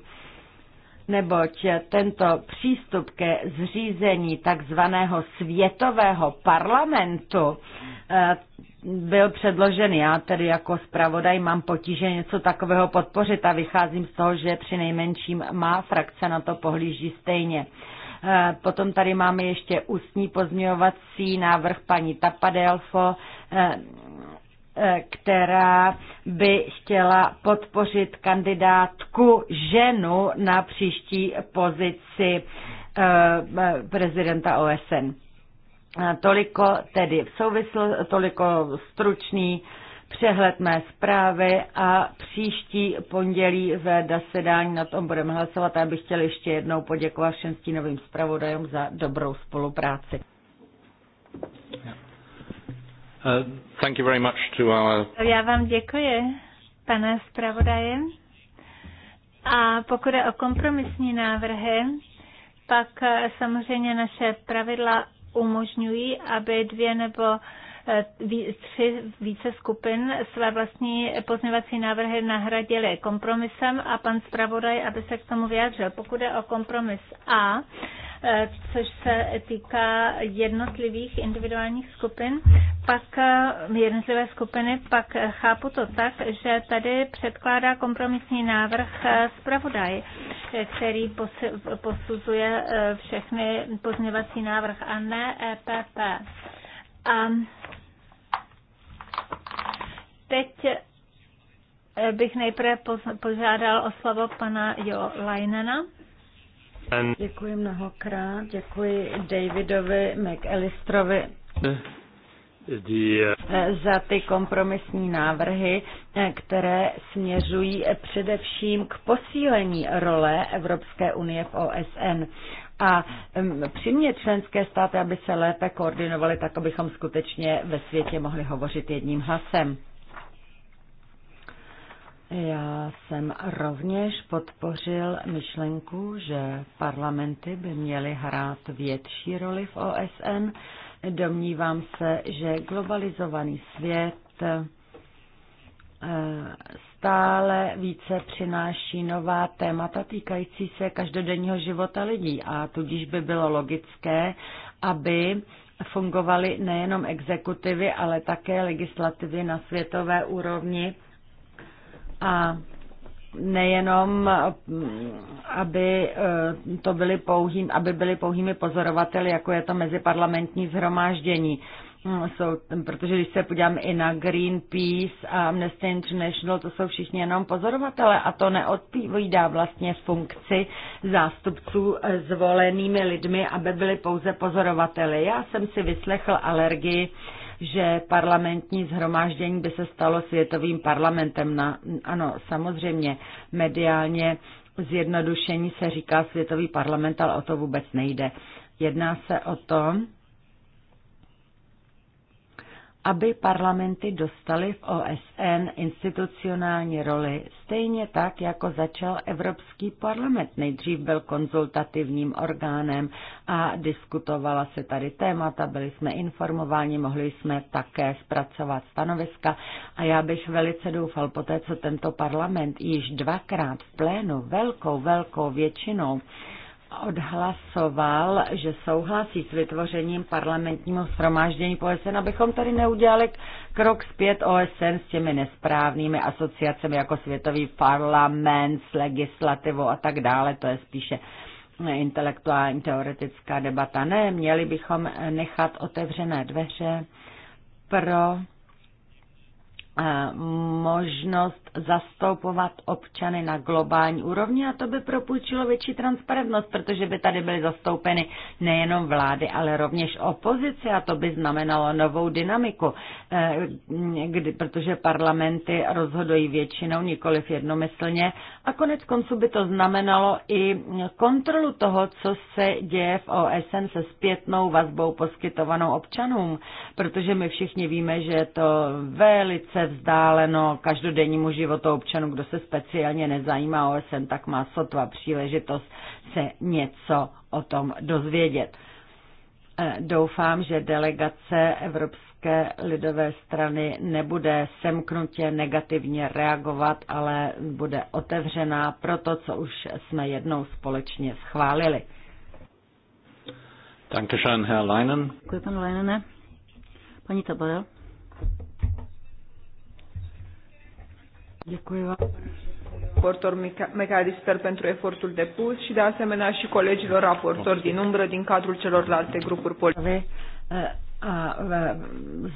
Neboť tento přístup ke zřízení takzvaného světového parlamentu eh, byl předložen já, tedy jako zpravodaj mám potíže něco takového podpořit a vycházím z toho, že při nejmenším má frakce na to pohlíží stejně. Eh, potom tady máme ještě ústní pozměňovací návrh paní Tapadelfo, eh, která by chtěla podpořit kandidátku ženu na příští pozici eh, prezidenta OSN. Toliko tedy v souvisl, toliko stručný přehled mé zprávy a příští pondělí v zasedání na tom budeme hlasovat a já bych chtěl ještě jednou poděkovat všem stínovým zpravodajům za dobrou spolupráci. Uh, thank you very much to our... Já vám děkuji, pane zpravodaje. A pokud je o kompromisní návrhy, pak eh, samozřejmě naše pravidla umožňují, aby dvě nebo eh, tři více skupin své vlastní pozměvací návrhy nahradili kompromisem a pan zpravodaj, aby se k tomu vyjádřil. Pokud je o kompromis A, Eh, což se týká jednotlivých individuálních skupin, pak eh, jednotlivé skupiny, pak eh, chápu to tak, že tady předkládá kompromisní návrh zpravodaj, který posuzuje všechny pozměvací návrh a ne EPP. A teď bych nejprve požádal o slovo pana Jo Leinena. Děkuji mnohokrát, děkuji Davidovi McAllisterovi uh, za ty kompromisní návrhy, které směřují především k posílení role Evropské unie v OSN a um, přimět členské státy, aby se lépe koordinovaly, tak abychom skutečně ve světě mohli hovořit jedním hlasem. Já jsem rovněž podpořil myšlenku, že parlamenty by měly hrát větší roli v OSN. Domnívám se, že globalizovaný svět eh, stále více přináší nová témata týkající se každodenního života lidí a tudíž by bylo logické, aby fungovaly nejenom exekutivy, ale také legislativy na světové úrovni a nejenom, aby eh, to byly pouhý, aby byly pouhými pozorovateli, jako je to meziparlamentní zhromáždění. Mm, jsou, protože když se podívám i na Greenpeace a Amnesty International, to jsou všichni jenom pozorovatele a to neodpovídá vlastně funkci zástupců eh, zvolenými lidmi, aby byli pouze pozorovateli. Já jsem si vyslechl alergii že parlamentní zhromáždění by se stalo světovým parlamentem. Na, ano, samozřejmě, mediálně zjednodušení se říká světový parlament, ale o to vůbec nejde. Jedná se o to, aby parlamenty dostaly v OSN institucionální roli, stejně tak, jako začal Evropský parlament. Nejdřív byl konzultativním orgánem a diskutovala se tady témata, byli jsme informováni, mohli jsme také zpracovat stanoviska a já bych velice doufal, po té, co tento parlament již dvakrát v plénu velkou, velkou většinou odhlasoval, že souhlasí s vytvořením parlamentního shromáždění po OSN, abychom tady neudělali krok zpět OSN s těmi nesprávnými asociacemi jako Světový parlament s legislativou a tak dále. To je spíše intelektuální teoretická debata. Ne, měli bychom nechat otevřené dveře pro eh, možnost zastupovat občany na globální úrovni a to by propůjčilo větší transparentnost, protože by tady byly zastoupeny nejenom vlády, ale rovněž opozice a to by znamenalo novou dynamiku, eh, kdy, protože parlamenty rozhodují většinou, nikoliv jednomyslně a konec konců by to znamenalo i kontrolu toho, co se děje v OSN se zpětnou vazbou poskytovanou občanům, protože my všichni víme, že je to velice vzdáleno každodennímu životu životu občanů. Kdo se speciálně nezajímá o OSN, tak má sotva příležitost se něco o tom dozvědět. E, doufám, že delegace Evropské lidové strany nebude semknutě negativně reagovat, ale bude otevřená pro to, co už jsme jednou společně schválili. Dankeschön, Herr Leinen. Děkuji, pan Leinene. Paní Tabajel. Děkuji vám. Raportor McAllister pentru efortul depus și de asemenea și colegilor raportori din umbră din cadrul celorlalte grupuri politice. Eh, a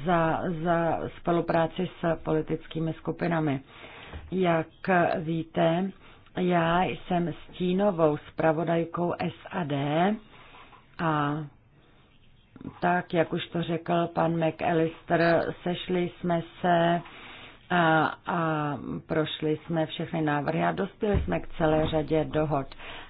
za, za spolupráci s politickými skupinami. Jak víte, já jsem stínovou zpravodajkou SAD a tak, jak už to řekl pan McAllister, sešli jsme se a, a prošli jsme všechny návrhy a dospěli jsme k celé řadě dohod.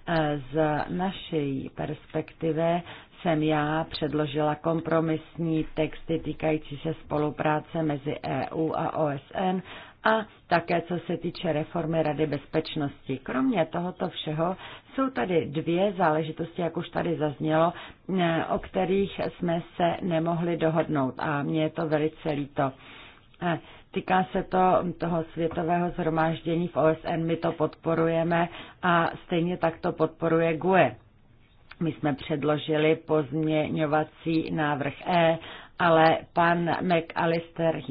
E, z naší perspektivy jsem já předložila kompromisní texty týkající se spolupráce mezi EU a OSN a také co se týče reformy Rady bezpečnosti. Kromě tohoto všeho jsou tady dvě záležitosti, jak už tady zaznělo, e, o kterých jsme se nemohli dohodnout a mně je to velice líto. E, Týká se to toho světového zhromáždění v OSN, my to podporujeme a stejně tak to podporuje GUE. My jsme předložili pozměňovací návrh E, ale pan McAllister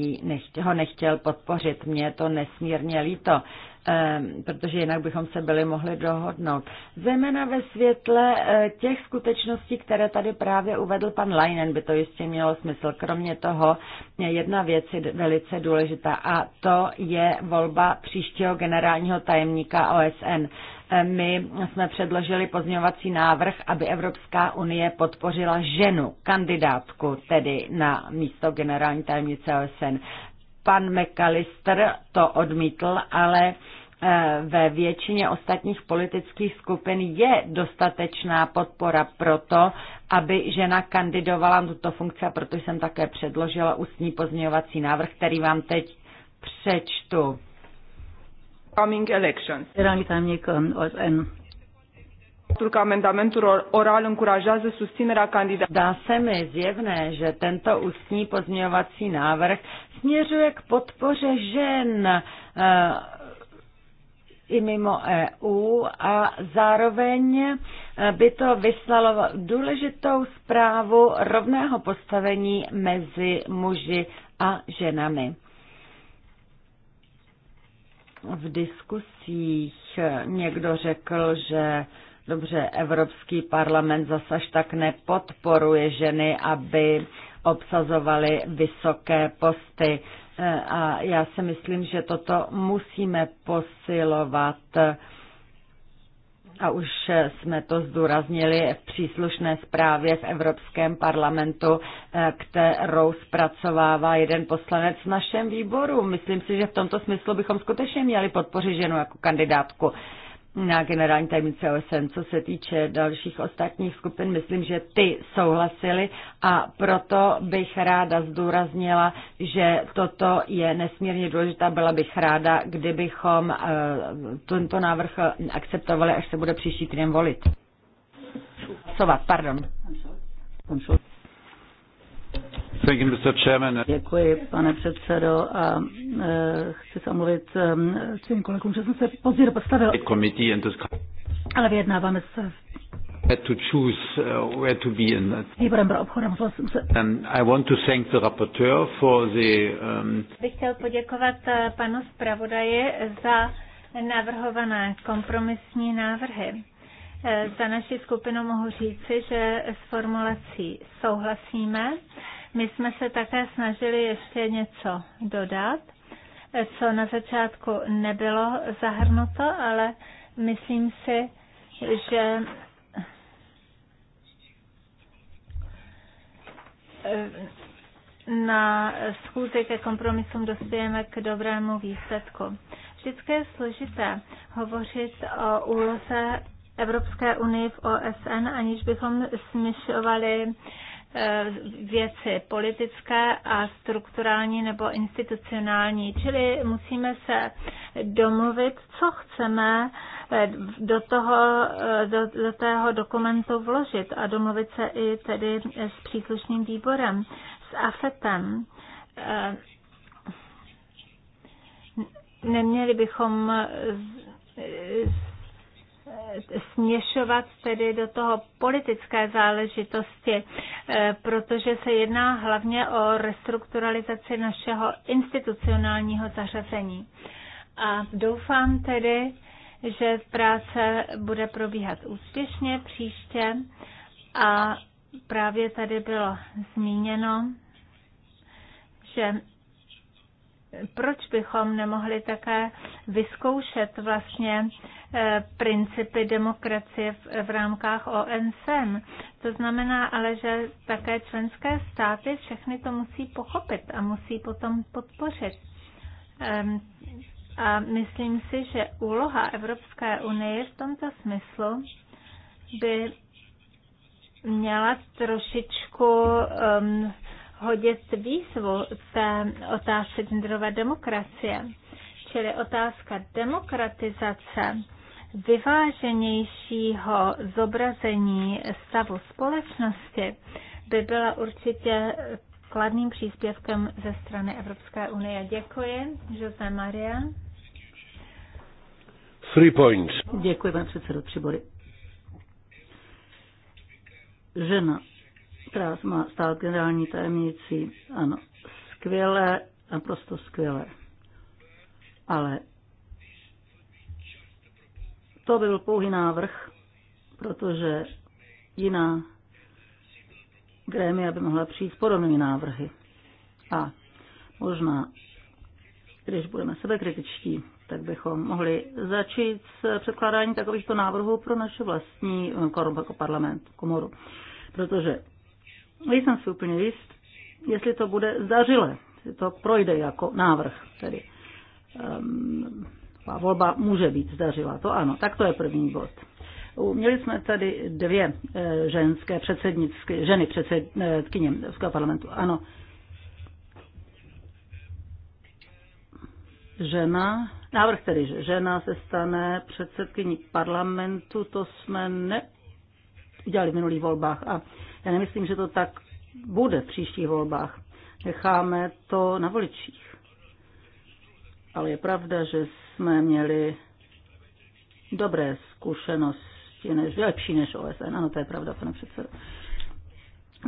ho nechtěl podpořit. Mně je to nesmírně líto, Ehm, protože jinak bychom se byli mohli dohodnout. Zejména ve světle eh, těch skutečností, které tady právě uvedl pan Leinen, by to jistě mělo smysl. Kromě toho jedna věc je velice důležitá a to je volba příštího generálního tajemníka OSN. Ehm, my jsme předložili pozměňovací návrh, aby Evropská unie podpořila ženu, kandidátku tedy na místo generální tajemnice OSN. Pan McAllister to odmítl, ale e, ve většině ostatních politických skupin je dostatečná podpora pro to, aby žena kandidovala na tuto funkci a proto jsem také předložila ústní pozměňovací návrh, který vám teď přečtu. Coming elections. Generální tajemník OSN faktul că amendamentul oral încurajează susținerea candidatului. Da, se mi zjevné, že tento ústní pozměňovací návrh směřuje k podpoře žen eh, i mimo EU a zároveň eh, by to vyslalo důležitou zprávu rovného postavení mezi muži a ženami. V diskusích někdo řekl, že Dobře, Evropský parlament zase až tak nepodporuje ženy, aby obsazovali vysoké posty. E, a já si myslím, že toto musíme posilovat. A už jsme to zdůraznili v příslušné zprávě v Evropském parlamentu, e, kterou zpracovává jeden poslanec v našem výboru. Myslím si, že v tomto smyslu bychom skutečně měli podpořit ženu jako kandidátku na generální tajemnice OSN. Co se týče dalších ostatních skupin, myslím, že ty souhlasili a proto bych ráda zdůraznila, že toto je nesmírně důležité. Byla bych ráda, kdybychom eh, tento návrh akceptovali, až se bude příští týden volit. Sovat, pardon. Pan Děkuji, pane předsedo, a uh, chci se omluvit uh, e, svým kolegům, že jsem se později dopostavil. Ale vyjednáváme se had to choose uh, where to be in that. And I want to thank the rapporteur for the... Um, bych chtěl poděkovat e, panu zpravodaji za navrhované kompromisní návrhy. Za naši skupinu mohu říci, že s formulací souhlasíme my jsme se také snažili ještě něco dodat, co na začátku nebylo zahrnuto, ale myslím si, že na schůzi ke kompromisům dospějeme k dobrému výsledku. Vždycky je složité hovořit o úloze Evropské unie v OSN, aniž bychom směšovali Eh, věci politické a strukturální nebo institucionální. Čili musíme se domluvit, co chceme eh, do toho, eh, do, do tého dokumentu vložit a domluvit se i tedy s příslušným výborem, s AFETem. Neměli bychom směšovat tedy do toho politické záležitosti, eh, protože se jedná hlavně o restrukturalizaci našeho institucionálního zařazení. A doufám tedy, že práce bude probíhat úspěšně příště a právě tady bylo zmíněno, že proč bychom nemohli také vyzkoušet vlastně eh, principy demokracie v, v rámkách OSN. To znamená ale, že také členské státy všechny to musí pochopit a musí potom podpořit. Ehm, a myslím si, že úloha Evropské unie v tomto smyslu by měla trošičku um, hodit výzvu v otázce genderové demokracie, čili otázka demokratizace vyváženějšího zobrazení stavu společnosti by byla určitě kladným příspěvkem ze strany Evropské unie. Děkuji. José Maria. Three points. Děkuji, pane předsedo. Tři Žena která má stát generální tajemnicí. Ano, skvělé, naprosto skvělé. Ale to byl pouhý návrh, protože jiná grémia by mohla přijít s podobnými návrhy. A možná, když budeme sebekritičtí, tak bychom mohli začít s předkládáním takovýchto návrhů pro naše vlastní jako parlament, komoru. Protože Nejsem si úplně jist, jestli to bude zdařile, jestli to projde jako návrh. Tedy um, ehm, a volba může být zdařila, to ano, tak to je první bod. Měli jsme tady dvě eh, ženské předsednické, ženy předsedkyně Evropského parlamentu. Ano. Žena, návrh tedy, že žena se stane předsedkyní parlamentu, to jsme neudělali v minulých volbách a já nemyslím, že to tak bude v příštích volbách. Necháme to na voličích. Ale je pravda, že jsme měli dobré zkušenosti, než, lepší než OSN. Ano, to je pravda, pane předsedo.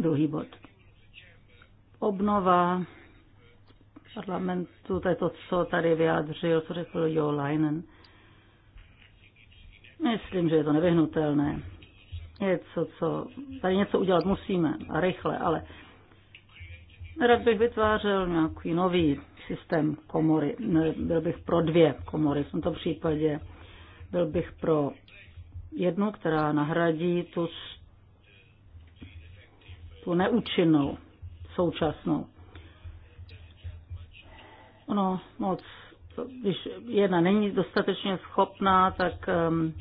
Druhý bod. Obnova parlamentu, to je to, co tady vyjádřil, co řekl Jo Leinen. Myslím, že je to nevyhnutelné něco, co tady něco udělat musíme a rychle, ale rád bych vytvářel nějaký nový systém komory. Byl bych pro dvě komory v tomto případě. Byl bych pro jednu, která nahradí tu, tu neúčinnou současnou. Ono moc, když jedna není dostatečně schopná, tak um,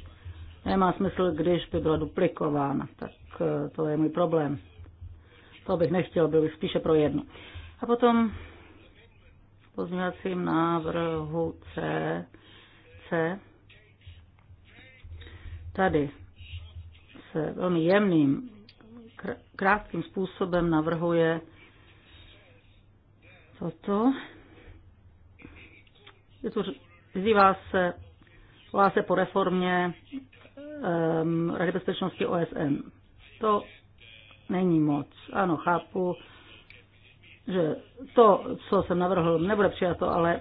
nemá smysl, když by byla duplikována. Tak eh, to je můj problém. To bych nechtěl, byl bych spíše pro jednu. A potom v pozměňovacím návrhu C, C, tady se velmi jemným, krátkým způsobem navrhuje toto. vyzývá se, volá se po reformě um, Rady bezpečnosti OSN. To není moc. Ano, chápu, že to, co jsem navrhl, nebude přijato, ale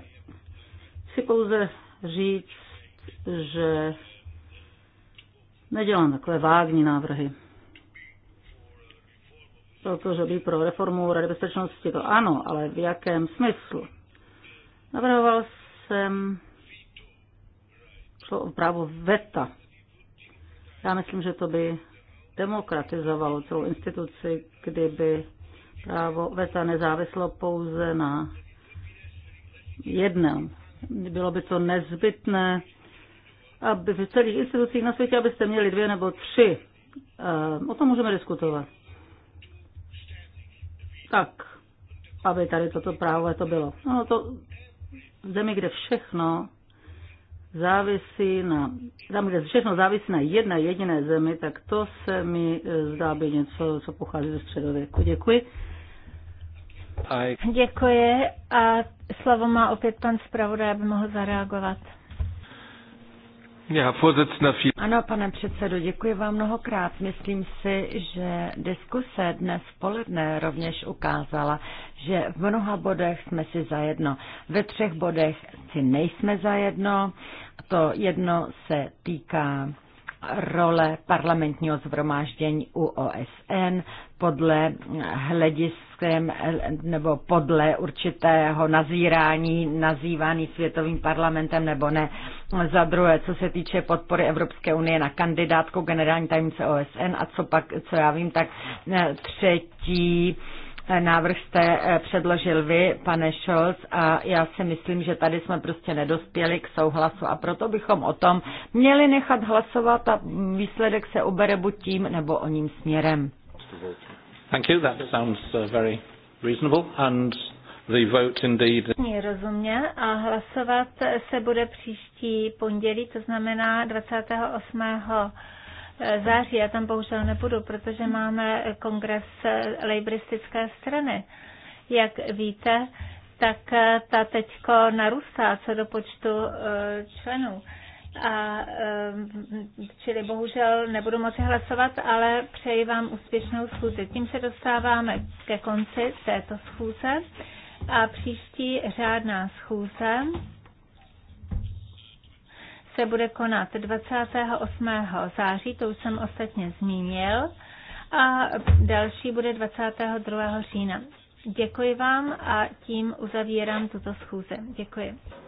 chci pouze říct, že nedělám takové vágní návrhy. Protože by pro reformu Rady bezpečnosti to ano, ale v jakém smyslu? Navrhoval jsem právo VETA. Já myslím, že to by demokratizovalo celou instituci, kdyby právo VETA nezávislo pouze na jednom. Bylo by to nezbytné, aby v celých institucích na světě, abyste měli dvě nebo tři. Eh, o tom můžeme diskutovat. Tak, aby tady toto právo to bylo. No to v zemi, kde všechno závisí na, tam, kde všechno závisí na jedné jediné zemi, tak to se mi e, zdá být něco, co pochází ze středověku. Děkuji. Děkuji a slovo má opět pan zpravodaj, aby mohl zareagovat. Ano, pane předsedo, děkuji vám mnohokrát. Myslím si, že diskuse dnes v poledne rovněž ukázala, že v mnoha bodech jsme si zajedno. Ve třech bodech si nejsme zajedno. To jedno se týká role parlamentního zhromáždění u OSN, podle hlediskem nebo podle určitého nazírání nazývaný světovým parlamentem nebo ne. Za druhé, co se týče podpory Evropské unie na kandidátku generální tajemnice OSN a co pak, co já vím, tak eh, třetí eh, návrh jste eh, předložil vy, pane Scholz, a já si myslím, že tady jsme prostě nedospěli k souhlasu a proto bychom o tom měli nechat hlasovat a výsledek se ubere buď tím nebo o ním směrem. Thank you. That sounds uh, very reasonable and the vote indeed. Rozumě a hlasovat se bude příští pondělí, to znamená 28 eh, září. Já tam bohužel nebudu, protože máme kongres eh, lejbristické strany. Jak víte, tak eh, ta teďko narůstá co do počtu členů a ehm, čili bohužel nebudu moci hlasovat, ale přeji vám úspěšnou schůzi. Tím se dostáváme ke konci této schůze a příští řádná schůze se bude konat 28. září, to už jsem ostatně zmínil, a další bude 22. října. Děkuji vám a tím uzavírám tuto schůze. Děkuji.